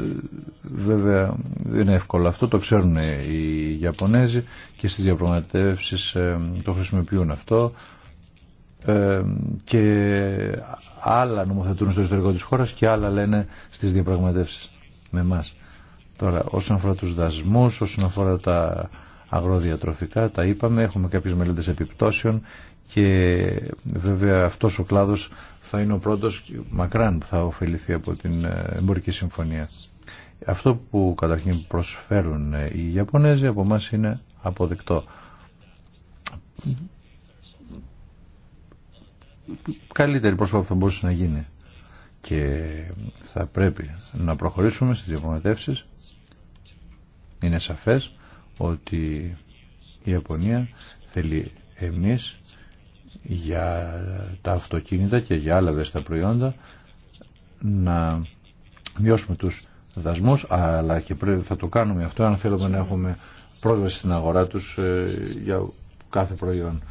[SPEAKER 3] βέβαια δεν είναι εύκολο αυτό, το ξέρουν οι Ιαπωνέζοι και στις διαπραγματεύσεις ε, το χρησιμοποιούν αυτό ε, και άλλα νομοθετούν στο ιστορικό της χώρας και άλλα λένε στις διαπραγματεύσεις με εμά. Τώρα, όσον αφορά τους δασμούς, όσον αφορά τα αγροδιατροφικά, τα είπαμε, έχουμε κάποιες μελέτες επιπτώσεων και βέβαια αυτός ο κλάδος θα είναι ο πρώτος μακράν που θα ωφεληθεί από την ε, εμπορική συμφωνία. Αυτό που καταρχήν προσφέρουν ε, οι Ιαπωνέζοι από εμά είναι αποδεκτό. Καλύτερη πρόσφατα θα μπορούσε να γίνει και θα πρέπει να προχωρήσουμε στις διαπραγματεύσεις. Είναι σαφές ότι η Ιαπωνία θέλει εμείς για τα αυτοκίνητα και για άλλα βέστα προϊόντα να μειώσουμε τους δασμούς αλλά και πρέπει θα το κάνουμε αυτό αν θέλουμε να έχουμε πρόσβαση στην αγορά τους ε, για κάθε προϊόν.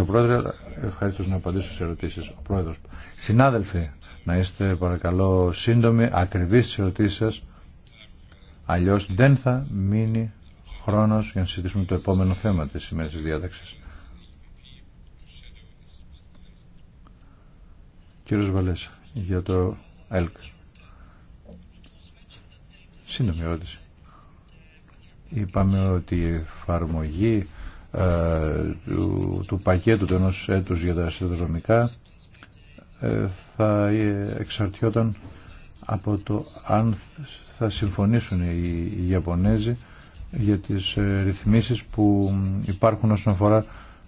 [SPEAKER 3] ο πρόεδρε, ευχαριστώ να απαντήσω σε ερωτήσεις. Ο πρόεδρος. Συνάδελφοι, να είστε παρακαλώ σύντομοι, ακριβείς στις ερωτήσεις σας, αλλιώς δεν θα μείνει χρόνος για να συζητήσουμε το επόμενο θέμα της σημερινής διάταξης. Κύριος βαλεσα για το ΕΛΚ. Σύντομη ερώτηση. Είπαμε ότι η εφαρμογή ε, του, του πακέτου του ενός έτους για τα ε, θα ε, εξαρτιόταν από το αν θα συμφωνήσουν οι, Ιαπωνέζοι για τις ρυθμίσεις που υπάρχουν όσον αφορά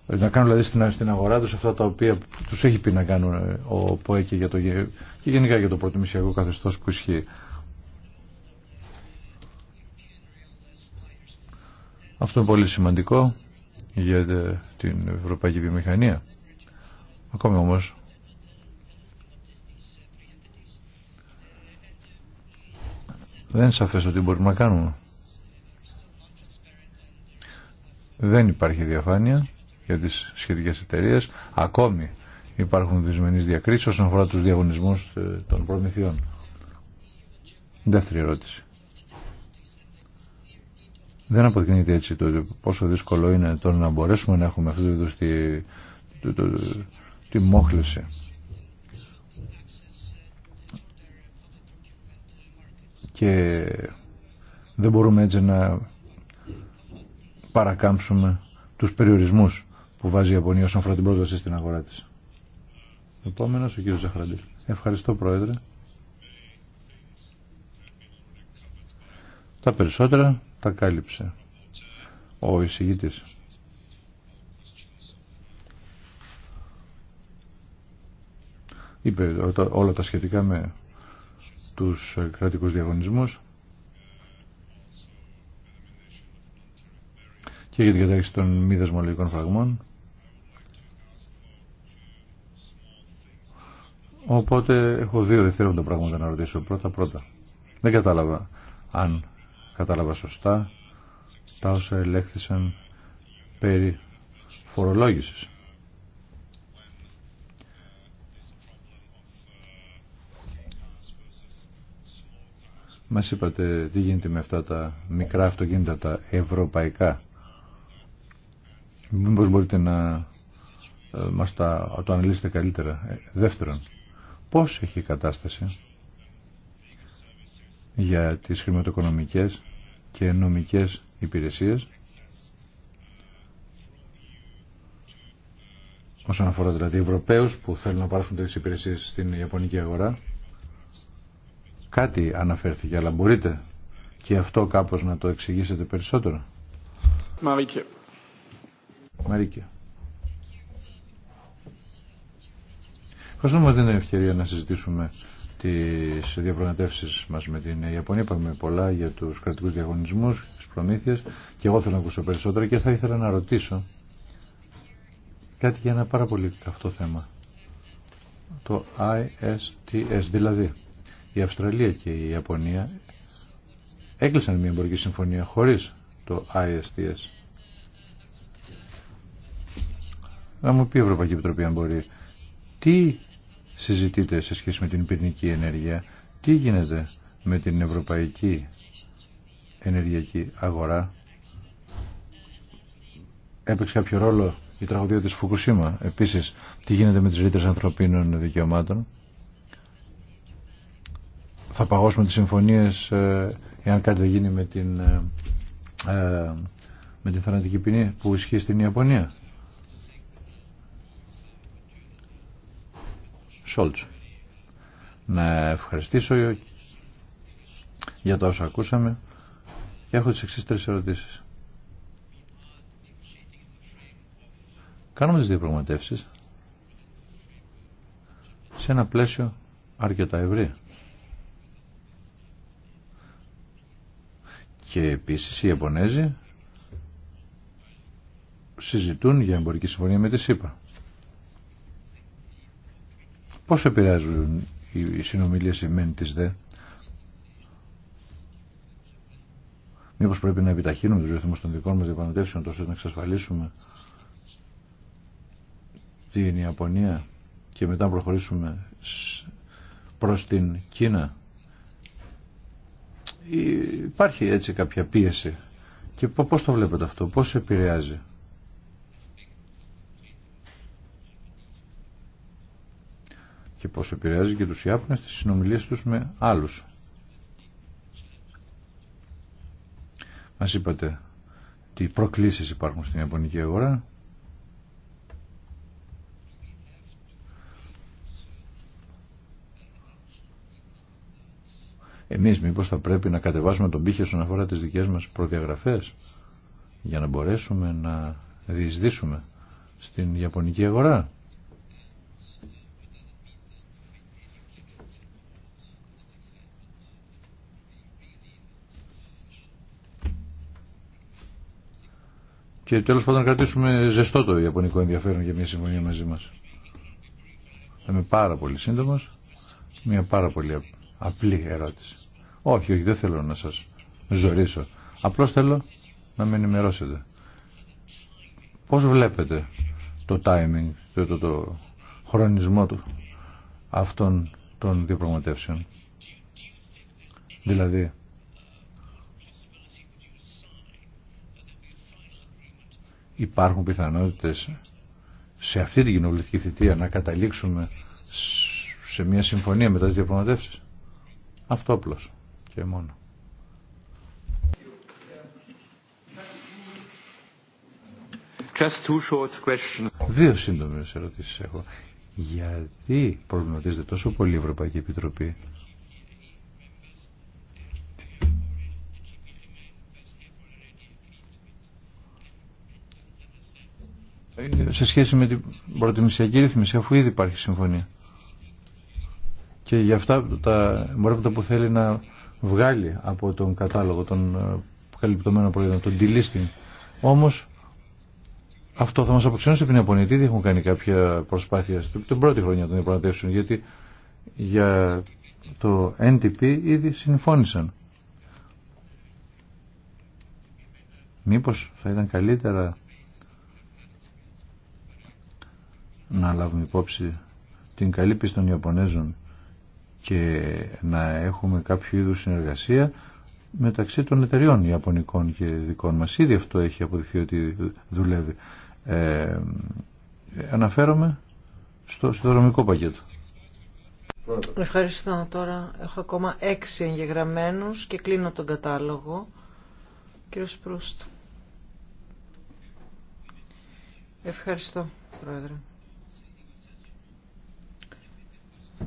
[SPEAKER 3] να κάνουν δηλαδή στην, αγορά τους αυτά τα οποία τους έχει πει να κάνουν ε, ο ΠΟΕ και, για το, και γενικά για το προτιμησιακό καθεστώς που ισχύει. Αυτό είναι πολύ σημαντικό για ε, την ευρωπαϊκή βιομηχανία. Ακόμη όμως δεν είναι σαφές ότι μπορούμε να κάνουμε. Δεν υπάρχει διαφάνεια για τις σχετικές εταιρείε. Ακόμη υπάρχουν δυσμενείς διακρίσεις όσον αφορά τους διαγωνισμούς ε, των προμηθειών. Δεύτερη ερώτηση. Δεν αποδεικνύεται έτσι το πόσο δύσκολο είναι το να μπορέσουμε να έχουμε αυτή του τη, μόχλευση. Και δεν μπορούμε έτσι να παρακάμψουμε τους περιορισμούς που βάζει η Ιαπωνία όσον αφορά την πρόσβαση στην αγορά τη. Επόμενο ο κύριο Ζαχραντή. Ευχαριστώ Πρόεδρε. Τα περισσότερα τα κάλυψε ο εισηγητή. Είπε όλα τα σχετικά με τους κρατικούς διαγωνισμούς και για την κατάρριξη των μη δεσμολογικών φραγμών Οπότε έχω δύο δευτερόλεπτα πράγματα να ρωτήσω. Πρώτα πρώτα. Δεν κατάλαβα αν κατάλαβα σωστά τα όσα ελέγχθησαν περί φορολόγησης. Μας είπατε τι γίνεται με αυτά τα μικρά αυτοκίνητα, τα ευρωπαϊκά. Μήπως μπορείτε να ε, μας τα, το αναλύσετε καλύτερα. Ε, δεύτερον, πώς έχει η κατάσταση για τις χρηματοοικονομικές και νομικές υπηρεσίες όσον αφορά δηλαδή Ευρωπαίους που θέλουν να πάρουν τις υπηρεσίες στην Ιαπωνική αγορά κάτι αναφέρθηκε αλλά μπορείτε και αυτό κάπως να το εξηγήσετε περισσότερο Μαρίκε Μαρίκε Πώς να μας δίνει ευκαιρία να συζητήσουμε τις διαπραγματεύσεις μας με την Ιαπωνία. Είπαμε πολλά για τους κρατικούς διαγωνισμούς, τις προμήθειες και εγώ θέλω να ακούσω περισσότερα και θα ήθελα να ρωτήσω κάτι για ένα πάρα πολύ καυτό θέμα. Το ISTS, δηλαδή η Αυστραλία και η Ιαπωνία έκλεισαν μια εμπορική συμφωνία χωρίς το ISTS. Να μου πει η Ευρωπαϊκή Επιτροπή αν μπορεί τι συζητείτε σε σχέση με την πυρηνική ενέργεια. Τι γίνεται με την ευρωπαϊκή ενεργειακή αγορά. Έπαιξε κάποιο ρόλο η τραγωδία της Φουκουσίμα. Επίσης, τι γίνεται με τις ρήτρες ανθρωπίνων δικαιωμάτων. Θα παγώσουμε τις συμφωνίες ε, εάν κάτι δεν γίνει με την, ε, ε, με την θανατική ποινή που ισχύει στην Ιαπωνία. Να ευχαριστήσω για το όσα ακούσαμε και έχω τις εξής τρεις ερωτήσεις. Κάνουμε τις διαπραγματεύσεις σε ένα πλαίσιο αρκετά ευρύ. Και επίσης οι Ιαπωνέζοι συζητούν για εμπορική συμφωνία με τη ΣΥΠΑ. Πώς επηρεάζουν οι συνομιλίες εμέν της ΔΕ. Μήπως πρέπει να επιταχύνουμε τους ρυθμούς των δικών μας διαπραγματεύσεων τόσο να εξασφαλίσουμε την Ιαπωνία και μετά προχωρήσουμε προς την Κίνα. Υπάρχει έτσι κάποια πίεση. Και πώς το βλέπετε αυτό, πώς επηρεάζει. πώς επηρεάζει και τους Ιάπωνες τις συνομιλίες τους με άλλους. Μας είπατε τι προκλήσεις υπάρχουν στην Ιαπωνική αγορά. Εμείς μήπως θα πρέπει να κατεβάσουμε τον πύχη στον αφορά τις δικές μας προδιαγραφές για να μπορέσουμε να διεισδύσουμε στην Ιαπωνική αγορά. και τέλο πάντων κρατήσουμε ζεστό το ιαπωνικό ενδιαφέρον για μια συμφωνία μαζί μα. Θα είμαι πάρα πολύ σύντομο. μια πάρα πολύ απλή ερώτηση. Όχι, όχι, δεν θέλω να σας ζωρίσω. Απλώς θέλω να με ενημερώσετε. Πώς βλέπετε το timing, το, το, το χρονισμό του αυτών των διαπραγματεύσεων. Δηλαδή, υπάρχουν πιθανότητες σε αυτή την κοινοβουλευτική θητεία να καταλήξουμε σε μια συμφωνία μετά τις διαπραγματεύσεις. Αυτό απλώς και μόνο. short Δύο σύντομες ερωτήσεις έχω. Γιατί προβληματίζεται τόσο πολύ η Ευρωπαϊκή Επιτροπή σε σχέση με την προτιμησιακή ρύθμιση αφού ήδη υπάρχει συμφωνία και για αυτά τα εμπορεύματα που θέλει να βγάλει από τον κατάλογο των ε, καλυπτωμένων προϊόντων, τον delisting. Όμως αυτό θα μας αποξενώσει την Ιαπωνία. Τι έχουν κάνει κάποια προσπάθεια την πρώτη χρονιά των διαπραγματεύσεων γιατί για το NTP ήδη συμφώνησαν. Μήπως θα ήταν καλύτερα να λάβουμε υπόψη την καλή πίστη των Ιαπωνέζων και να έχουμε κάποιο είδους συνεργασία μεταξύ των εταιριών Ιαπωνικών και δικών μας. Ήδη αυτό έχει αποδειχθεί ότι δουλεύει. Ε, αναφέρομαι στο συνδρομικό πακέτο.
[SPEAKER 1] Ευχαριστώ. Τώρα έχω ακόμα έξι εγγεγραμμένους και κλείνω τον κατάλογο. Κύριος Προύστο. Ευχαριστώ, Πρόεδρε.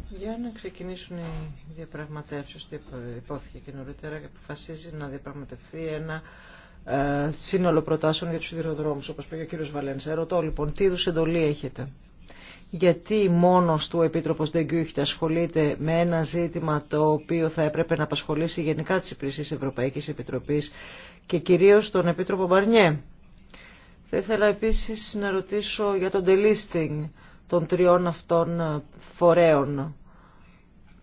[SPEAKER 1] Για να ξεκινήσουν οι διαπραγματεύσεις, το υπόθηκε και νωρίτερα, και αποφασίζει να διαπραγματευτεί ένα ε, σύνολο προτάσεων για τους σιδηροδρόμους, όπως πήγε ο κύριος Βαλένσα. Ρωτώ λοιπόν, τι είδους εντολή έχετε. Γιατί μόνος του ο Επίτροπος Ντεγκιούχτ ασχολείται με ένα ζήτημα το οποίο θα έπρεπε να απασχολήσει γενικά τις υπηρεσίες Ευρωπαϊκής Επιτροπής και κυρίως τον Επίτροπο Μπαρνιέ. Θα ήθελα επίσης να ρωτήσω για τον delisting των τριών αυτών ε, φορέων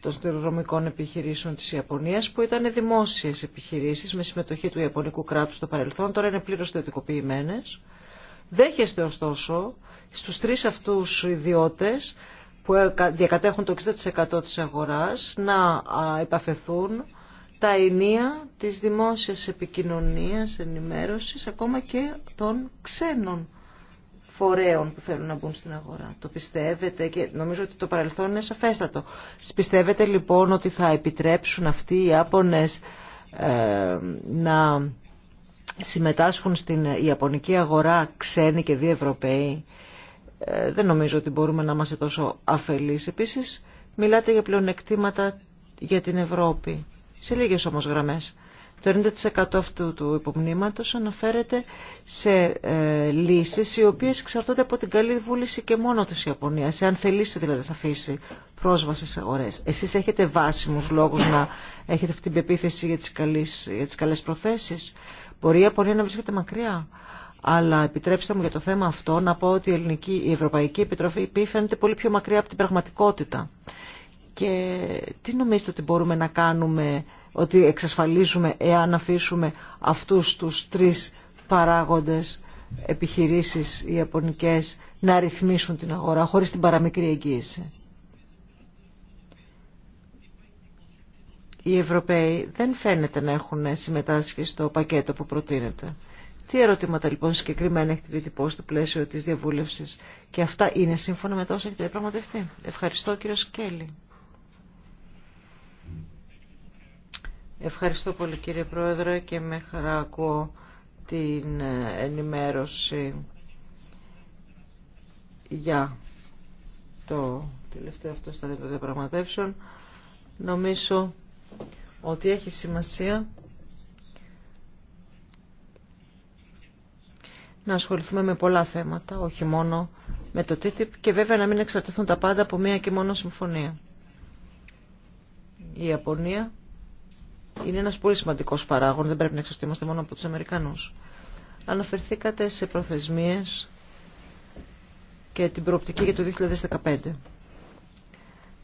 [SPEAKER 1] των στερεοδρομικών επιχειρήσεων της Ιαπωνίας που ήταν δημόσιες επιχειρήσεις με συμμετοχή του Ιαπωνικού κράτους στο παρελθόν, τώρα είναι πλήρως θετικοποιημένες. Δέχεστε ωστόσο στους τρεις αυτούς ιδιώτες που ε, διακατέχουν το 60% της αγοράς να επαφεθούν τα ενία της δημόσιας επικοινωνίας, ενημέρωσης, ακόμα και των ξένων φορέων που θέλουν να μπουν στην αγορά. Το πιστεύετε και νομίζω ότι το παρελθόν είναι σαφέστατο. Πιστεύετε λοιπόν ότι θα επιτρέψουν αυτοί οι Άπωνες ε, να συμμετάσχουν στην Ιαπωνική αγορά ξένοι και διευρωπαίοι. Ε, δεν νομίζω ότι μπορούμε να είμαστε τόσο αφελείς. Επίσης μιλάτε για πλεονεκτήματα για την Ευρώπη. Σε λίγες όμως γραμμές. Το 90% αυτού του υπομνήματος αναφέρεται σε ε, λύσεις οι οποίες εξαρτώνται από την καλή βούληση και μόνο της Ιαπωνίας. Εάν θελήσει δηλαδή θα αφήσει πρόσβαση σε αγορές. Εσείς έχετε βάσιμους λόγους να έχετε αυτή την πεποίθηση για τις, καλές, για τις καλές προθέσεις. Μπορεί η Ιαπωνία να βρίσκεται μακριά. Αλλά επιτρέψτε μου για το θέμα αυτό να πω ότι η, Ελληνική, η Ευρωπαϊκή Επιτροπή φαίνεται πολύ πιο μακριά από την πραγματικότητα. Και τι νομίζετε ότι μπορούμε να κάνουμε ότι εξασφαλίζουμε εάν αφήσουμε αυτούς τους τρεις παράγοντες επιχειρήσεις οι ιαπωνικές να ρυθμίσουν την αγορά χωρίς την παραμικρή εγγύηση. Οι Ευρωπαίοι δεν φαίνεται να έχουν συμμετάσχει στο πακέτο που προτείνεται. Τι ερωτήματα λοιπόν συγκεκριμένα έχετε διατυπώσει στο πλαίσιο της διαβούλευσης και αυτά είναι σύμφωνα με τόσα έχετε πραγματευτεί. Ευχαριστώ κύριο Σκέλη. Ευχαριστώ πολύ κύριε Πρόεδρε και με χαρά ακούω την ε, ενημέρωση για το τελευταίο αυτό στα διαπραγματεύσεων. Νομίζω ότι έχει σημασία να ασχοληθούμε με πολλά θέματα, όχι μόνο με το TTIP και βέβαια να μην εξαρτηθούν τα πάντα από μία και μόνο συμφωνία. Η Ιαπωνία είναι ένας πολύ σημαντικός παράγων, δεν πρέπει να είμαστε μόνο από τους Αμερικανούς. Αναφερθήκατε σε προθεσμίες και την προοπτική για το 2015.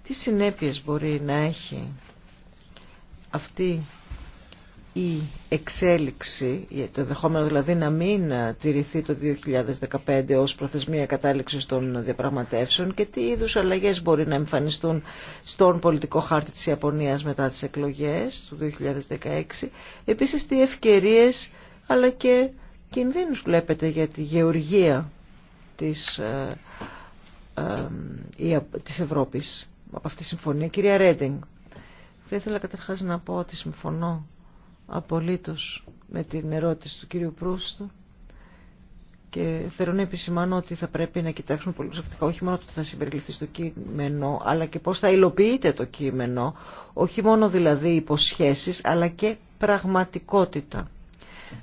[SPEAKER 1] Τι συνέπειες μπορεί να έχει αυτή η εξέλιξη, το δεχόμενο δηλαδή να μην τηρηθεί το 2015 ως προθεσμία κατάληξης των διαπραγματεύσεων και τι είδους αλλαγές μπορεί να εμφανιστούν στον πολιτικό χάρτη της Ιαπωνίας μετά τις εκλογές του 2016. Επίσης τι ευκαιρίες αλλά και κινδύνους βλέπετε για τη γεωργία της, ε, ε, της Ευρώπης από αυτή τη συμφωνία. Κυρία Ρέντινγκ, θα ήθελα καταρχάς να πω ότι συμφωνώ απολύτως με την ερώτηση του κύριου Προύστου και θέλω να επισημάνω ότι θα πρέπει να κοιτάξουμε πολύ προσεκτικά όχι μόνο το τι θα συμπεριληφθεί στο κείμενο αλλά και πώς θα υλοποιείται το κείμενο όχι μόνο δηλαδή υποσχέσεις αλλά και πραγματικότητα.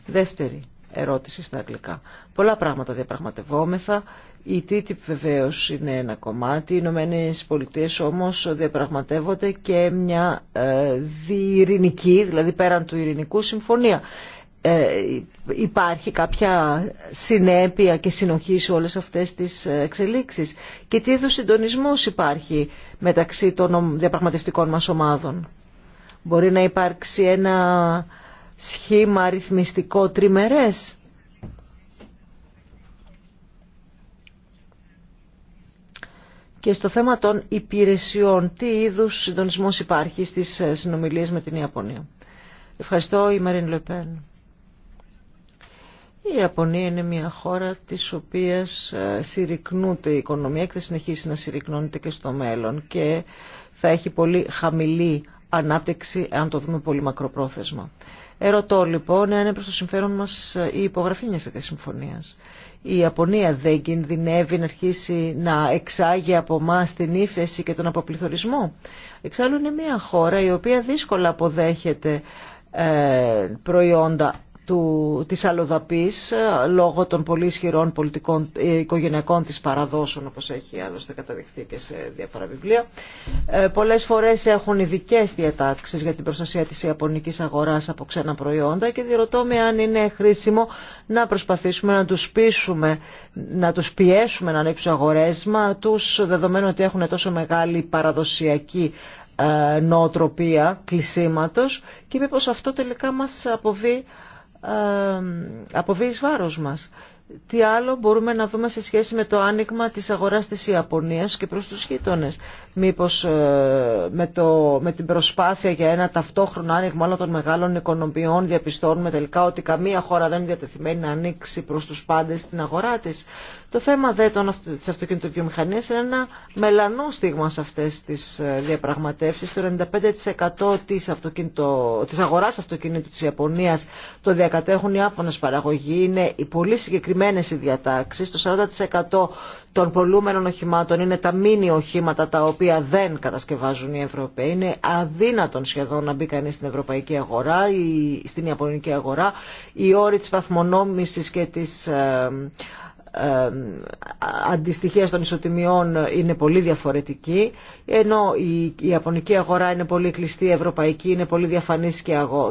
[SPEAKER 1] Δεύτερη ερώτηση στα αγγλικά. Πολλά πράγματα διαπραγματευόμεθα. Η TTIP βεβαίω είναι ένα κομμάτι. Οι Ηνωμένε Πολιτείε όμω διαπραγματεύονται και μια ε, διειρηνική, δηλαδή πέραν του ειρηνικού, συμφωνία. Ε, υπάρχει κάποια συνέπεια και συνοχή σε όλες αυτές τις ε, εξελίξεις και τι είδους συντονισμός υπάρχει μεταξύ των διαπραγματευτικών μας ομάδων. Μπορεί να υπάρξει ένα σχήμα ρυθμιστικό τριμερές. Και στο θέμα των υπηρεσιών, τι είδους συντονισμός υπάρχει στις ε, συνομιλίες με την Ιαπωνία. Ευχαριστώ η Μαρίν Λεπέν. Η Ιαπωνία είναι μια χώρα της οποίας ε, συρρυκνούνται η οικονομία και θα συνεχίσει να συρρυκνώνεται και στο μέλλον και θα έχει πολύ χαμηλή ανάπτυξη αν το δούμε πολύ μακροπρόθεσμα. Ερωτώ λοιπόν αν είναι προς το συμφέρον μας η υπογραφή μιας τέτοιας συμφωνίας. Η Ιαπωνία δεν κινδυνεύει να αρχίσει να εξάγει από εμά την ύφεση και τον αποπληθωρισμό. Εξάλλου είναι μια χώρα η οποία δύσκολα αποδέχεται ε, προϊόντα του, της Αλοδαπής ε, λόγω των πολύ ισχυρών πολιτικών ε, οικογενειακών της παραδόσεων όπως έχει άλλωστε καταδειχθεί και σε διάφορα βιβλία. Ε, πολλές φορές έχουν ειδικέ διατάξεις για την προστασία της ιαπωνικής αγοράς από ξένα προϊόντα και διερωτώ με αν είναι χρήσιμο να προσπαθήσουμε να τους πείσουμε, να τους πιέσουμε να ανοίξουν αγορές μα τους δεδομένου ότι έχουν τόσο μεγάλη παραδοσιακή ε, νοοτροπία κλεισίματος και μήπως αυτό τελικά μας αποβεί ε, αποβεί βάρος μας. Τι άλλο μπορούμε να δούμε σε σχέση με το άνοιγμα της αγοράς της Ιαπωνίας και προς τους γείτονες. Μήπως ε, με, το, με την προσπάθεια για ένα ταυτόχρονο άνοιγμα όλων των μεγάλων οικονομιών διαπιστώνουμε τελικά ότι καμία χώρα δεν είναι διατεθειμένη να ανοίξει προς τους πάντες την αγορά της. Το θέμα δε των, της αυτοκινητοβιομηχανίας είναι ένα μελανό στίγμα σε αυτές τις ε, διαπραγματεύσεις. Το 95% της, αυτοκίνητο, της αγοράς αυτοκινήτου της Ιαπωνίας το διακατέχουν οι άπονες παραγωγοί. Είναι οι πολύ συγκεκριμένες οι διατάξεις. Το 40% των πολλούμενων οχημάτων είναι τα μίνι οχήματα τα οποία δεν κατασκευάζουν οι Ευρωπαίοι. Είναι αδύνατον σχεδόν να μπει κανείς στην ευρωπαϊκή αγορά ή στην ιαπωνική αγορά. Οι όροι της βαθμονόμησης και της ε, ε, αντιστοιχεία των ισοτιμιών είναι πολύ διαφορετική ενώ η ιαπωνική αγορά είναι πολύ κλειστή, η ευρωπαϊκή είναι πολύ διαφανής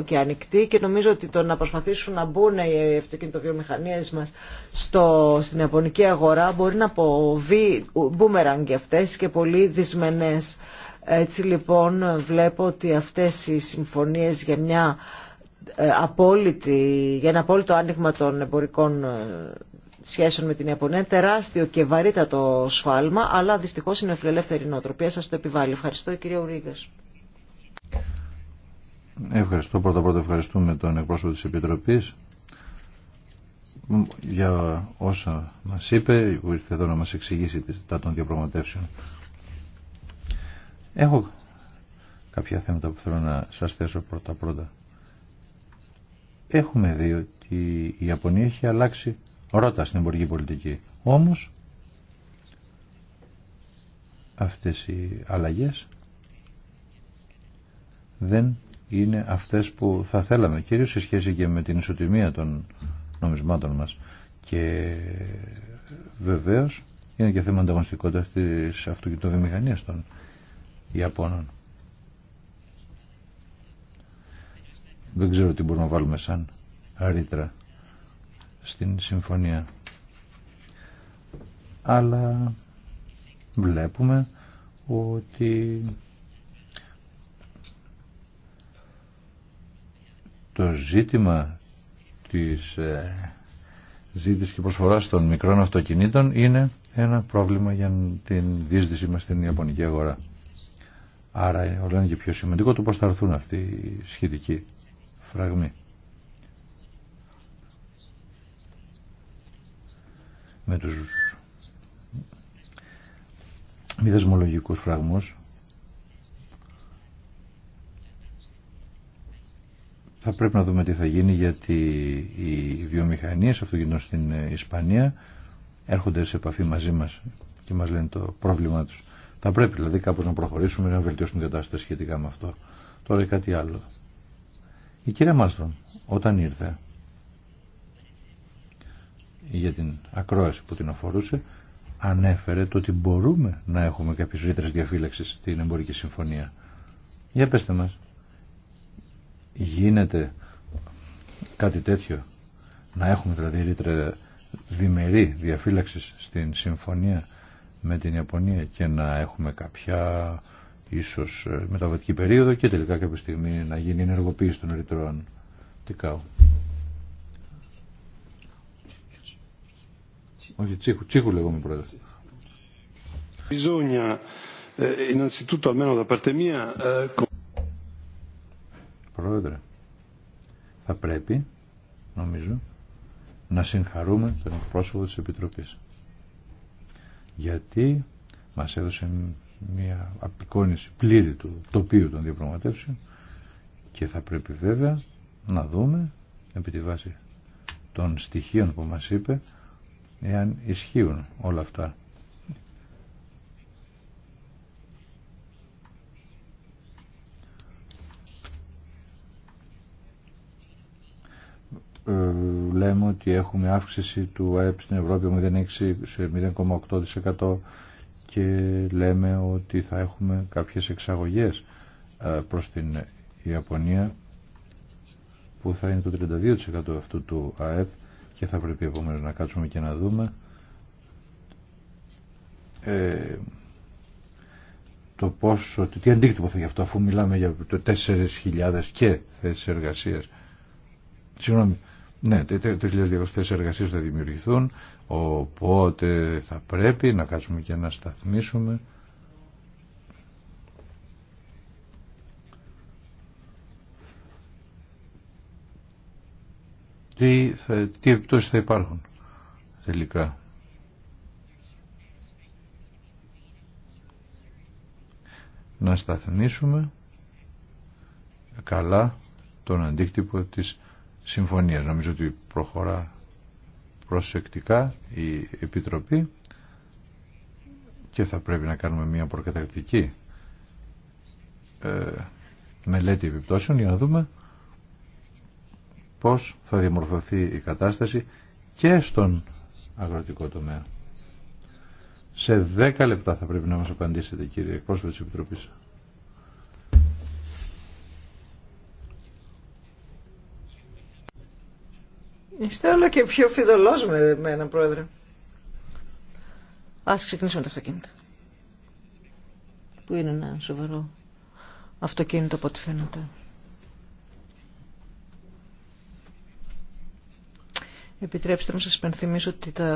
[SPEAKER 1] και ανοιχτή και νομίζω ότι το να προσπαθήσουν να μπουν οι αυτοκινητοβιομηχανίες μας στο, στην ιαπωνική αγορά μπορεί να αποβεί μπούμεραγκ αυτές και πολύ δυσμενές. Έτσι λοιπόν βλέπω ότι αυτές οι συμφωνίες για μια ε, για ένα απόλυτο άνοιγμα των εμπορικών ε, σχέσεων με την Ιαπωνία. Τεράστιο και βαρύτατο σφάλμα, αλλά δυστυχώ είναι φιλελεύθερη νοοτροπία. Σα το επιβάλλει. Ευχαριστώ, Ευχαριστώ, Ουρίγκα.
[SPEAKER 3] Ευχαριστώ. Πρώτα πρώτα ευχαριστούμε τον εκπρόσωπο της Επιτροπής για όσα μας είπε, που ήρθε εδώ να μας εξηγήσει τα των διαπραγματεύσεων. Έχω κάποια θέματα που θέλω να σας θέσω πρώτα πρώτα. Έχουμε δει ότι η Ιαπωνία έχει αλλάξει ρότα στην εμπορική πολιτική. Όμως αυτές οι αλλαγές δεν είναι αυτές που θα θέλαμε κυρίως σε σχέση και με την ισοτιμία των νομισμάτων μας και βεβαίως είναι και θέμα ανταγωνιστικότητα της αυτοκινητοβιομηχανίας των Ιαπώνων δεν ξέρω τι μπορούμε να βάλουμε σαν ρήτρα στην συμφωνία. Αλλά βλέπουμε ότι το ζήτημα της ε, ζήτησης και προσφοράς των μικρών αυτοκινήτων είναι ένα πρόβλημα για την δίσδυση μας στην Ιαπωνική αγορά. Άρα όλα είναι και πιο σημαντικό το πώς θα έρθουν αυτοί οι σχετικοί φραγμοί. με τους μη δεσμολογικούς φραγμούς θα πρέπει να δούμε τι θα γίνει γιατί οι βιομηχανίες αυτοκινήτων στην Ισπανία έρχονται σε επαφή μαζί μας και μας λένε το πρόβλημά τους. Θα πρέπει δηλαδή κάπως να προχωρήσουμε να βελτιώσουμε την κατάσταση σχετικά με αυτό. Τώρα κάτι άλλο. Η κυρία Μάστρον όταν ήρθε για την ακρόαση που την αφορούσε ανέφερε το ότι μπορούμε να έχουμε κάποιες ρήτρες διαφύλαξης στην εμπορική συμφωνία. Για πέστε μας, γίνεται κάτι τέτοιο, να έχουμε δηλαδή ρήτρα διμερή διαφύλαξης στην συμφωνία με την Ιαπωνία και να έχουμε κάποια ίσως ε, μεταβατική περίοδο και τελικά κάποια στιγμή να γίνει ενεργοποίηση των ρητρών. Τι Όχι, τσίχου, τσίχου λέγομαι πρόεδρε. Eh, eh, πρόεδρε, θα πρέπει, νομίζω, να συγχαρούμε τον εκπρόσωπο της Επιτροπής. Γιατί μας έδωσε μια απεικόνηση πλήρη του τοπίου των διαπραγματεύσεων και θα πρέπει βέβαια να δούμε επί τη βάση των στοιχείων που μας είπε εάν ισχύουν όλα αυτά. Ε, λέμε ότι έχουμε αύξηση του ΑΕΠ στην Ευρώπη 0,6 σε 0,8% και λέμε ότι θα έχουμε κάποιες εξαγωγές ε, προς την Ιαπωνία που θα είναι το 32% αυτού του ΑΕΠ και θα πρέπει επομένως να κάτσουμε και να δούμε ε, το πόσο, τι αντίκτυπο θα γι' αυτό αφού μιλάμε για το 4.000 και θέσεις εργασίας. Συγγνώμη, ναι, 3.200 θέσει εργασία θα δημιουργηθούν, οπότε θα πρέπει να κάτσουμε και να σταθμίσουμε τι, θα, επιπτώσεις θα υπάρχουν τελικά. Να σταθμίσουμε καλά τον αντίκτυπο της συμφωνίας. Νομίζω ότι προχωρά προσεκτικά η Επιτροπή και θα πρέπει να κάνουμε μια προκαταρκτική ε, μελέτη επιπτώσεων για να δούμε πώς θα διαμορφωθεί η κατάσταση και στον αγροτικό τομέα. Σε 10 λεπτά θα πρέπει να μας απαντήσετε κύριε εκπρόσωπο της Επιτροπής.
[SPEAKER 1] Είστε όλο και πιο φιδωλός με εμένα, Πρόεδρε. Ας ξεκινήσουμε το αυτοκίνητο. Που είναι ένα σοβαρό αυτοκίνητο από ό,τι φαίνεται. Επιτρέψτε μου να σα υπενθυμίσω ότι τα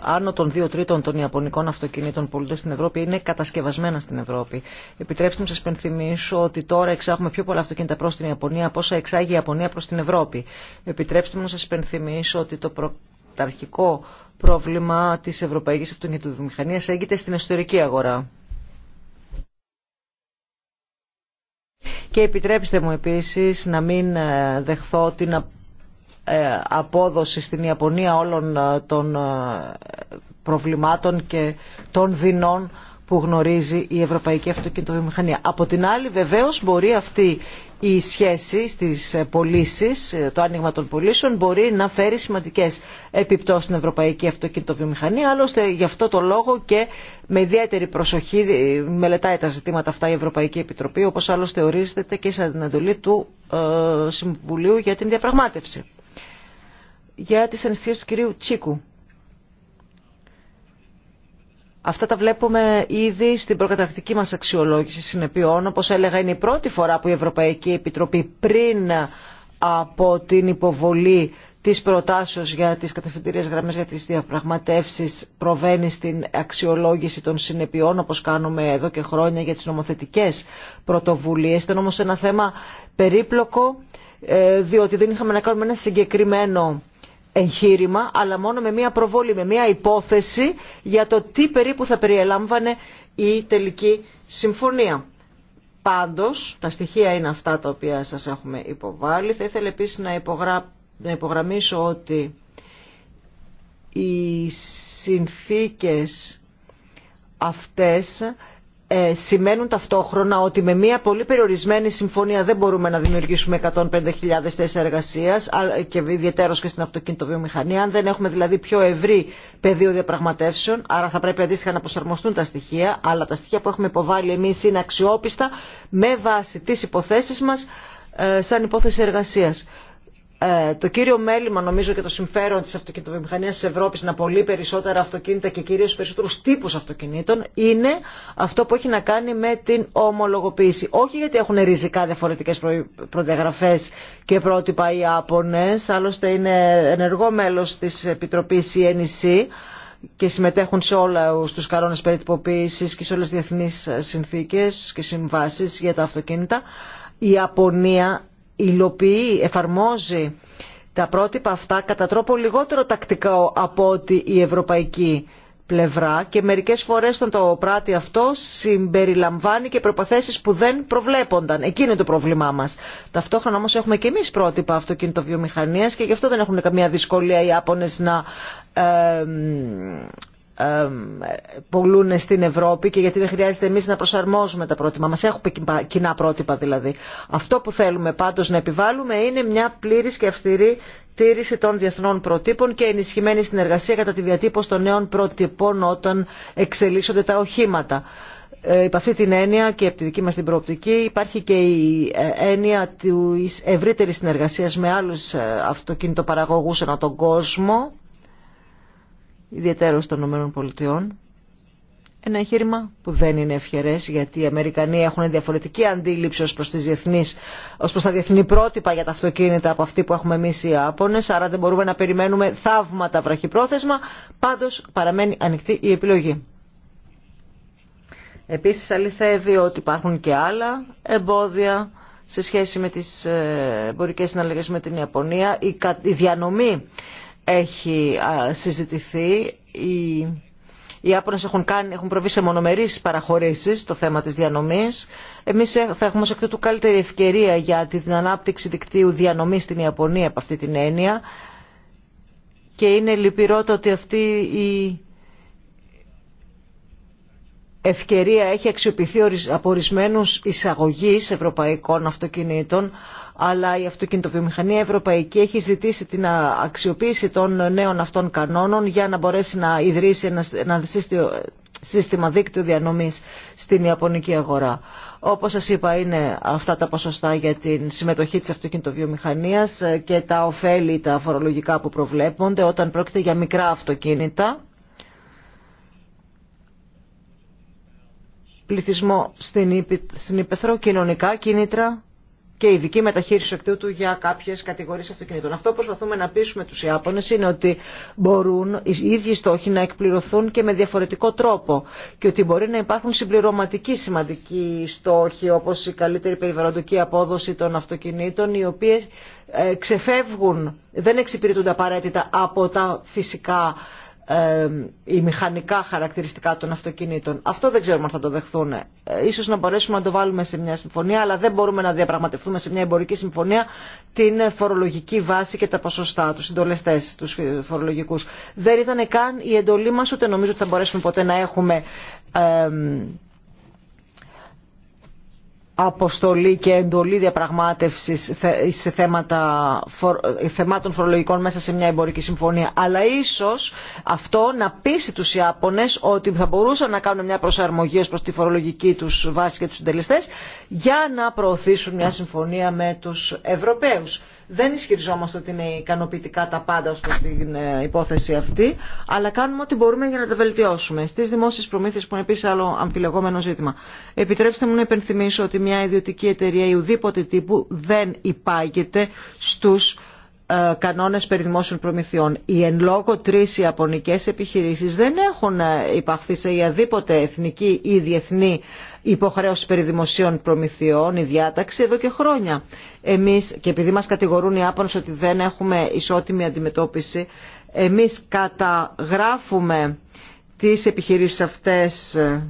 [SPEAKER 1] άνω των δύο τρίτων των Ιαπωνικών αυτοκινήτων που στην Ευρώπη είναι κατασκευασμένα στην Ευρώπη. Επιτρέψτε μου να σα υπενθυμίσω ότι τώρα εξάγουμε πιο πολλά αυτοκίνητα προ την Ιαπωνία από όσα εξάγει η Ιαπωνία προ την Ευρώπη. Επιτρέψτε μου να σα υπενθυμίσω ότι το πρωταρχικό πρόβλημα τη Ευρωπαϊκή Αυτοκινητοβιομηχανία έγκυται στην εσωτερική αγορά. Και επιτρέψτε μου επίση να μην ε, δεχθώ την ε, απόδοση στην Ιαπωνία όλων ε, των ε, προβλημάτων και των δεινών που γνωρίζει η ευρωπαϊκή αυτοκινητοβιομηχανία. Από την άλλη βεβαίως μπορεί αυτή η σχέση στις πωλήσει, το άνοιγμα των πωλήσεων μπορεί να φέρει σημαντικές επιπτώσεις στην ευρωπαϊκή αυτοκινητοβιομηχανία. Άλλωστε γι' αυτό το λόγο και με ιδιαίτερη προσοχή μελετάει τα ζητήματα αυτά η Ευρωπαϊκή Επιτροπή όπως άλλωστε ορίζεται και σαν την του Συμβουλίου για την διαπραγμάτευση για τις ανησυχίες του κυρίου Τσίκου. Αυτά τα βλέπουμε ήδη στην προκαταρκτική μας αξιολόγηση συνεπειών. Όπως έλεγα είναι η πρώτη φορά που η Ευρωπαϊκή Επιτροπή πριν από την υποβολή της προτάσεως για τις κατευθυντήριες γραμμές για τις διαπραγματεύσεις προβαίνει στην αξιολόγηση των συνεπειών όπως κάνουμε εδώ και χρόνια για τις νομοθετικές πρωτοβουλίες. Ήταν όμως ένα θέμα περίπλοκο ε, διότι δεν είχαμε να κάνουμε ένα συγκεκριμένο εγχείρημα, αλλά μόνο με μία προβόλη, με μία υπόθεση για το τι περίπου θα περιελάμβανε η τελική συμφωνία. Πάντως, τα στοιχεία είναι αυτά τα οποία σας έχουμε υποβάλει. Θα ήθελα επίσης να, υπογρα... να υπογραμμίσω ότι οι συνθήκες αυτές ε, σημαίνουν ταυτόχρονα ότι με μια πολύ περιορισμένη συμφωνία δεν μπορούμε να δημιουργήσουμε 150.000 θέσεις εργασίας και ιδιαίτερως και στην αυτοκινητοβιομηχανία αν δεν έχουμε δηλαδή πιο ευρύ πεδίο διαπραγματεύσεων άρα θα πρέπει αντίστοιχα να προσαρμοστούν τα στοιχεία αλλά τα στοιχεία που έχουμε υποβάλει εμείς είναι αξιόπιστα με βάση τις υποθέσεις μας ε, σαν υπόθεση εργασίας. Ε, το κύριο μέλημα νομίζω και το συμφέρον της αυτοκινητοβιομηχανίας της Ευρώπης να πολύ περισσότερα αυτοκίνητα και κυρίως περισσότερους τύπους αυτοκινήτων είναι αυτό που έχει να κάνει με την ομολογοποίηση. Όχι γιατί έχουν ριζικά διαφορετικές προδιαγραφές και πρότυπα οι Άπωνες, άλλωστε είναι ενεργό μέλος της Επιτροπής η ΕΝΙΣΗ και συμμετέχουν σε όλα τους κανόνες περιτυποποίησης και σε όλες τις διεθνείς συνθήκες και συμβάσεις για τα αυτοκίνητα. Η Ιαπωνία υλοποιεί, εφαρμόζει τα πρότυπα αυτά κατά τρόπο λιγότερο τακτικό από ότι η ευρωπαϊκή πλευρά και μερικές φορές όταν το πράττει αυτό συμπεριλαμβάνει και προποθέσεις που δεν προβλέπονταν. Εκείνο είναι το πρόβλημά μας. Ταυτόχρονα όμως έχουμε και εμείς πρότυπα αυτοκινητοβιομηχανίας και γι' αυτό δεν έχουν καμία δυσκολία οι Άπωνες να ε, πουλούν στην Ευρώπη και γιατί δεν χρειάζεται εμείς να προσαρμόζουμε τα πρότυπα. Μας έχουμε κοινά πρότυπα δηλαδή. Αυτό που θέλουμε πάντως να επιβάλλουμε είναι μια πλήρης και αυστηρή τήρηση των διεθνών προτύπων και ενισχυμένη συνεργασία κατά τη διατύπωση των νέων προτύπων όταν εξελίσσονται τα οχήματα. Ε, υπ' αυτή την έννοια και από τη δική μας την προοπτική υπάρχει και η ε, έννοια της ευρύτερης συνεργασίας με άλλους ε, αυτοκινητοπαραγωγούς ανά τον κόσμο Ιδιαίτερο των ΗΠΑ. Ένα εγχείρημα που δεν είναι ευχερέ γιατί οι Αμερικανοί έχουν διαφορετική αντίληψη ω προ τα διεθνή πρότυπα για τα αυτοκίνητα από αυτή που έχουμε εμεί οι Άπωνε. άρα δεν μπορούμε να περιμένουμε θαύματα βραχυπρόθεσμα, πάντως παραμένει ανοιχτή η επιλογή. Επίση αληθεύει ότι υπάρχουν και άλλα εμπόδια σε σχέση με τι ε, εμπορικές συναλλαγέ με την Ιαπωνία, η διανομή έχει συζητηθεί. Οι, οι έχουν, κάνει, έχουν προβεί σε μονομερείς παραχωρήσεις το θέμα της διανομής. Εμείς θα έχουμε σε εκ τούτου καλύτερη ευκαιρία για την ανάπτυξη δικτύου διανομής στην Ιαπωνία από αυτή την έννοια. Και είναι λυπηρό το ότι αυτή η ευκαιρία έχει αξιοποιηθεί από ορισμένου εισαγωγείς ευρωπαϊκών αυτοκινήτων αλλά η αυτοκινητοβιομηχανία ευρωπαϊκή έχει ζητήσει την αξιοποίηση των νέων αυτών κανόνων για να μπορέσει να ιδρύσει ένα, ένα σύστημα δίκτυο διανομής στην Ιαπωνική αγορά. Όπως σας είπα είναι αυτά τα ποσοστά για την συμμετοχή της αυτοκινητοβιομηχανίας ε, και τα ωφέλη τα φορολογικά που προβλέπονται όταν πρόκειται για μικρά αυτοκίνητα. Πληθυσμό στην, Ήπεθρο, κοινωνικά κίνητρα και ειδική μεταχείριση εκτίου του για κάποιε κατηγορίε αυτοκινήτων. Αυτό που προσπαθούμε να πείσουμε του Ιάπωνε είναι ότι μπορούν οι ίδιοι στόχοι να εκπληρωθούν και με διαφορετικό τρόπο και ότι μπορεί να υπάρχουν συμπληρωματικοί σημαντικοί στόχοι όπω η καλύτερη περιβαλλοντική απόδοση των αυτοκινήτων οι οποίε ε, ξεφεύγουν, δεν εξυπηρετούνται απαραίτητα από τα φυσικά ε, οι μηχανικά χαρακτηριστικά των αυτοκινήτων. Αυτό δεν ξέρουμε αν θα το δεχθούν. Ε, ίσως να μπορέσουμε να το βάλουμε σε μια συμφωνία, αλλά δεν μπορούμε να διαπραγματευτούμε σε μια εμπορική συμφωνία την φορολογική βάση και τα ποσοστά, του συντολεστέ, του φορολογικούς. Δεν ήταν καν η εντολή μας, ούτε νομίζω ότι θα μπορέσουμε ποτέ να έχουμε αποστολή και εντολή διαπραγμάτευση σε θέματα θεμάτων φορολογικών μέσα σε μια εμπορική συμφωνία. Αλλά ίσως αυτό να πείσει του Ιάπωνες ότι θα μπορούσαν να κάνουν μια προσαρμογή ω προ τη φορολογική τους βάση και του συντελεστέ για να προωθήσουν μια συμφωνία με τους Ευρωπαίου. Δεν ισχυριζόμαστε ότι είναι ικανοποιητικά τα πάντα ως προς την ε, υπόθεση αυτή, αλλά κάνουμε ό,τι μπορούμε για να τα βελτιώσουμε. Στις δημόσιες προμήθειες που είναι επίσης άλλο αμφιλεγόμενο ζήτημα. Επιτρέψτε μου να υπενθυμίσω ότι μια ιδιωτική εταιρεία ή ουδήποτε τύπου δεν υπάγεται στους ε, κανόνες περί δημόσιων προμηθειών. Οι εν λόγω τρεις ιαπωνικές επιχειρήσεις δεν έχουν ε, υπαχθεί σε οποιαδήποτε εθνική ή διεθνή υποχρέωση περί δημοσίων προμηθειών η διάταξη εδώ και χρόνια. Εμείς, και επειδή μας κατηγορούν οι Άπωνες ότι δεν έχουμε ισότιμη αντιμετώπιση, εμείς καταγράφουμε τις επιχειρήσεις αυτές ε,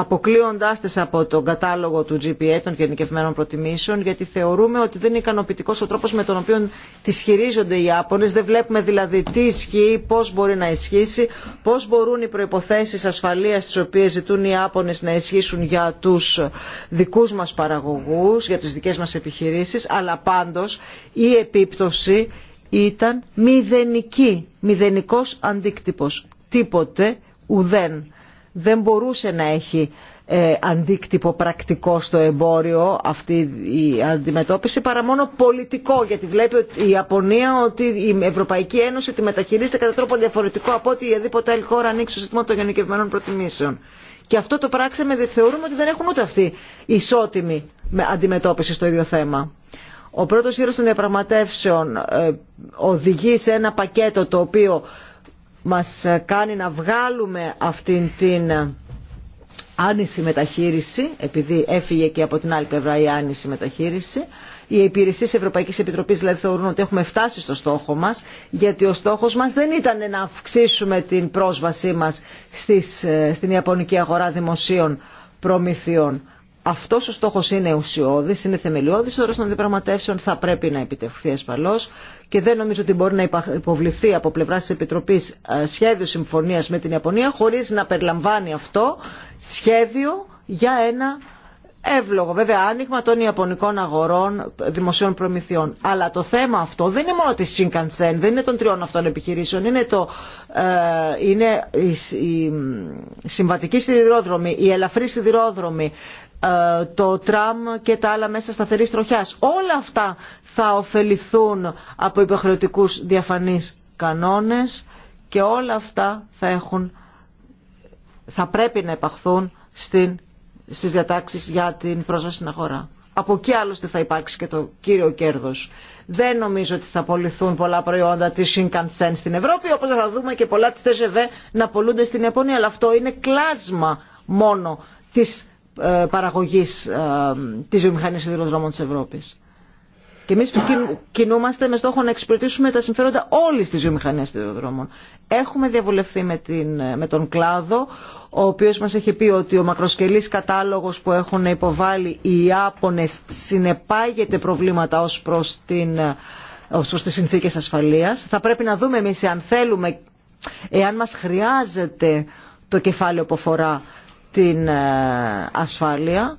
[SPEAKER 1] αποκλείοντάς τις από τον κατάλογο του GPA, των γενικευμένων προτιμήσεων, γιατί θεωρούμε ότι δεν είναι ικανοποιητικό ο τρόπος με τον οποίο τις χειρίζονται οι Ιάπωνες. Δεν βλέπουμε δηλαδή τι ισχύει, πώς μπορεί να ισχύσει, πώς μπορούν οι προϋποθέσεις ασφαλείας τις οποίες ζητούν οι Ιάπωνες να ισχύσουν για τους δικούς μας παραγωγούς, για τις δικές μας επιχειρήσεις, αλλά πάντως η επίπτωση ήταν μηδενική, μηδενικός αντίκτυπος. Τίποτε, ουδέν δεν μπορούσε να έχει ε, αντίκτυπο πρακτικό στο εμπόριο αυτή η αντιμετώπιση παρά μόνο πολιτικό γιατί βλέπει η Ιαπωνία ότι η Ευρωπαϊκή Ένωση τη μεταχειρίζεται κατά τρόπο διαφορετικό από ότι οδήποτε άλλη χώρα ανοίξει το σύστημα των γενικευμένων προτιμήσεων. Και αυτό το πράξαμε διότι θεωρούμε ότι δεν έχουμε ούτε αυτή ισότιμη αντιμετώπιση στο ίδιο θέμα. Ο πρώτος γύρος των διαπραγματεύσεων ε, οδηγεί σε ένα πακέτο το οποίο μας κάνει να βγάλουμε αυτήν την άνηση μεταχείριση, επειδή έφυγε και από την άλλη πλευρά η άνηση μεταχείριση. Οι υπηρεσίε Ευρωπαϊκή Επιτροπή δηλαδή θεωρούν ότι έχουμε φτάσει στο στόχο μα, γιατί ο στόχο μα δεν ήταν να αυξήσουμε την πρόσβασή μα ε, στην Ιαπωνική αγορά δημοσίων προμηθειών. Αυτός ο στόχος είναι ουσιώδης, είναι θεμελιώδης, ο των διαπραγματεύσεων θα πρέπει να επιτευχθεί ασφαλώς και δεν νομίζω ότι μπορεί να υποβληθεί από πλευρά της Επιτροπής ε, σχέδιο συμφωνίας με την Ιαπωνία χωρίς να περιλαμβάνει αυτό σχέδιο για ένα εύλογο βέβαια άνοιγμα των Ιαπωνικών αγορών δημοσίων προμηθειών. Αλλά το θέμα αυτό δεν είναι μόνο τη Shinkansen, δεν είναι των τριών αυτών επιχειρήσεων, είναι, το, ε, είναι η, η συμβατική σιδηρόδρομη, η ελαφρύ σιδηρόδρομη, ε, το τραμ και τα άλλα μέσα σταθερής τροχιάς. Όλα αυτά θα ωφεληθούν από υποχρεωτικούς διαφανείς κανόνες και όλα αυτά θα, έχουν, θα πρέπει να επαχθούν στην, στις διατάξεις για την πρόσβαση στην αγορά. Από εκεί άλλωστε θα υπάρξει και το κύριο κέρδος. Δεν νομίζω ότι θα πωληθούν πολλά προϊόντα της Shinkansen στην Ευρώπη, όπως θα δούμε και πολλά της TGV να πολλούνται στην Ιαπωνία, αλλά αυτό είναι κλάσμα μόνο της ε, παραγωγής ε, της βιομηχανίας σιδηροδρόμων της Ευρώπης. Και εμεί κινούμαστε με στόχο να εξυπηρετήσουμε τα συμφέροντα όλη τη βιομηχανία σιδηροδρόμων. Έχουμε διαβουλευθεί με, την, ε, με τον κλάδο, ο οποίο μα έχει πει ότι ο μακροσκελή κατάλογο που έχουν υποβάλει οι Ιάπωνε συνεπάγεται προβλήματα ω προ προς τις συνθήκες ασφαλείας. Θα πρέπει να δούμε εμείς αν θέλουμε, εάν μας χρειάζεται το κεφάλαιο που αφορά την ε, ασφάλεια.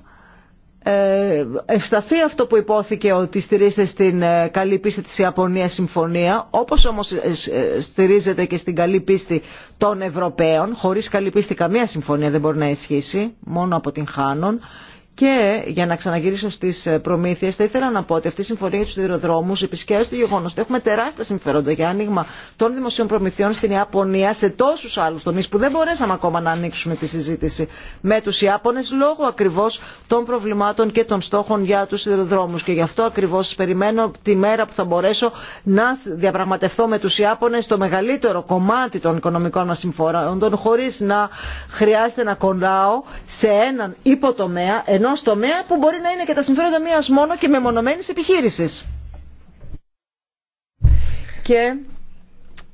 [SPEAKER 1] Ε, ευσταθεί αυτό που υπόθηκε ότι στηρίζεται στην ε, καλή πίστη της Ιαπωνίας συμφωνία, όπως όμως στηρίζεται και στην καλή πίστη των Ευρωπαίων, χωρίς καλή πίστη καμία συμφωνία δεν μπορεί να ισχύσει, μόνο από την Χάνον. Και για να ξαναγυρίσω στι ε, προμήθειε, θα ήθελα να πω ότι αυτή η συμφωνία για του σιδηροδρόμου επισκιάζει το γεγονό ότι έχουμε τεράστια συμφέροντα για άνοιγμα των δημοσίων προμηθειών στην Ιαπωνία σε τόσου άλλου τομεί που δεν μπορέσαμε ακόμα να ανοίξουμε τη συζήτηση με του Ιάπωνε λόγω ακριβώ των προβλημάτων και των στόχων για του σιδηροδρόμου. Και γι' αυτό ακριβώ περιμένω τη μέρα που θα μπορέσω να διαπραγματευτώ με του Ιάπωνε το μεγαλύτερο κομμάτι των οικονομικών μα συμφορών χωρί να χρειάζεται να κολλάω σε έναν υποτομέα ενό τομέα που μπορεί να είναι και τα συμφέροντα μια μόνο και μεμονωμένη επιχείρηση. Και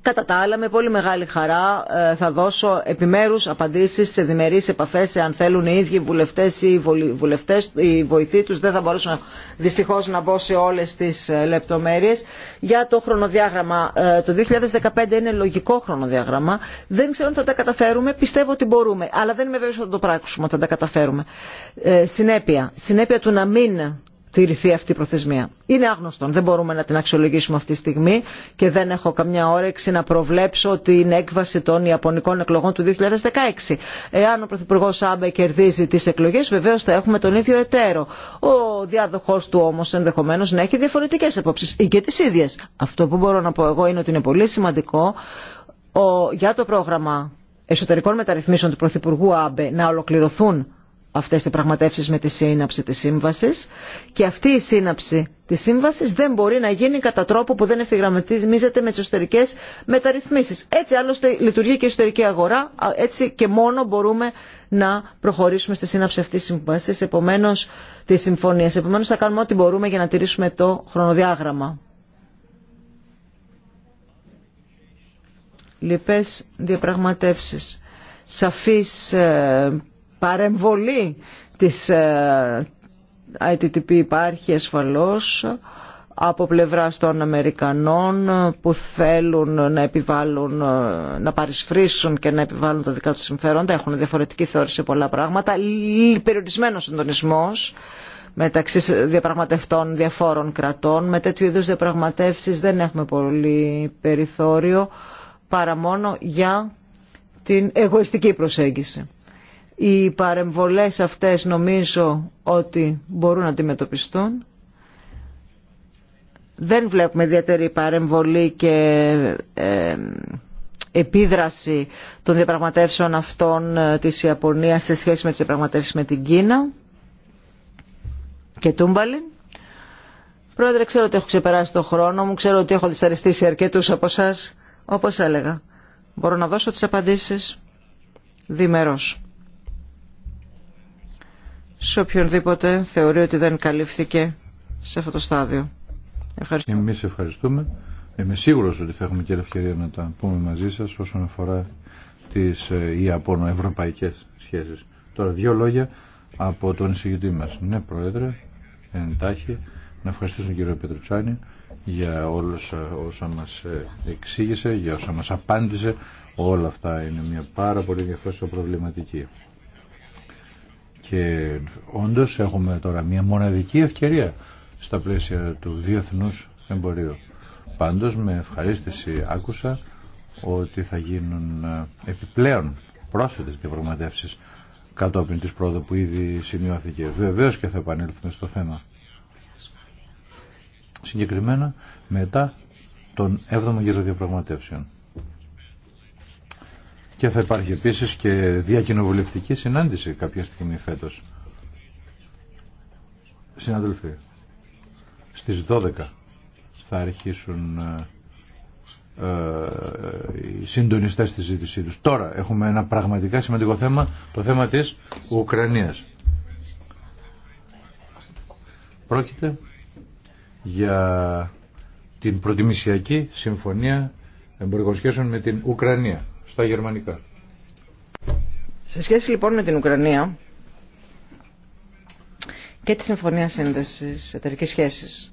[SPEAKER 1] Κατά τα άλλα, με πολύ μεγάλη χαρά ε, θα δώσω επιμέρους απαντήσεις σε διμερείς επαφές, εάν θέλουν οι ίδιοι βουλευτές ή οι, βουλευτές, οι βοηθοί τους. Δεν θα μπορούσα δυστυχώς να μπω σε όλες τις ε, λεπτομέρειες. Για το χρονοδιάγραμμα, ε, το 2015 είναι λογικό χρονοδιάγραμμα. Δεν ξέρω αν θα τα καταφέρουμε, πιστεύω ότι μπορούμε, αλλά δεν είμαι βέβαιος ότι θα το πράξουμε, θα τα καταφέρουμε. συνέπεια, συνέπεια του να μην τηρηθεί αυτή προθεσμία. Είναι άγνωστον, δεν μπορούμε να την αξιολογήσουμε αυτή τη στιγμή και δεν έχω καμιά όρεξη να προβλέψω την έκβαση των Ιαπωνικών εκλογών του 2016. Εάν ο Πρωθυπουργό Άμπε κερδίζει τι εκλογέ, βεβαίω θα έχουμε τον ίδιο εταίρο. Ο διάδοχό του όμω ενδεχομένω να έχει διαφορετικέ απόψει ή και τι ίδιε. Αυτό που μπορώ να πω εγώ είναι ότι είναι πολύ σημαντικό ο, για το πρόγραμμα εσωτερικών μεταρρυθμίσεων του Πρωθυπουργού Άμπε να ολοκληρωθούν αυτές τις πραγματεύσεις με τη σύναψη της σύμβασης και αυτή η σύναψη της σύμβασης δεν μπορεί να γίνει κατά τρόπο που δεν ευθυγραμμίζεται με τις εσωτερικές μεταρρυθμίσεις. Έτσι άλλωστε λειτουργεί και η εσωτερική αγορά, έτσι και μόνο μπορούμε να προχωρήσουμε στη σύναψη αυτής της σύμβασης, επομένως της συμφωνίας. Επομένως θα κάνουμε ό,τι μπορούμε για να τηρήσουμε το χρονοδιάγραμμα. Λοιπές διαπραγματεύσεις. Σαφής ε, παρεμβολή της ε, ITTP υπάρχει ασφαλώς από πλευρά των Αμερικανών που θέλουν να επιβάλλουν, ε, να παρισφρήσουν και να επιβάλλουν τα δικά τους συμφέροντα. Έχουν διαφορετική θεώρηση σε πολλά πράγματα. Περιορισμένος συντονισμός μεταξύ διαπραγματευτών διαφόρων κρατών. Με τέτοιου είδους διαπραγματεύσεις δεν έχουμε πολύ περιθώριο παρά μόνο για την εγωιστική προσέγγιση. Οι παρεμβολές αυτές νομίζω ότι μπορούν να αντιμετωπιστούν. Δεν βλέπουμε ιδιαίτερη παρεμβολή και ε, επίδραση των διαπραγματεύσεων αυτών ε, της Ιαπωνίας σε σχέση με τις διαπραγματεύσεις με την Κίνα και Τούμπαλιν. Πρόεδρε, ξέρω ότι έχω ξεπεράσει το χρόνο μου, ξέρω ότι έχω δυσαρεστήσει αρκετούς από εσά, όπως έλεγα. Μπορώ να δώσω τις απαντήσεις διμερός σε οποιονδήποτε θεωρεί ότι δεν καλύφθηκε σε αυτό το στάδιο.
[SPEAKER 3] Ευχαριστώ. Εμείς ευχαριστούμε. Είμαι σίγουρο ότι θα έχουμε και ευκαιρία να τα πούμε μαζί σα όσον αφορά τι ε, Ιαπωνο-Ευρωπαϊκές σχέσεις. Τώρα δύο λόγια από τον εισηγητή μα. Ναι, Πρόεδρε, εντάχει, να ευχαριστήσω τον κύριο Πετρουτσάνη για ε, όσα μα ε, εξήγησε, για όσα μα απάντησε. Όλα αυτά είναι μια πάρα πολύ διαφορετική προβληματική. Και όντως έχουμε τώρα μια μοναδική ευκαιρία στα πλαίσια του διεθνούς εμπορίου. Πάντως με ευχαρίστηση άκουσα ότι θα γίνουν ε, επιπλέον πρόσθετες διαπραγματεύσεις κατόπιν της πρόοδο που ήδη σημειώθηκε. Βεβαίω και θα επανέλθουμε στο θέμα. Συγκεκριμένα μετά τον 7ο γύρο διαπραγματεύσεων. Και θα υπάρχει επίση και διακοινοβουλευτική συνάντηση κάποια στιγμή φέτο. Συναδελφοί, στις 12 θα αρχίσουν ε, ε, οι συντονιστέ στη ζήτησή του. Τώρα έχουμε ένα πραγματικά σημαντικό θέμα, το θέμα της Ουκρανίας. Πρόκειται για την προτιμησιακή συμφωνία εμπορικών με την Ουκρανία στα γερμανικά.
[SPEAKER 1] Σε σχέση λοιπόν με την Ουκρανία και τη Συμφωνία Σύνδεσης Εταιρικής Σχέσης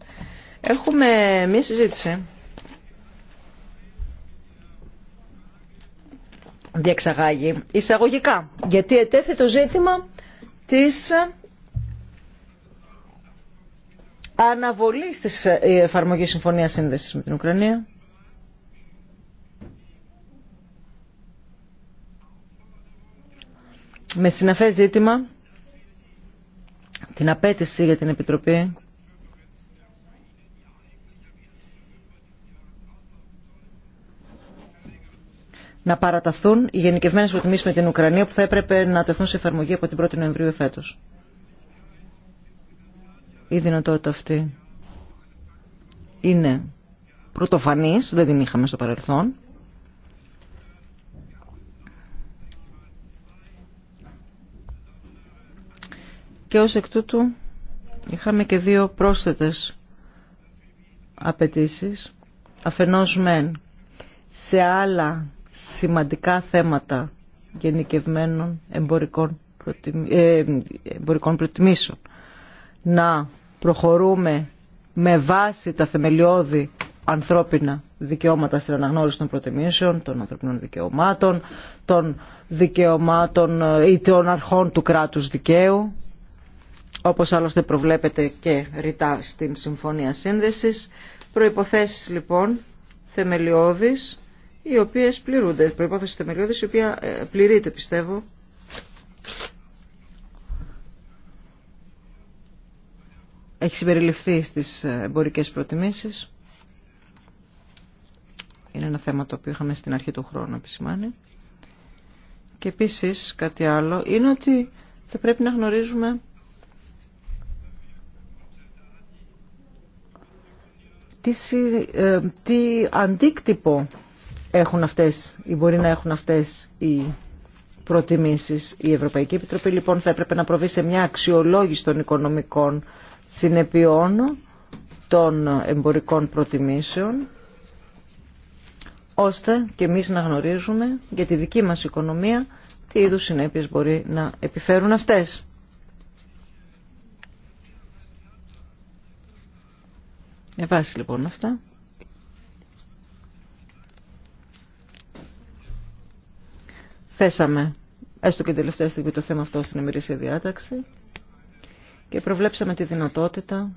[SPEAKER 1] έχουμε μία συζήτηση διεξαγάγει εισαγωγικά γιατί ετέθη το ζήτημα της αναβολής της εφαρμογής Συμφωνίας Σύνδεσης με την Ουκρανία με συναφέ ζήτημα την απέτηση για την Επιτροπή να παραταθούν οι γενικευμένες προτιμήσεις με την Ουκρανία που θα έπρεπε να τεθούν σε εφαρμογή από την 1η Νοεμβρίου εφέτος. Η δυνατότητα αυτή είναι πρωτοφανής, δεν την είχαμε στο παρελθόν. και ως εκ τούτου είχαμε και δύο πρόσθετες απαιτήσει. Αφενός μεν σε άλλα σημαντικά θέματα γενικευμένων εμπορικών, προτιμ... Ε, εμπορικών προτιμήσεων να προχωρούμε με βάση τα θεμελιώδη ανθρώπινα δικαιώματα στην αναγνώριση των προτιμήσεων, των ανθρωπινών δικαιωμάτων, των δικαιωμάτων ε, ή των αρχών του κράτους δικαίου όπως άλλωστε προβλέπεται και ρητά στην Συμφωνία Σύνδεσης. Προϋποθέσεις λοιπόν θεμελιώδεις, οι οποίες πληρούνται. Προϋπόθεση θεμελιώδης, η οποία ε, πληρείται πιστεύω. Έχει συμπεριληφθεί στις ε, εμπορικές προτιμήσεις. Είναι ένα θέμα το οποίο είχαμε στην αρχή του χρόνου επισημάνει. Και επίσης κάτι άλλο είναι ότι θα πρέπει να γνωρίζουμε τι, ε, τι αντίκτυπο έχουν αυτές ή μπορεί να έχουν αυτές οι προτιμήσεις. Η Ευρωπαϊκή Επιτροπή λοιπόν θα έπρεπε να προβεί σε μια αξιολόγηση των οικονομικών συνεπειών των εμπορικών προτιμήσεων ώστε και εμείς να γνωρίζουμε για τη δική μας οικονομία τι είδους συνέπειες μπορεί να επιφέρουν αυτές. Με βάση λοιπόν αυτά. Θέσαμε, έστω και τελευταία στιγμή, το θέμα αυτό στην εμμυρίσια διάταξη και προβλέψαμε τη δυνατότητα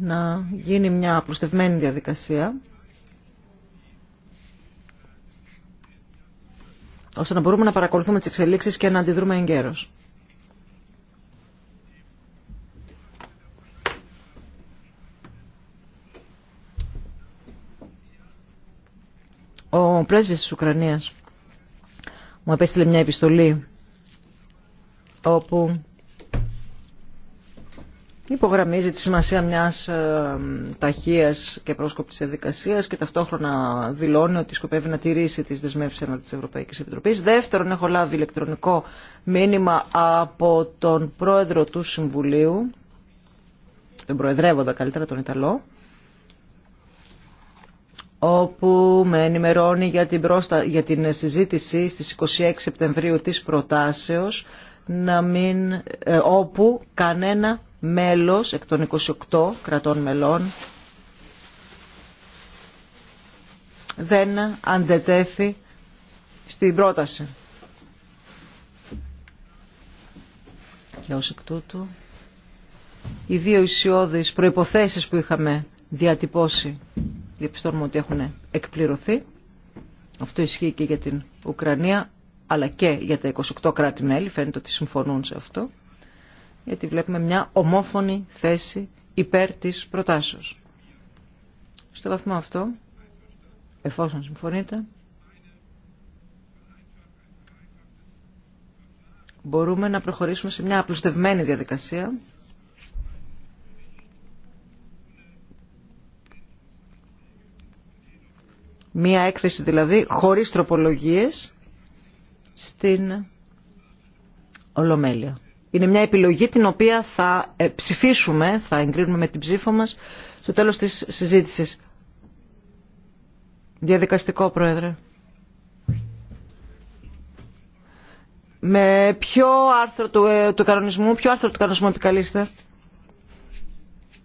[SPEAKER 1] να γίνει μια απλουστευμένη διαδικασία ώστε να μπορούμε να παρακολουθούμε τις εξελίξεις και να αντιδρούμε εγκαίρως. Ο πρέσβης της Ουκρανίας μου απέστειλε μια επιστολή όπου υπογραμμίζει τη σημασία μιας ε, ταχείας και πρόσκοπτης διαδικασίας και ταυτόχρονα δηλώνει ότι σκοπεύει να τηρήσει τις δεσμεύσεις ανά της Ευρωπαϊκής Επιτροπής. Δεύτερον, έχω λάβει ηλεκτρονικό μήνυμα από τον πρόεδρο του Συμβουλίου, τον προεδρεύοντα καλύτερα, τον Ιταλό, όπου με ενημερώνει για την, πρόστα... για την συζήτηση στις 26 Σεπτεμβρίου της προτάσεως να μην... Ε, όπου κανένα μέλος εκ των 28 κρατών μελών δεν αντετέθη στην πρόταση. Και ως εκ τούτου, οι δύο ισιώδεις προϋποθέσεις που είχαμε διατυπώσει διαπιστώνουμε ότι έχουν εκπληρωθεί. Αυτό ισχύει και για την Ουκρανία, αλλά και για τα 28 κράτη-μέλη, φαίνεται ότι συμφωνούν σε αυτό, γιατί βλέπουμε μια ομόφωνη θέση υπέρ της προτάσεως. Στο βαθμό αυτό, εφόσον συμφωνείτε, μπορούμε να προχωρήσουμε σε μια απλουστευμένη διαδικασία Μία έκθεση δηλαδή χωρίς τροπολογίες στην Ολομέλεια. Είναι μια επιλογή την οποία θα ε, ψηφίσουμε, θα εγκρίνουμε με την ψήφο μας στο τέλος της συζήτησης. Διαδικαστικό, Πρόεδρε. Με ποιο άρθρο του, ε, του κανονισμού, ποιο άρθρο του κανονισμού επικαλείστε.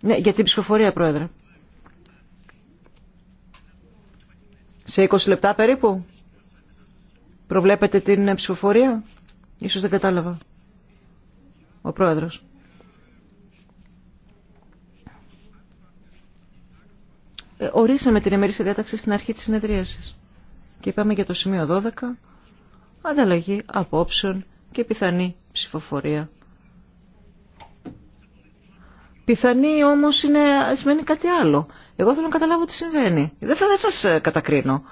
[SPEAKER 1] Ναι, για την ψηφοφορία, Πρόεδρε. Σε 20 λεπτά περίπου. Προβλέπετε την ψηφοφορία. Ίσως δεν κατάλαβα. Ο πρόεδρος. Ε, ορίσαμε την ημερήσια διάταξη στην αρχή της συνεδρίασης. Και είπαμε για το σημείο 12, ανταλλαγή απόψεων και πιθανή ψηφοφορία. Πιθανή όμως είναι, σημαίνει κάτι άλλο. Εγώ θέλω να καταλάβω τι συμβαίνει. Δεν θα δεν σας ε, κατακρίνω.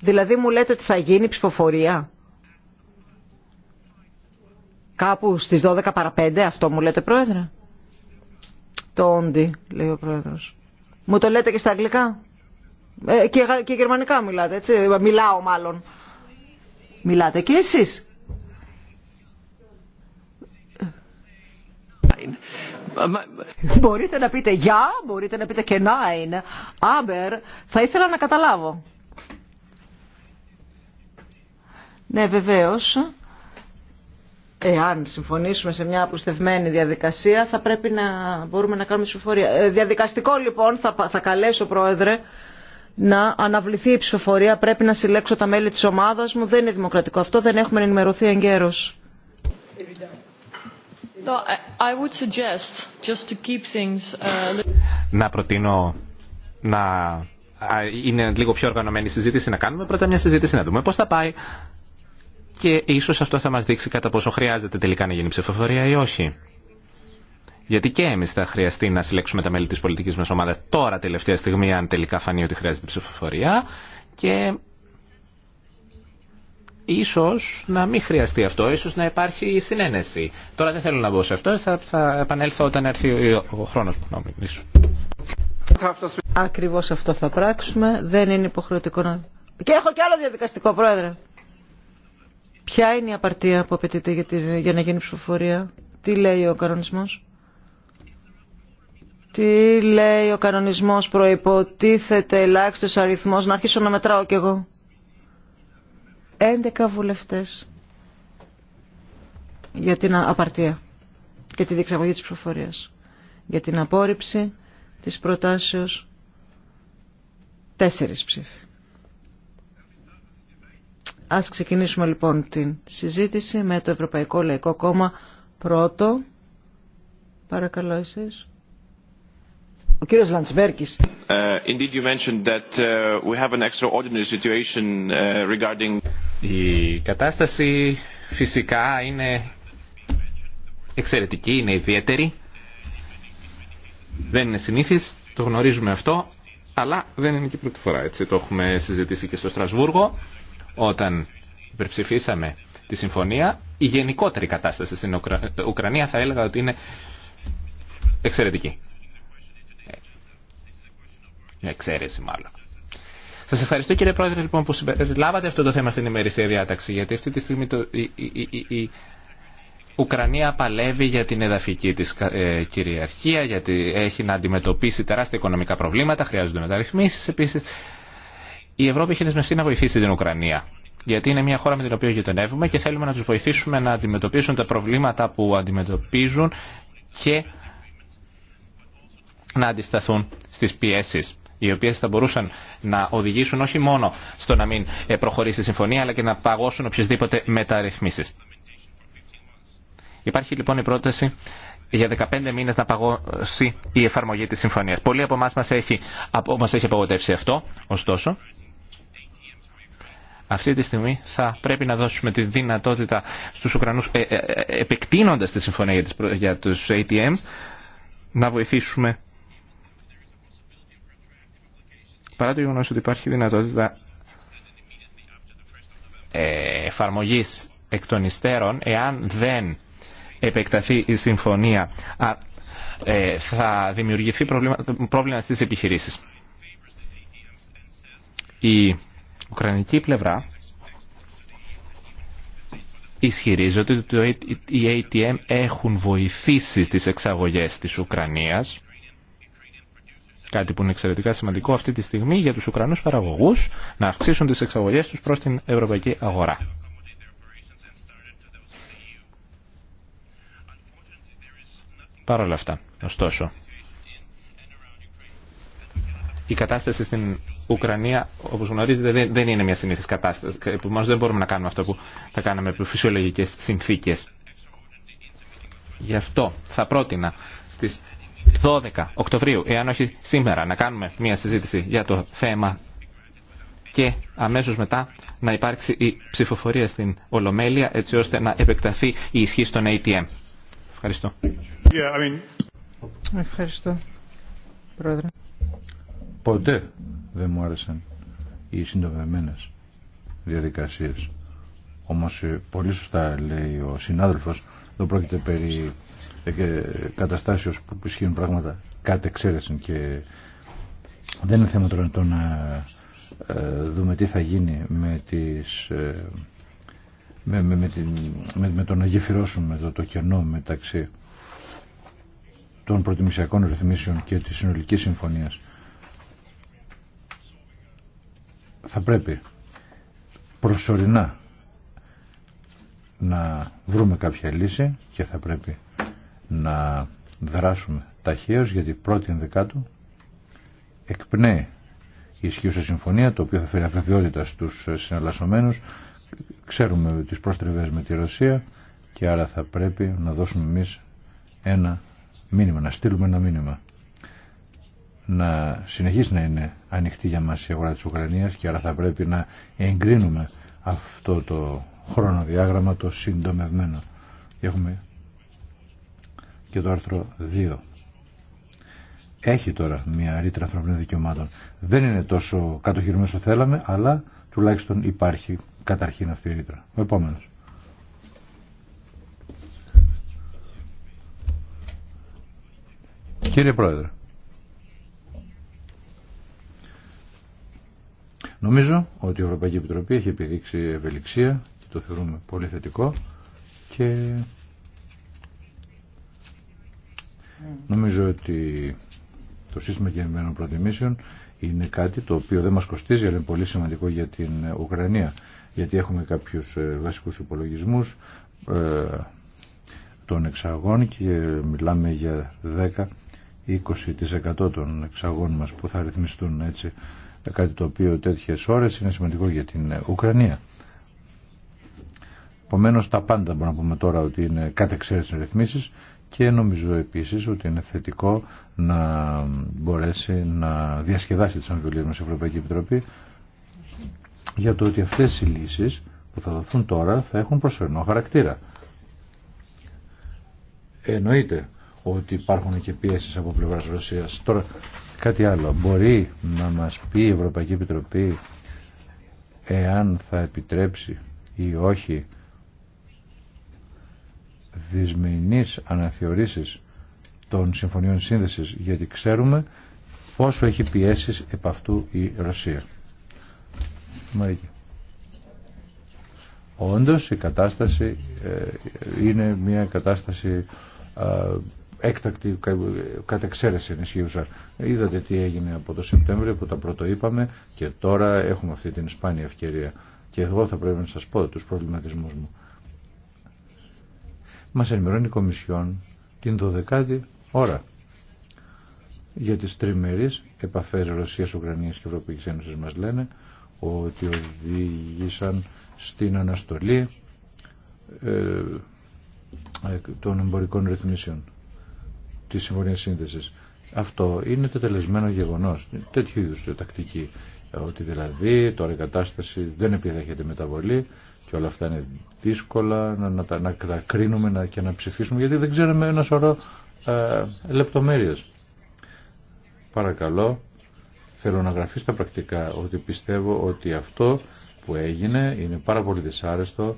[SPEAKER 1] Δηλαδή μου λέτε ότι θα γίνει ψηφοφορία. Κάπου στις 12 παρα 5 αυτό μου λέτε πρόεδρε. Το όντι λέει ο πρόεδρος. Μου το λέτε και στα αγγλικά. Ε, και, και γερμανικά μιλάτε έτσι. Μιλάω μάλλον. Μιλάτε και εσείς. Μπορείτε να πείτε «για», μπορείτε να πείτε και «nein», «aber», θα ήθελα να καταλάβω. Ναι, βεβαίως. Εάν συμφωνήσουμε σε μια απλουστευμένη διαδικασία, θα πρέπει να μπορούμε να κάνουμε ψηφοφορία. Ε, διαδικαστικό, λοιπόν, θα, θα καλέσω, Πρόεδρε, να αναβληθεί η ψηφοφορία. Πρέπει να συλλέξω τα μέλη της ομάδας μου. Δεν είναι δημοκρατικό αυτό. Δεν έχουμε ενημερωθεί εγκαίρως.
[SPEAKER 2] Να προτείνω να είναι λίγο πιο οργανωμένη η συζήτηση να κάνουμε. Πρώτα μια συζήτηση να δούμε πώς θα πάει και ίσως αυτό θα μας δείξει κατά πόσο χρειάζεται τελικά να γίνει ψηφοφορία ή όχι. Γιατί και εμείς θα χρειαστεί να συλλέξουμε τα μέλη της πολιτικής μας ομάδας τώρα τελευταία στιγμή αν τελικά φανεί ότι χρειάζεται ψηφοφορία και ίσως να μην χρειαστεί αυτό, ίσως να υπάρχει συνένεση. Τώρα δεν θέλω να μπω σε αυτό, θα, θα επανέλθω όταν έρθει ο, ο χρόνος που να μιλήσω.
[SPEAKER 1] Ακριβώς αυτό θα πράξουμε, δεν είναι υποχρεωτικό να... Και έχω και άλλο διαδικαστικό, Πρόεδρε. Ποια είναι η απαρτία που απαιτείται για, για να γίνει ψηφοφορία, τι λέει ο κανονισμός. Τι λέει ο κανονισμός, προϋποτίθεται ελάχιστος αριθμός, να αρχίσω να μετράω κι εγώ. 11 βουλευτές για την απαρτία και τη διεξαγωγή της ψηφοφορίας. Για την απόρριψη της προτάσεως τέσσερις ψήφοι. Ας ξεκινήσουμε λοιπόν την συζήτηση με το Ευρωπαϊκό Λαϊκό Κόμμα πρώτο. Παρακαλώ εσείς. Ο κύριος Λαντσμπέρκης.
[SPEAKER 2] Uh, indeed you mentioned that uh, we have an extraordinary situation uh, regarding... Η κατάσταση φυσικά είναι εξαιρετική, είναι ιδιαίτερη. Δεν είναι συνήθις, το γνωρίζουμε αυτό, αλλά δεν είναι και πρώτη φορά. Έτσι. Το έχουμε συζητήσει και στο Στρασβούργο, όταν υπερψηφίσαμε τη συμφωνία. Η γενικότερη κατάσταση στην Ουκρανία θα έλεγα ότι είναι εξαιρετική. Ε, εξαίρεση μάλλον. Σα ευχαριστώ κύριε Πρόεδρε λοιπόν που συμπεριλάβατε αυτό το θέμα στην ημερησία διάταξη γιατί αυτή τη στιγμή το, η, Ουκρανία παλεύει για την εδαφική τη ε, κυριαρχία γιατί έχει να αντιμετωπίσει τεράστια οικονομικά προβλήματα, χρειάζονται μεταρρυθμίσει Επίση, Η Ευρώπη έχει δεσμευτεί να βοηθήσει την Ουκρανία γιατί είναι μια χώρα με την οποία γειτονεύουμε και θέλουμε να του βοηθήσουμε να αντιμετωπίσουν τα προβλήματα που αντιμετωπίζουν και να αντισταθούν στις πιέσεις οι οποίε θα μπορούσαν να οδηγήσουν όχι μόνο στο να μην ε, προχωρήσει η συμφωνία, αλλά και να παγώσουν οποιασδήποτε μεταρρυθμίσεις. Υπάρχει λοιπόν η πρόταση για 15 μήνες να παγώσει η εφαρμογή της συμφωνίας. Πολλοί από εμά μας έχει, έχει απογοτεύσει αυτό, ωστόσο. Αυτή τη στιγμή θα πρέπει να δώσουμε τη δυνατότητα στους Ουκρανούς, ε, ε, επεκτείνοντας τη συμφωνία για, τις, για τους ATMs, να βοηθήσουμε παρά το γεγονό ότι υπάρχει δυνατότητα ε, εφαρμογή εκ των υστέρων, εάν δεν επεκταθεί η συμφωνία, ε, θα δημιουργηθεί πρόβλημα, πρόβλημα στις επιχειρήσεις. Η ουκρανική πλευρά ισχυρίζεται ότι οι ATM έχουν βοηθήσει τις εξαγωγές της Ουκρανίας Κάτι που είναι εξαιρετικά σημαντικό αυτή τη στιγμή για τους Ουκρανούς παραγωγούς να αυξήσουν τις εξαγωγές τους προς την ευρωπαϊκή αγορά. Παρ' όλα αυτά, ωστόσο, η κατάσταση στην Ουκρανία, όπως γνωρίζετε, δεν είναι μια συνήθις κατάσταση. Μας δεν μπορούμε να κάνουμε αυτό που θα κάναμε από φυσιολογικές συνθήκες. Γι' αυτό θα πρότεινα στις 12 Οκτωβρίου, εάν όχι σήμερα, να κάνουμε μια συζήτηση για το θέμα και αμέσως μετά να υπάρξει η ψηφοφορία στην Ολομέλεια έτσι ώστε να επεκταθεί η ισχύ στον ATM. Ευχαριστώ.
[SPEAKER 1] Ευχαριστώ, Πρόεδρε.
[SPEAKER 3] Ποτέ δεν μου άρεσαν οι συντοβεμένες διαδικασίες. Όμως ε, πολύ σωστά λέει ο συνάδελφος, δεν πρόκειται περί ε, καταστάσεως που ισχύουν πράγματα κάτι εξαίρεση και δεν είναι θέμα τώρα να ε, δούμε τι θα γίνει με τις ε, με, με, με, την, με, το να γεφυρώσουμε το, το κενό μεταξύ των προτιμησιακών ρυθμίσεων και της συνολικής συμφωνίας θα πρέπει προσωρινά να βρούμε κάποια λύση και θα πρέπει να δράσουμε ταχαίως γιατί πρώτη ενδεκάτου εκπνέει η ισχύουσα συμφωνία το οποίο θα φέρει αφεβαιότητα στους συναλλασσομένους ξέρουμε τις πρόστριβες με τη Ρωσία και άρα θα πρέπει να δώσουμε εμείς ένα μήνυμα, να στείλουμε ένα μήνυμα να συνεχίσει να είναι ανοιχτή για μας η αγορά της Ουκρανίας και άρα θα πρέπει να εγκρίνουμε αυτό το χρονοδιάγραμμα το συντομευμένο. Έχουμε και το άρθρο 2. Έχει τώρα μια ρήτρα ανθρωπίνων δικαιωμάτων. Δεν είναι τόσο κατοχυρμένο όσο θέλαμε, αλλά τουλάχιστον υπάρχει καταρχήν αυτή η ρήτρα. Ο επόμενος. Κύριε Πρόεδρε, νομίζω ότι η Ευρωπαϊκή Επιτροπή έχει επιδείξει ευελιξία και το θεωρούμε πολύ θετικό και Νομίζω ότι το σύστημα γεννημένων προτιμήσεων είναι κάτι το οποίο δεν μας κοστίζει αλλά είναι πολύ σημαντικό για την Ουκρανία γιατί έχουμε κάποιους ε, βασικούς υπολογισμούς ε, των εξαγών και μιλάμε για 10-20% των εξαγών μας που θα ρυθμιστούν έτσι κάτι το οποίο τέτοιες ώρες είναι σημαντικό για την Ουκρανία. Επομένω τα πάντα μπορούμε να πούμε τώρα ότι είναι κατεξαίρεση ρυθμίσεις και νομίζω επίσης ότι είναι θετικό να μπορέσει να διασκεδάσει τις αμφιβολίες μας η Ευρωπαϊκή Επιτροπή για το ότι αυτές οι λύσεις που θα δοθούν τώρα θα έχουν προσωρινό χαρακτήρα. Εννοείται ότι υπάρχουν και πιέσεις από πλευράς Ρωσίας. Τώρα κάτι άλλο. Μπορεί να μας πει η Ευρωπαϊκή Επιτροπή εάν θα επιτρέψει ή όχι δυσμενείς αναθεωρήσεις των συμφωνιών σύνδεσης γιατί ξέρουμε πόσο έχει πιέσει επ' αυτού η Ρωσία. Μαρική. Όντως η κατάσταση ε, είναι μια κατάσταση έκτακτη κατ' εξαίρεση ενισχύουσα. Είδατε τι έγινε από το Σεπτέμβριο που τα πρώτο είπαμε και τώρα έχουμε αυτή την σπάνια ευκαιρία. Και εγώ θα πρέπει να σας πω τους προβληματισμούς μου μας ενημερώνει η Κομισιόν την 12η ώρα για τις τριμερείς επαφές Ρωσίας, Ουκρανίας και Ευρωπαϊκής Ένωσης μας λένε ότι οδήγησαν στην αναστολή ε, ε, των εμπορικών ρυθμίσεων της Συμφωνίας σύνδεση. Αυτό είναι τελεσμένο γεγονός, τέτοιου είδους τακτική, ότι δηλαδή τώρα η κατάσταση δεν επιδέχεται μεταβολή και όλα αυτά είναι δύσκολα να, να, τα, να κρίνουμε να, και να ψηφίσουμε γιατί δεν ξέρουμε ένα σωρό ε, λεπτομέρειες. Παρακαλώ, θέλω να γραφεί στα πρακτικά ότι πιστεύω ότι αυτό που έγινε είναι πάρα πολύ δυσάρεστο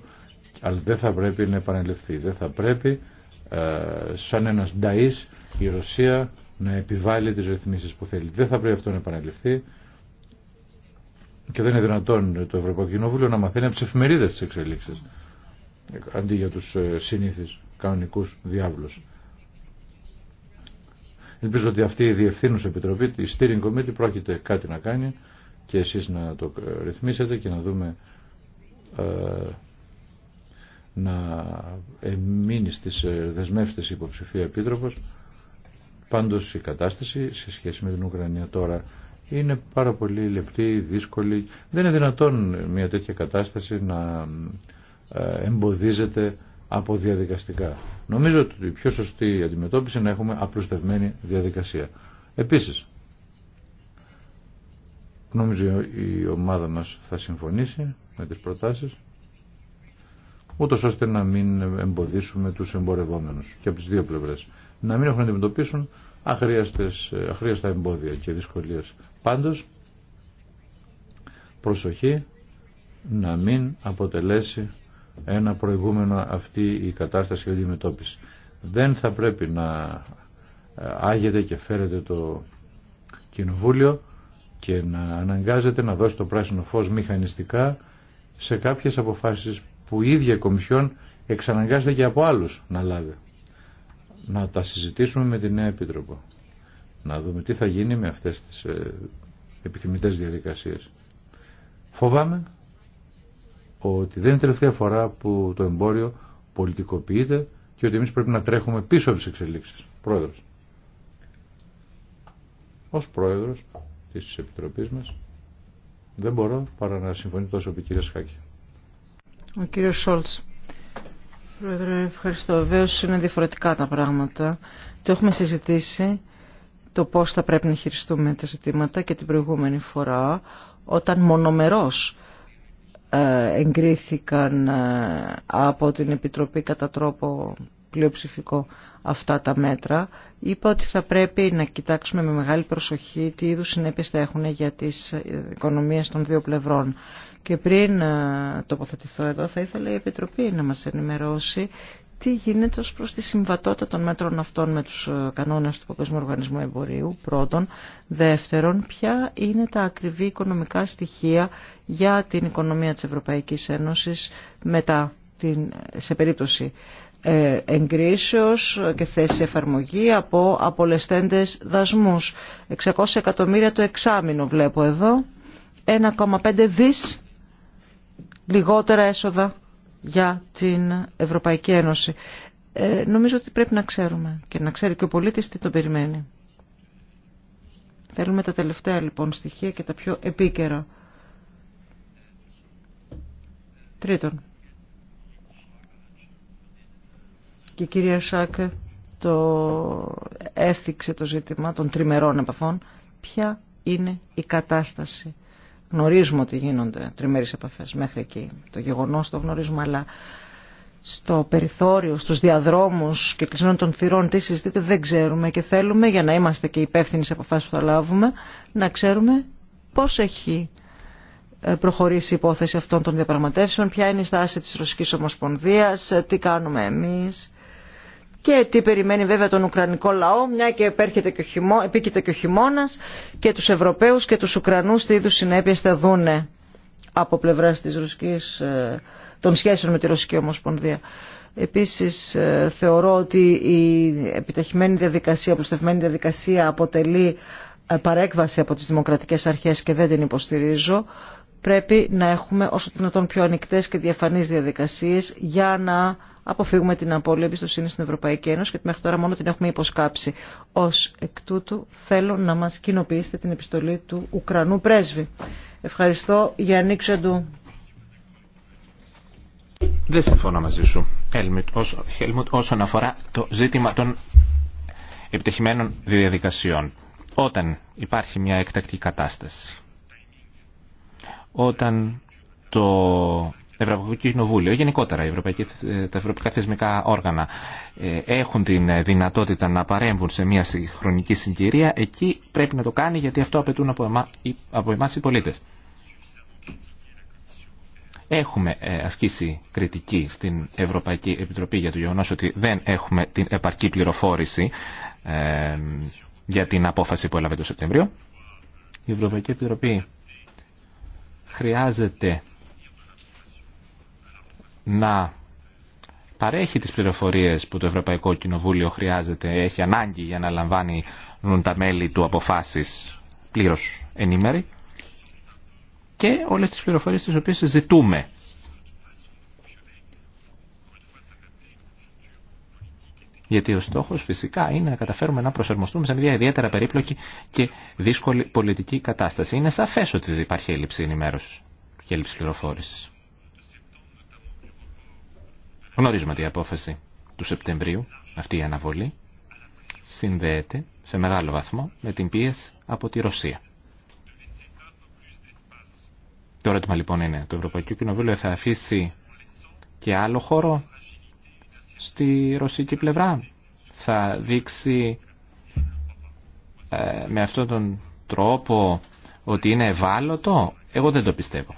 [SPEAKER 3] αλλά δεν θα πρέπει να επανελευθεί. Δεν θα πρέπει ε, σαν ένας νταΐς η Ρωσία να επιβάλλει τις ρυθμίσεις που θέλει. Δεν θα πρέπει αυτό να επανελευθεί. Και δεν είναι δυνατόν το Ευρωπαϊκό Κοινοβούλιο να μαθαίνει από τι εφημερίδε τη εξελίξη Αντί για του ε, συνήθει κανονικού διάβλου. Ελπίζω ότι αυτή η διευθύνουσα επιτροπή, η steering committee, πρόκειται κάτι να κάνει και εσείς να το ε, ρυθμίσετε και να δούμε ε, να μείνει στις δεσμεύσει υποψηφία επίτροπο. πάντω η κατάσταση σε σχέση με την Ουκρανία τώρα είναι πάρα πολύ λεπτή, δύσκολη. Δεν είναι δυνατόν μια τέτοια κατάσταση να ε, εμποδίζεται από διαδικαστικά. Νομίζω ότι η πιο σωστή αντιμετώπιση είναι να έχουμε απλουστευμένη διαδικασία. Επίσης, νομίζω η ομάδα μας θα συμφωνήσει με τις προτάσεις ούτως ώστε να μην εμποδίσουμε τους εμπορευόμενους και από τις δύο πλευρές. Να μην έχουν να αντιμετωπίσουν αχρίαστα εμπόδια και δυσκολίες. Πάντως, προσοχή να μην αποτελέσει ένα προηγούμενο αυτή η κατάσταση και αντιμετώπιση. Δεν θα πρέπει να ε, άγεται και φέρεται το κοινοβούλιο και να αναγκάζεται να δώσει το πράσινο φως μηχανιστικά σε κάποιες αποφάσεις που η ίδια η Κομισιόν εξαναγκάζεται και από άλλους να λάβει. Να τα συζητήσουμε με τη νέα Επίτροπο να δούμε τι θα γίνει με αυτές τις ε, επιθυμητές διαδικασίες. Φοβάμαι ότι δεν είναι τελευταία φορά που το εμπόριο πολιτικοποιείται και ότι εμείς πρέπει να τρέχουμε πίσω από τις εξελίξεις. Πρόεδρος. Ως πρόεδρος της Επιτροπής μας δεν μπορώ παρά να συμφωνήσω τόσο με κύριε Σχάκη.
[SPEAKER 1] Ο κύριος Σόλτς. Πρόεδρε, ευχαριστώ. Βεβαίω είναι διαφορετικά τα πράγματα. Το έχουμε συζητήσει το πώς θα πρέπει να χειριστούμε τα ζητήματα και την προηγούμενη φορά όταν μονομερός ε, εγκρίθηκαν ε, από την Επιτροπή κατά τρόπο πλειοψηφικό αυτά τα μέτρα, είπα ότι θα πρέπει να κοιτάξουμε με μεγάλη προσοχή τι είδους συνέπειες θα έχουν για τις ε, οικονομίες των δύο πλευρών. Και πριν τοποθετηθώ εδώ θα ήθελα η Επιτροπή να μας ενημερώσει τι γίνεται ως προς τη συμβατότητα των μέτρων αυτών με τους ε, κανόνες του Παγκόσμιου Οργανισμού Εμπορίου, πρώτον. Δεύτερον, ποια είναι τα ακριβή οικονομικά στοιχεία για την οικονομία της Ευρωπαϊκής Ένωσης μετά την, σε περίπτωση ε, εγκρίσεως και θέση εφαρμογή από απολεσθέντες δασμούς. 600 εκατομμύρια το εξάμεινο βλέπω εδώ, 1,5 δις λιγότερα έσοδα για την Ευρωπαϊκή Ένωση. Ε, νομίζω ότι πρέπει να ξέρουμε και να ξέρει και ο πολίτης τι τον περιμένει. Θέλουμε τα τελευταία λοιπόν στοιχεία και τα πιο επίκαιρα. Τρίτον. Και η κυρία Σάκ το έθιξε το ζήτημα των τριμερών επαφών. Ποια είναι η κατάσταση Γνωρίζουμε ότι γίνονται τριμέρεις επαφές μέχρι εκεί. Το γεγονός το γνωρίζουμε, αλλά στο περιθώριο, στους διαδρόμους και κλεισμένων των θυρών τι συζητείτε δεν ξέρουμε και θέλουμε για να είμαστε και υπεύθυνοι σε αποφάσεις που θα λάβουμε να ξέρουμε πώς έχει ε, προχωρήσει η υπόθεση αυτών των διαπραγματεύσεων, ποια είναι η στάση της Ρωσικής Ομοσπονδίας, ε, τι κάνουμε εμείς και τι περιμένει βέβαια τον Ουκρανικό λαό, μια και επέρχεται και ο επίκειται και ο χειμώνα και τους Ευρωπαίους και τους Ουκρανούς τι είδους συνέπειες θα δούνε από πλευράς της Ρωσικής, ε, των σχέσεων με τη Ρωσική Ομοσπονδία. Επίσης ε, θεωρώ ότι η επιταχυμένη διαδικασία, απλουστευμένη διαδικασία αποτελεί ε, παρέκβαση από τις δημοκρατικές αρχές και δεν την υποστηρίζω. Πρέπει να έχουμε όσο δυνατόν πιο ανοιχτές και διαφανείς διαδικασίες για να αποφύγουμε την απώλεια εμπιστοσύνη στην Ευρωπαϊκή Ένωση, και μέχρι τώρα μόνο την έχουμε υποσκάψει. Ω εκ τούτου, θέλω να μα κοινοποιήσετε την επιστολή του Ουκρανού πρέσβη. Ευχαριστώ. Γιάννη του.
[SPEAKER 2] Δεν συμφωνώ μαζί σου, Χέλμουτ, όσον αφορά το ζήτημα των επιτυχημένων διαδικασιών. Όταν υπάρχει μια εκτακτή κατάσταση, όταν το Ευρωπαϊκό Κοινοβούλιο, γενικότερα ε, τα ευρωπαϊκά θεσμικά όργανα ε, έχουν την ε, δυνατότητα να παρέμβουν σε μια χρονική συγκυρία, εκεί πρέπει να το κάνει γιατί αυτό απαιτούν από, εμά, από εμάς οι πολίτες. Έχουμε ασκήσει κριτική στην Ευρωπαϊκή Επιτροπή για το γεγονό ότι δεν έχουμε την επαρκή πληροφόρηση για την απόφαση που έλαβε το Σεπτέμβριο. Η Ευρωπαϊκή Επιτροπή χρειάζεται να παρέχει τις πληροφορίες που το Ευρωπαϊκό Κοινοβούλιο χρειάζεται, έχει ανάγκη για να λαμβάνει τα μέλη του αποφάσεις πλήρως ενήμεροι και όλες τις πληροφορίες τις οποίες ζητούμε. Γιατί ο στόχος φυσικά είναι να καταφέρουμε να προσαρμοστούμε σε μια ιδιαίτερα περίπλοκη και δύσκολη πολιτική κατάσταση. Είναι σαφές ότι υπάρχει έλλειψη ενημέρωσης και έλλειψη πληροφόρησης. Γνωρίζουμε ότι η απόφαση του Σεπτεμβρίου, αυτή η αναβολή, συνδέεται σε μεγάλο βαθμό με την πίεση από τη Ρωσία. Το ερώτημα λοιπόν είναι, το Ευρωπαϊκό Κοινοβούλιο θα αφήσει και άλλο χώρο στη ρωσική πλευρά. Θα δείξει ε, με αυτόν τον τρόπο ότι είναι ευάλωτο. Εγώ δεν το πιστεύω.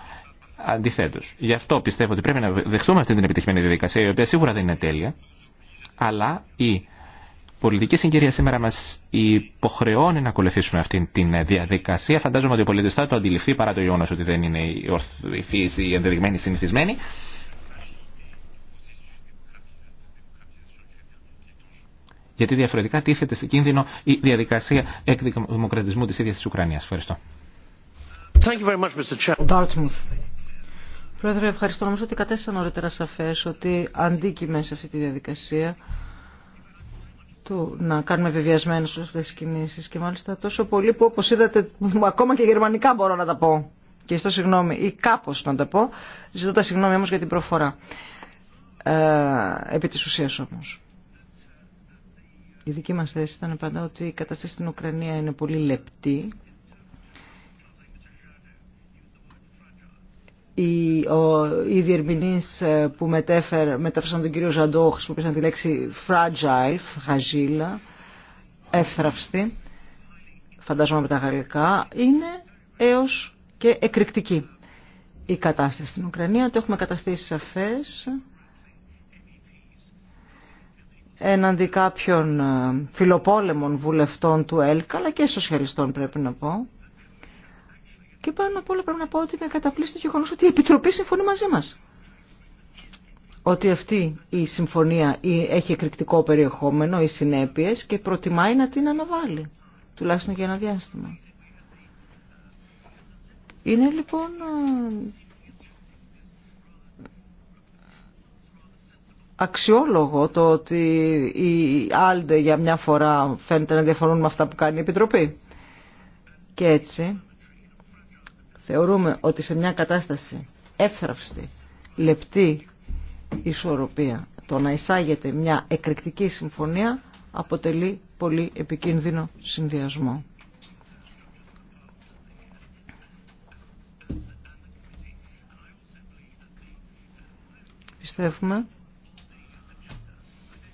[SPEAKER 2] Αντιθέτω, γι' αυτό πιστεύω ότι πρέπει να δεχτούμε αυτή την επιτυχημένη διαδικασία, η οποία σίγουρα δεν είναι τέλεια, αλλά η πολιτική συγκυρία σήμερα μα υποχρεώνει να ακολουθήσουμε αυτή τη διαδικασία. Φαντάζομαι ότι ο πολίτη θα το αντιληφθεί παρά το γεγονό ότι δεν είναι η ορθή, η ενδεδειγμένη, συνηθισμένη. Γιατί διαφορετικά τίθεται σε κίνδυνο η διαδικασία εκδημοκρατισμού τη ίδια τη Ουκρανία. Ευχαριστώ.
[SPEAKER 1] Thank you very much, Mr. Πρόεδρε, ευχαριστώ. Νομίζω ότι κατέστησα νωρίτερα σαφέ ότι αντίκειμε σε αυτή τη διαδικασία του να κάνουμε βεβαιασμένε αυτέ τι κινήσει και μάλιστα τόσο πολύ που όπω είδατε, ακόμα και γερμανικά μπορώ να τα πω. Και στο συγγνώμη, ή κάπω να τα πω. Ζητώ τα συγγνώμη όμω για την προφορά. Ε, επί τη ουσία όμω. Η δική μα θέση ήταν πάντα ότι η κατάσταση στην Ουκρανία είναι πολύ λεπτή οι, ο, οι ε, που μετέφερ, μετέφεραν τον κύριο που χρησιμοποίησαν τη λέξη fragile, χαζίλα, εύθραυστη, φαντάζομαι από τα γαλλικά, είναι έως και εκρηκτική. Η κατάσταση στην Ουκρανία το έχουμε καταστήσει σαφές έναντι κάποιων ε, φιλοπόλεμων βουλευτών του ΕΛΚ, αλλά και σοσιαλιστών πρέπει να πω, και πάνω απ' όλα πρέπει να πω ότι με καταπλήσει το γεγονό ότι η Επιτροπή συμφωνεί μαζί μα. Ότι αυτή η συμφωνία έχει εκρηκτικό περιεχόμενο ή συνέπειε και προτιμάει να την αναβάλει. Τουλάχιστον για ένα διάστημα. Είναι λοιπόν αξιόλογο το ότι οι Άλντε για μια φορά φαίνεται να διαφωνούν με αυτά που κάνει η Επιτροπή. Και έτσι θεωρούμε ότι σε μια κατάσταση εύθραυστη, λεπτή ισορροπία το να εισάγεται μια εκρηκτική συμφωνία αποτελεί πολύ επικίνδυνο συνδυασμό. Πιστεύουμε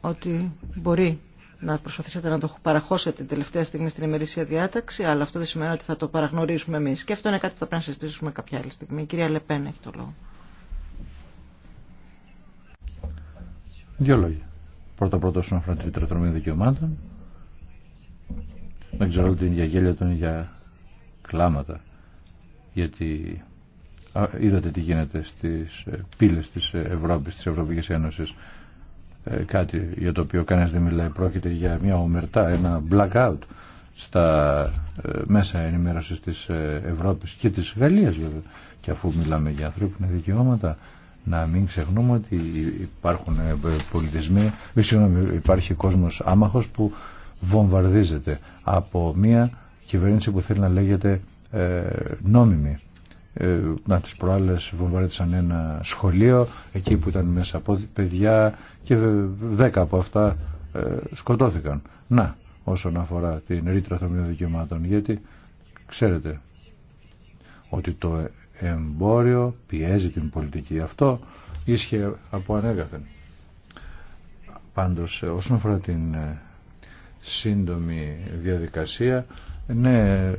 [SPEAKER 1] ότι μπορεί να προσπαθήσετε να το παραχώσετε την τελευταία στιγμή στην ημερήσια διάταξη, αλλά αυτό δεν σημαίνει ότι θα το παραγνωρίσουμε εμεί. Και αυτό είναι κάτι που θα πρέπει να συζητήσουμε κάποια άλλη στιγμή. Η κυρία Λεπέν έχει το λόγο.
[SPEAKER 3] Δύο λόγια. Πρώτα πρώτα όσον αφορά την τετρατονομή δικαιωμάτων. Δεν ξέρω ότι είναι για γέλια, των για κλάματα. Γιατί είδατε τι γίνεται στις ε, πύλες της ε, Ευρώπης, της Ευρωπαϊκής Ένωσης ε, κάτι για το οποίο κανένας δεν μιλάει. Πρόκειται για μια ομερτά, ένα blackout στα ε, μέσα ενημέρωσης της ε, Ευρώπης και της Γαλλίας βέβαια. Και αφού μιλάμε για ανθρώπινα δικαιώματα, να μην ξεχνούμε ότι υπάρχουν πολιτισμοί, συγγνώμη, υπάρχει κόσμος άμαχος που βομβαρδίζεται από μια κυβέρνηση που θέλει να λέγεται νόμιμη. Ε, να τις προάλλες βομβαρέτησαν ένα σχολείο εκεί που ήταν μέσα από παιδιά και δέκα από αυτά ε, σκοτώθηκαν. Να, όσον αφορά την ρήτρα των δικαιωμάτων γιατί ξέρετε ότι το εμπόριο πιέζει την πολιτική. Αυτό ίσχυε από ανέκαθεν. Πάντως ε, όσον αφορά την σύντομη διαδικασία ναι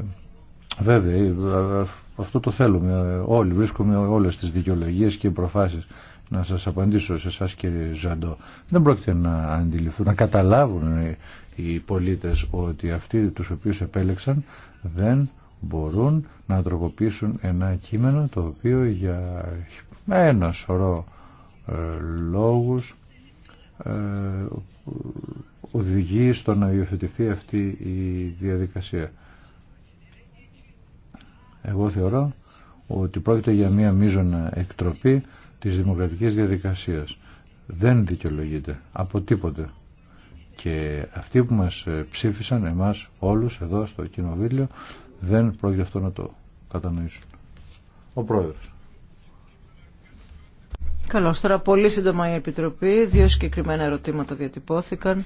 [SPEAKER 3] Βέβαια, ε, ε, αυτό το θέλουμε ε, όλοι. Βρίσκουμε όλες τις δικαιολογίε και προφάσεις. Να σας απαντήσω σε εσά κύριε Ζαντό. Δεν πρόκειται να αντιληφθούν, να καταλάβουν οι πολίτες ότι αυτοί τους οποίους επέλεξαν δεν μπορούν να τροποποιήσουν ένα κείμενο το οποίο για ένα σωρό λόγους οδηγεί στο να υιοθετηθεί αυτή η διαδικασία. Εγώ θεωρώ ότι πρόκειται για μία μείζωνα εκτροπή της δημοκρατικής διαδικασίας. Δεν δικαιολογείται από τίποτε. Και αυτοί που μας ε, ψήφισαν, εμάς όλους εδώ στο κοινοβούλιο, δεν πρόκειται αυτό να το κατανοήσουν. Ο Πρόεδρος.
[SPEAKER 1] Καλώς τώρα πολύ σύντομα η Επιτροπή, δύο συγκεκριμένα ερωτήματα διατυπώθηκαν.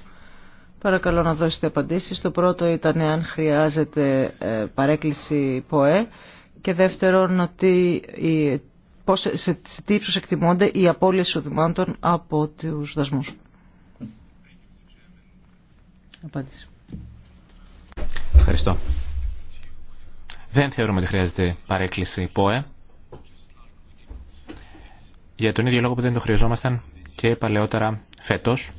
[SPEAKER 1] Παρακαλώ να δώσετε απαντήσεις. Το πρώτο ήταν αν χρειάζεται ε, παρέκκληση ΠΟΕ και δεύτερον πώς, σε, τι ύψος εκτιμώνται οι απώλειες εισοδημάτων από τους δασμούς. Απάντηση.
[SPEAKER 2] Ευχαριστώ. Δεν θεωρούμε ότι χρειάζεται παρέκκληση ΠΟΕ. Για τον ίδιο λόγο που δεν το χρειαζόμασταν και παλαιότερα φέτος,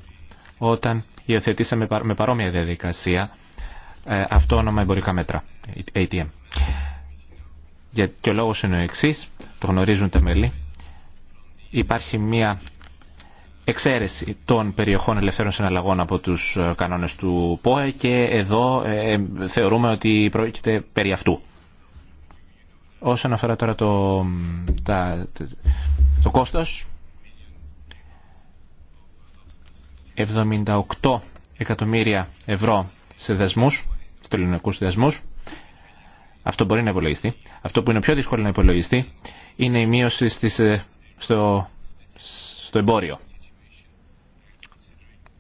[SPEAKER 2] όταν υιοθετήσαμε με παρόμοια διαδικασία ε, αυτόνομα εμπορικά μέτρα, ATM. Για, και ο λόγος είναι ο εξή, το γνωρίζουν τα μέλη. Υπάρχει μια εξαίρεση των περιοχών ελευθέρων συναλλαγών από τους ε, κανόνες του ΠΟΕ και εδώ ε, θεωρούμε ότι πρόκειται περί αυτού. Όσον αφορά τώρα το, το κόστος, 78 εκατομμύρια ευρώ σε δεσμούς, στο ελληνικού δεσμούς. Αυτό μπορεί να υπολογιστεί. Αυτό που είναι πιο δύσκολο να υπολογιστεί είναι η μείωση στις, ε, στο, στο εμπόριο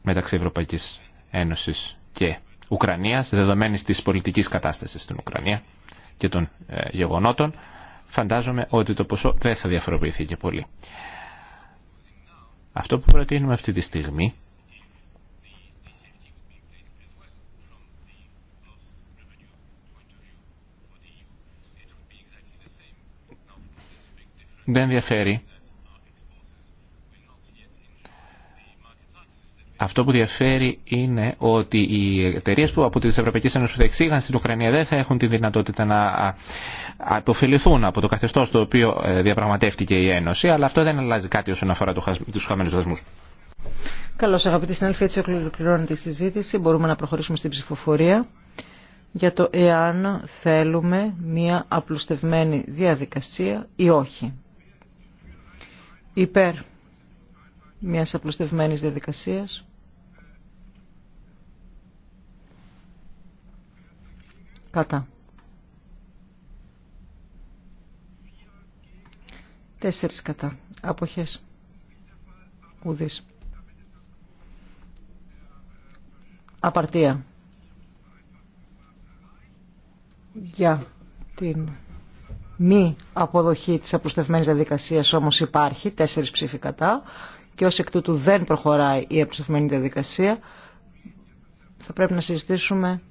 [SPEAKER 2] μεταξύ Ευρωπαϊκής Ένωσης και Ουκρανίας, δεδομένη της πολιτικής κατάστασης στην Ουκρανία και των ε, γεγονότων, φαντάζομαι ότι το ποσό δεν θα διαφοροποιηθεί και πολύ. Αυτό που προτείνουμε αυτή τη στιγμή δεν ενδιαφέρει. Αυτό που διαφέρει είναι ότι οι εταιρείε που από τι Ευρωπαϊκέ Ένωση που θα εξήγαν στην Ουκρανία δεν θα έχουν τη δυνατότητα να αποφεληθούν από το καθεστώ το οποίο ε, διαπραγματεύτηκε η Ένωση, αλλά αυτό δεν αλλάζει κάτι όσον αφορά του χαμένου δασμού.
[SPEAKER 1] Καλώ αγαπητοί συνάδελφοι, έτσι ολοκληρώνεται η συζήτηση. Μπορούμε να προχωρήσουμε στην ψηφοφορία για το εάν θέλουμε μία απλουστευμένη διαδικασία ή όχι υπέρ μιας απλουστευμένης διαδικασίας. Κατά. Τέσσερις κατά. Αποχές. Ουδής. Απαρτία. Για την μη αποδοχή της απλουστευμένης διαδικασίας όμως υπάρχει, τέσσερις ψήφοι κατά, και ως εκ τούτου δεν προχωράει η απλουστευμένη διαδικασία, θα πρέπει να συζητήσουμε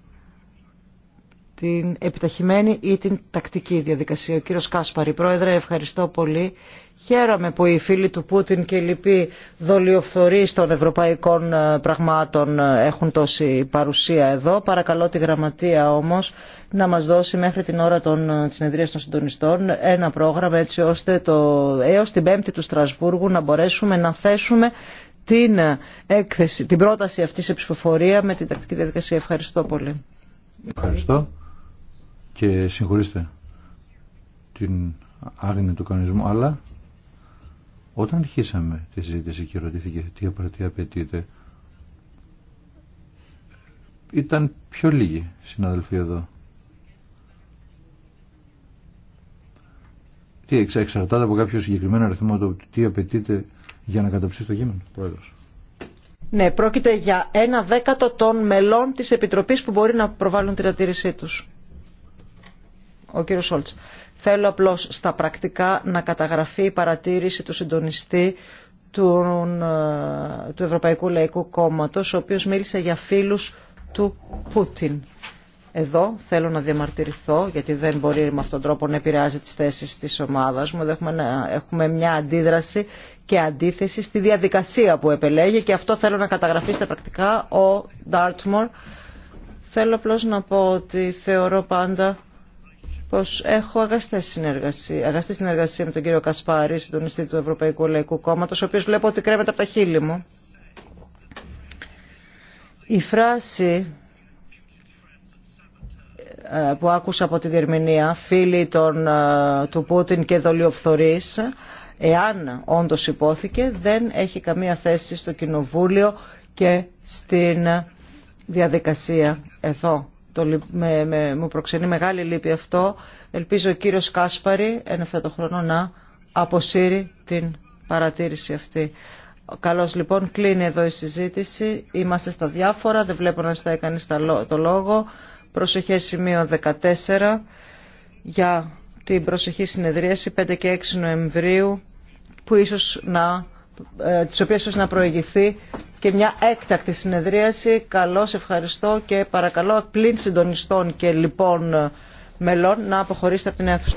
[SPEAKER 1] την επιταχυμένη ή την τακτική διαδικασία. Ο κύριος Κάσπαρη, πρόεδρε, ευχαριστώ πολύ. Χαίρομαι που οι φίλοι του Πούτιν και οι λοιποί δολιοφθορεί των ευρωπαϊκών ε, πραγμάτων ε, έχουν τόση παρουσία εδώ. Παρακαλώ τη γραμματεία όμως να μας δώσει μέχρι την ώρα των, ε, της συνεδρίας των συντονιστών ένα πρόγραμμα έτσι ώστε το, έως την Πέμπτη του Στρασβούργου να μπορέσουμε να θέσουμε την, έκθεση, την πρόταση αυτή σε ψηφοφορία με την τακτική διαδικασία. Ευχαριστώ πολύ.
[SPEAKER 3] Ευχαριστώ και συγχωρήστε την άγνοια του κανονισμού, αλλά όταν αρχίσαμε τη συζήτηση και ρωτήθηκε τι απαραίτητα απαιτείται, ήταν πιο λίγοι συναδελφοί εδώ. Τι εξαρτάται από κάποιο συγκεκριμένο αριθμό το τι απαιτείται για να καταψήσει το κείμενο, πρόεδρος.
[SPEAKER 1] Ναι, πρόκειται για ένα δέκατο των μελών της Επιτροπής που μπορεί να προβάλλουν τη διατήρησή τους ο κύριος Σόλτς. Θέλω απλώς στα πρακτικά να καταγραφεί η παρατήρηση του συντονιστή ε, του, Ευρωπαϊκού Λαϊκού Κόμματος, ο οποίος μίλησε για φίλους του Πούτιν. Εδώ θέλω να διαμαρτυρηθώ, γιατί δεν μπορεί με αυτόν τον τρόπο να επηρεάζει τις θέσεις της ομάδας μου. Έχουμε, έχουμε μια αντίδραση και αντίθεση στη διαδικασία που επελέγει και αυτό θέλω να καταγραφεί στα πρακτικά ο Ντάρτμορ. Θέλω απλώς να πω ότι θεωρώ πάντα πως έχω αγαστή συνεργασία, συνεργασία με τον κύριο Κασπάρη, συντονιστή του Ευρωπαϊκού Λαϊκού Κόμματος, ο οποίο βλέπω ότι κρέμεται από τα χείλη μου. Η φράση ε, που άκουσα από τη Διερμηνία, φίλη των, ε, του Πούτιν και δολιοφθορείς, εάν όντως υπόθηκε, δεν έχει καμία θέση στο Κοινοβούλιο και στην ε, διαδικασία εδώ το, με, με, μου προξενεί μεγάλη λύπη αυτό. Ελπίζω ο κύριος Κάσπαρη, εν φέτο το χρόνο, να αποσύρει την παρατήρηση αυτή. Καλώς λοιπόν κλείνει εδώ η συζήτηση. Είμαστε στα διάφορα, δεν βλέπω να στα έκανε το λόγο. Προσοχέ σημείο 14 για την προσεχή συνεδρίαση 5 και 6 Νοεμβρίου που ίσως να ε, της οποίας ίσως να προηγηθεί και μια έκτακτη συνεδρίαση. Καλώς ευχαριστώ και παρακαλώ πλην συντονιστών και λοιπόν μελών να αποχωρήσετε από την αίθουσα.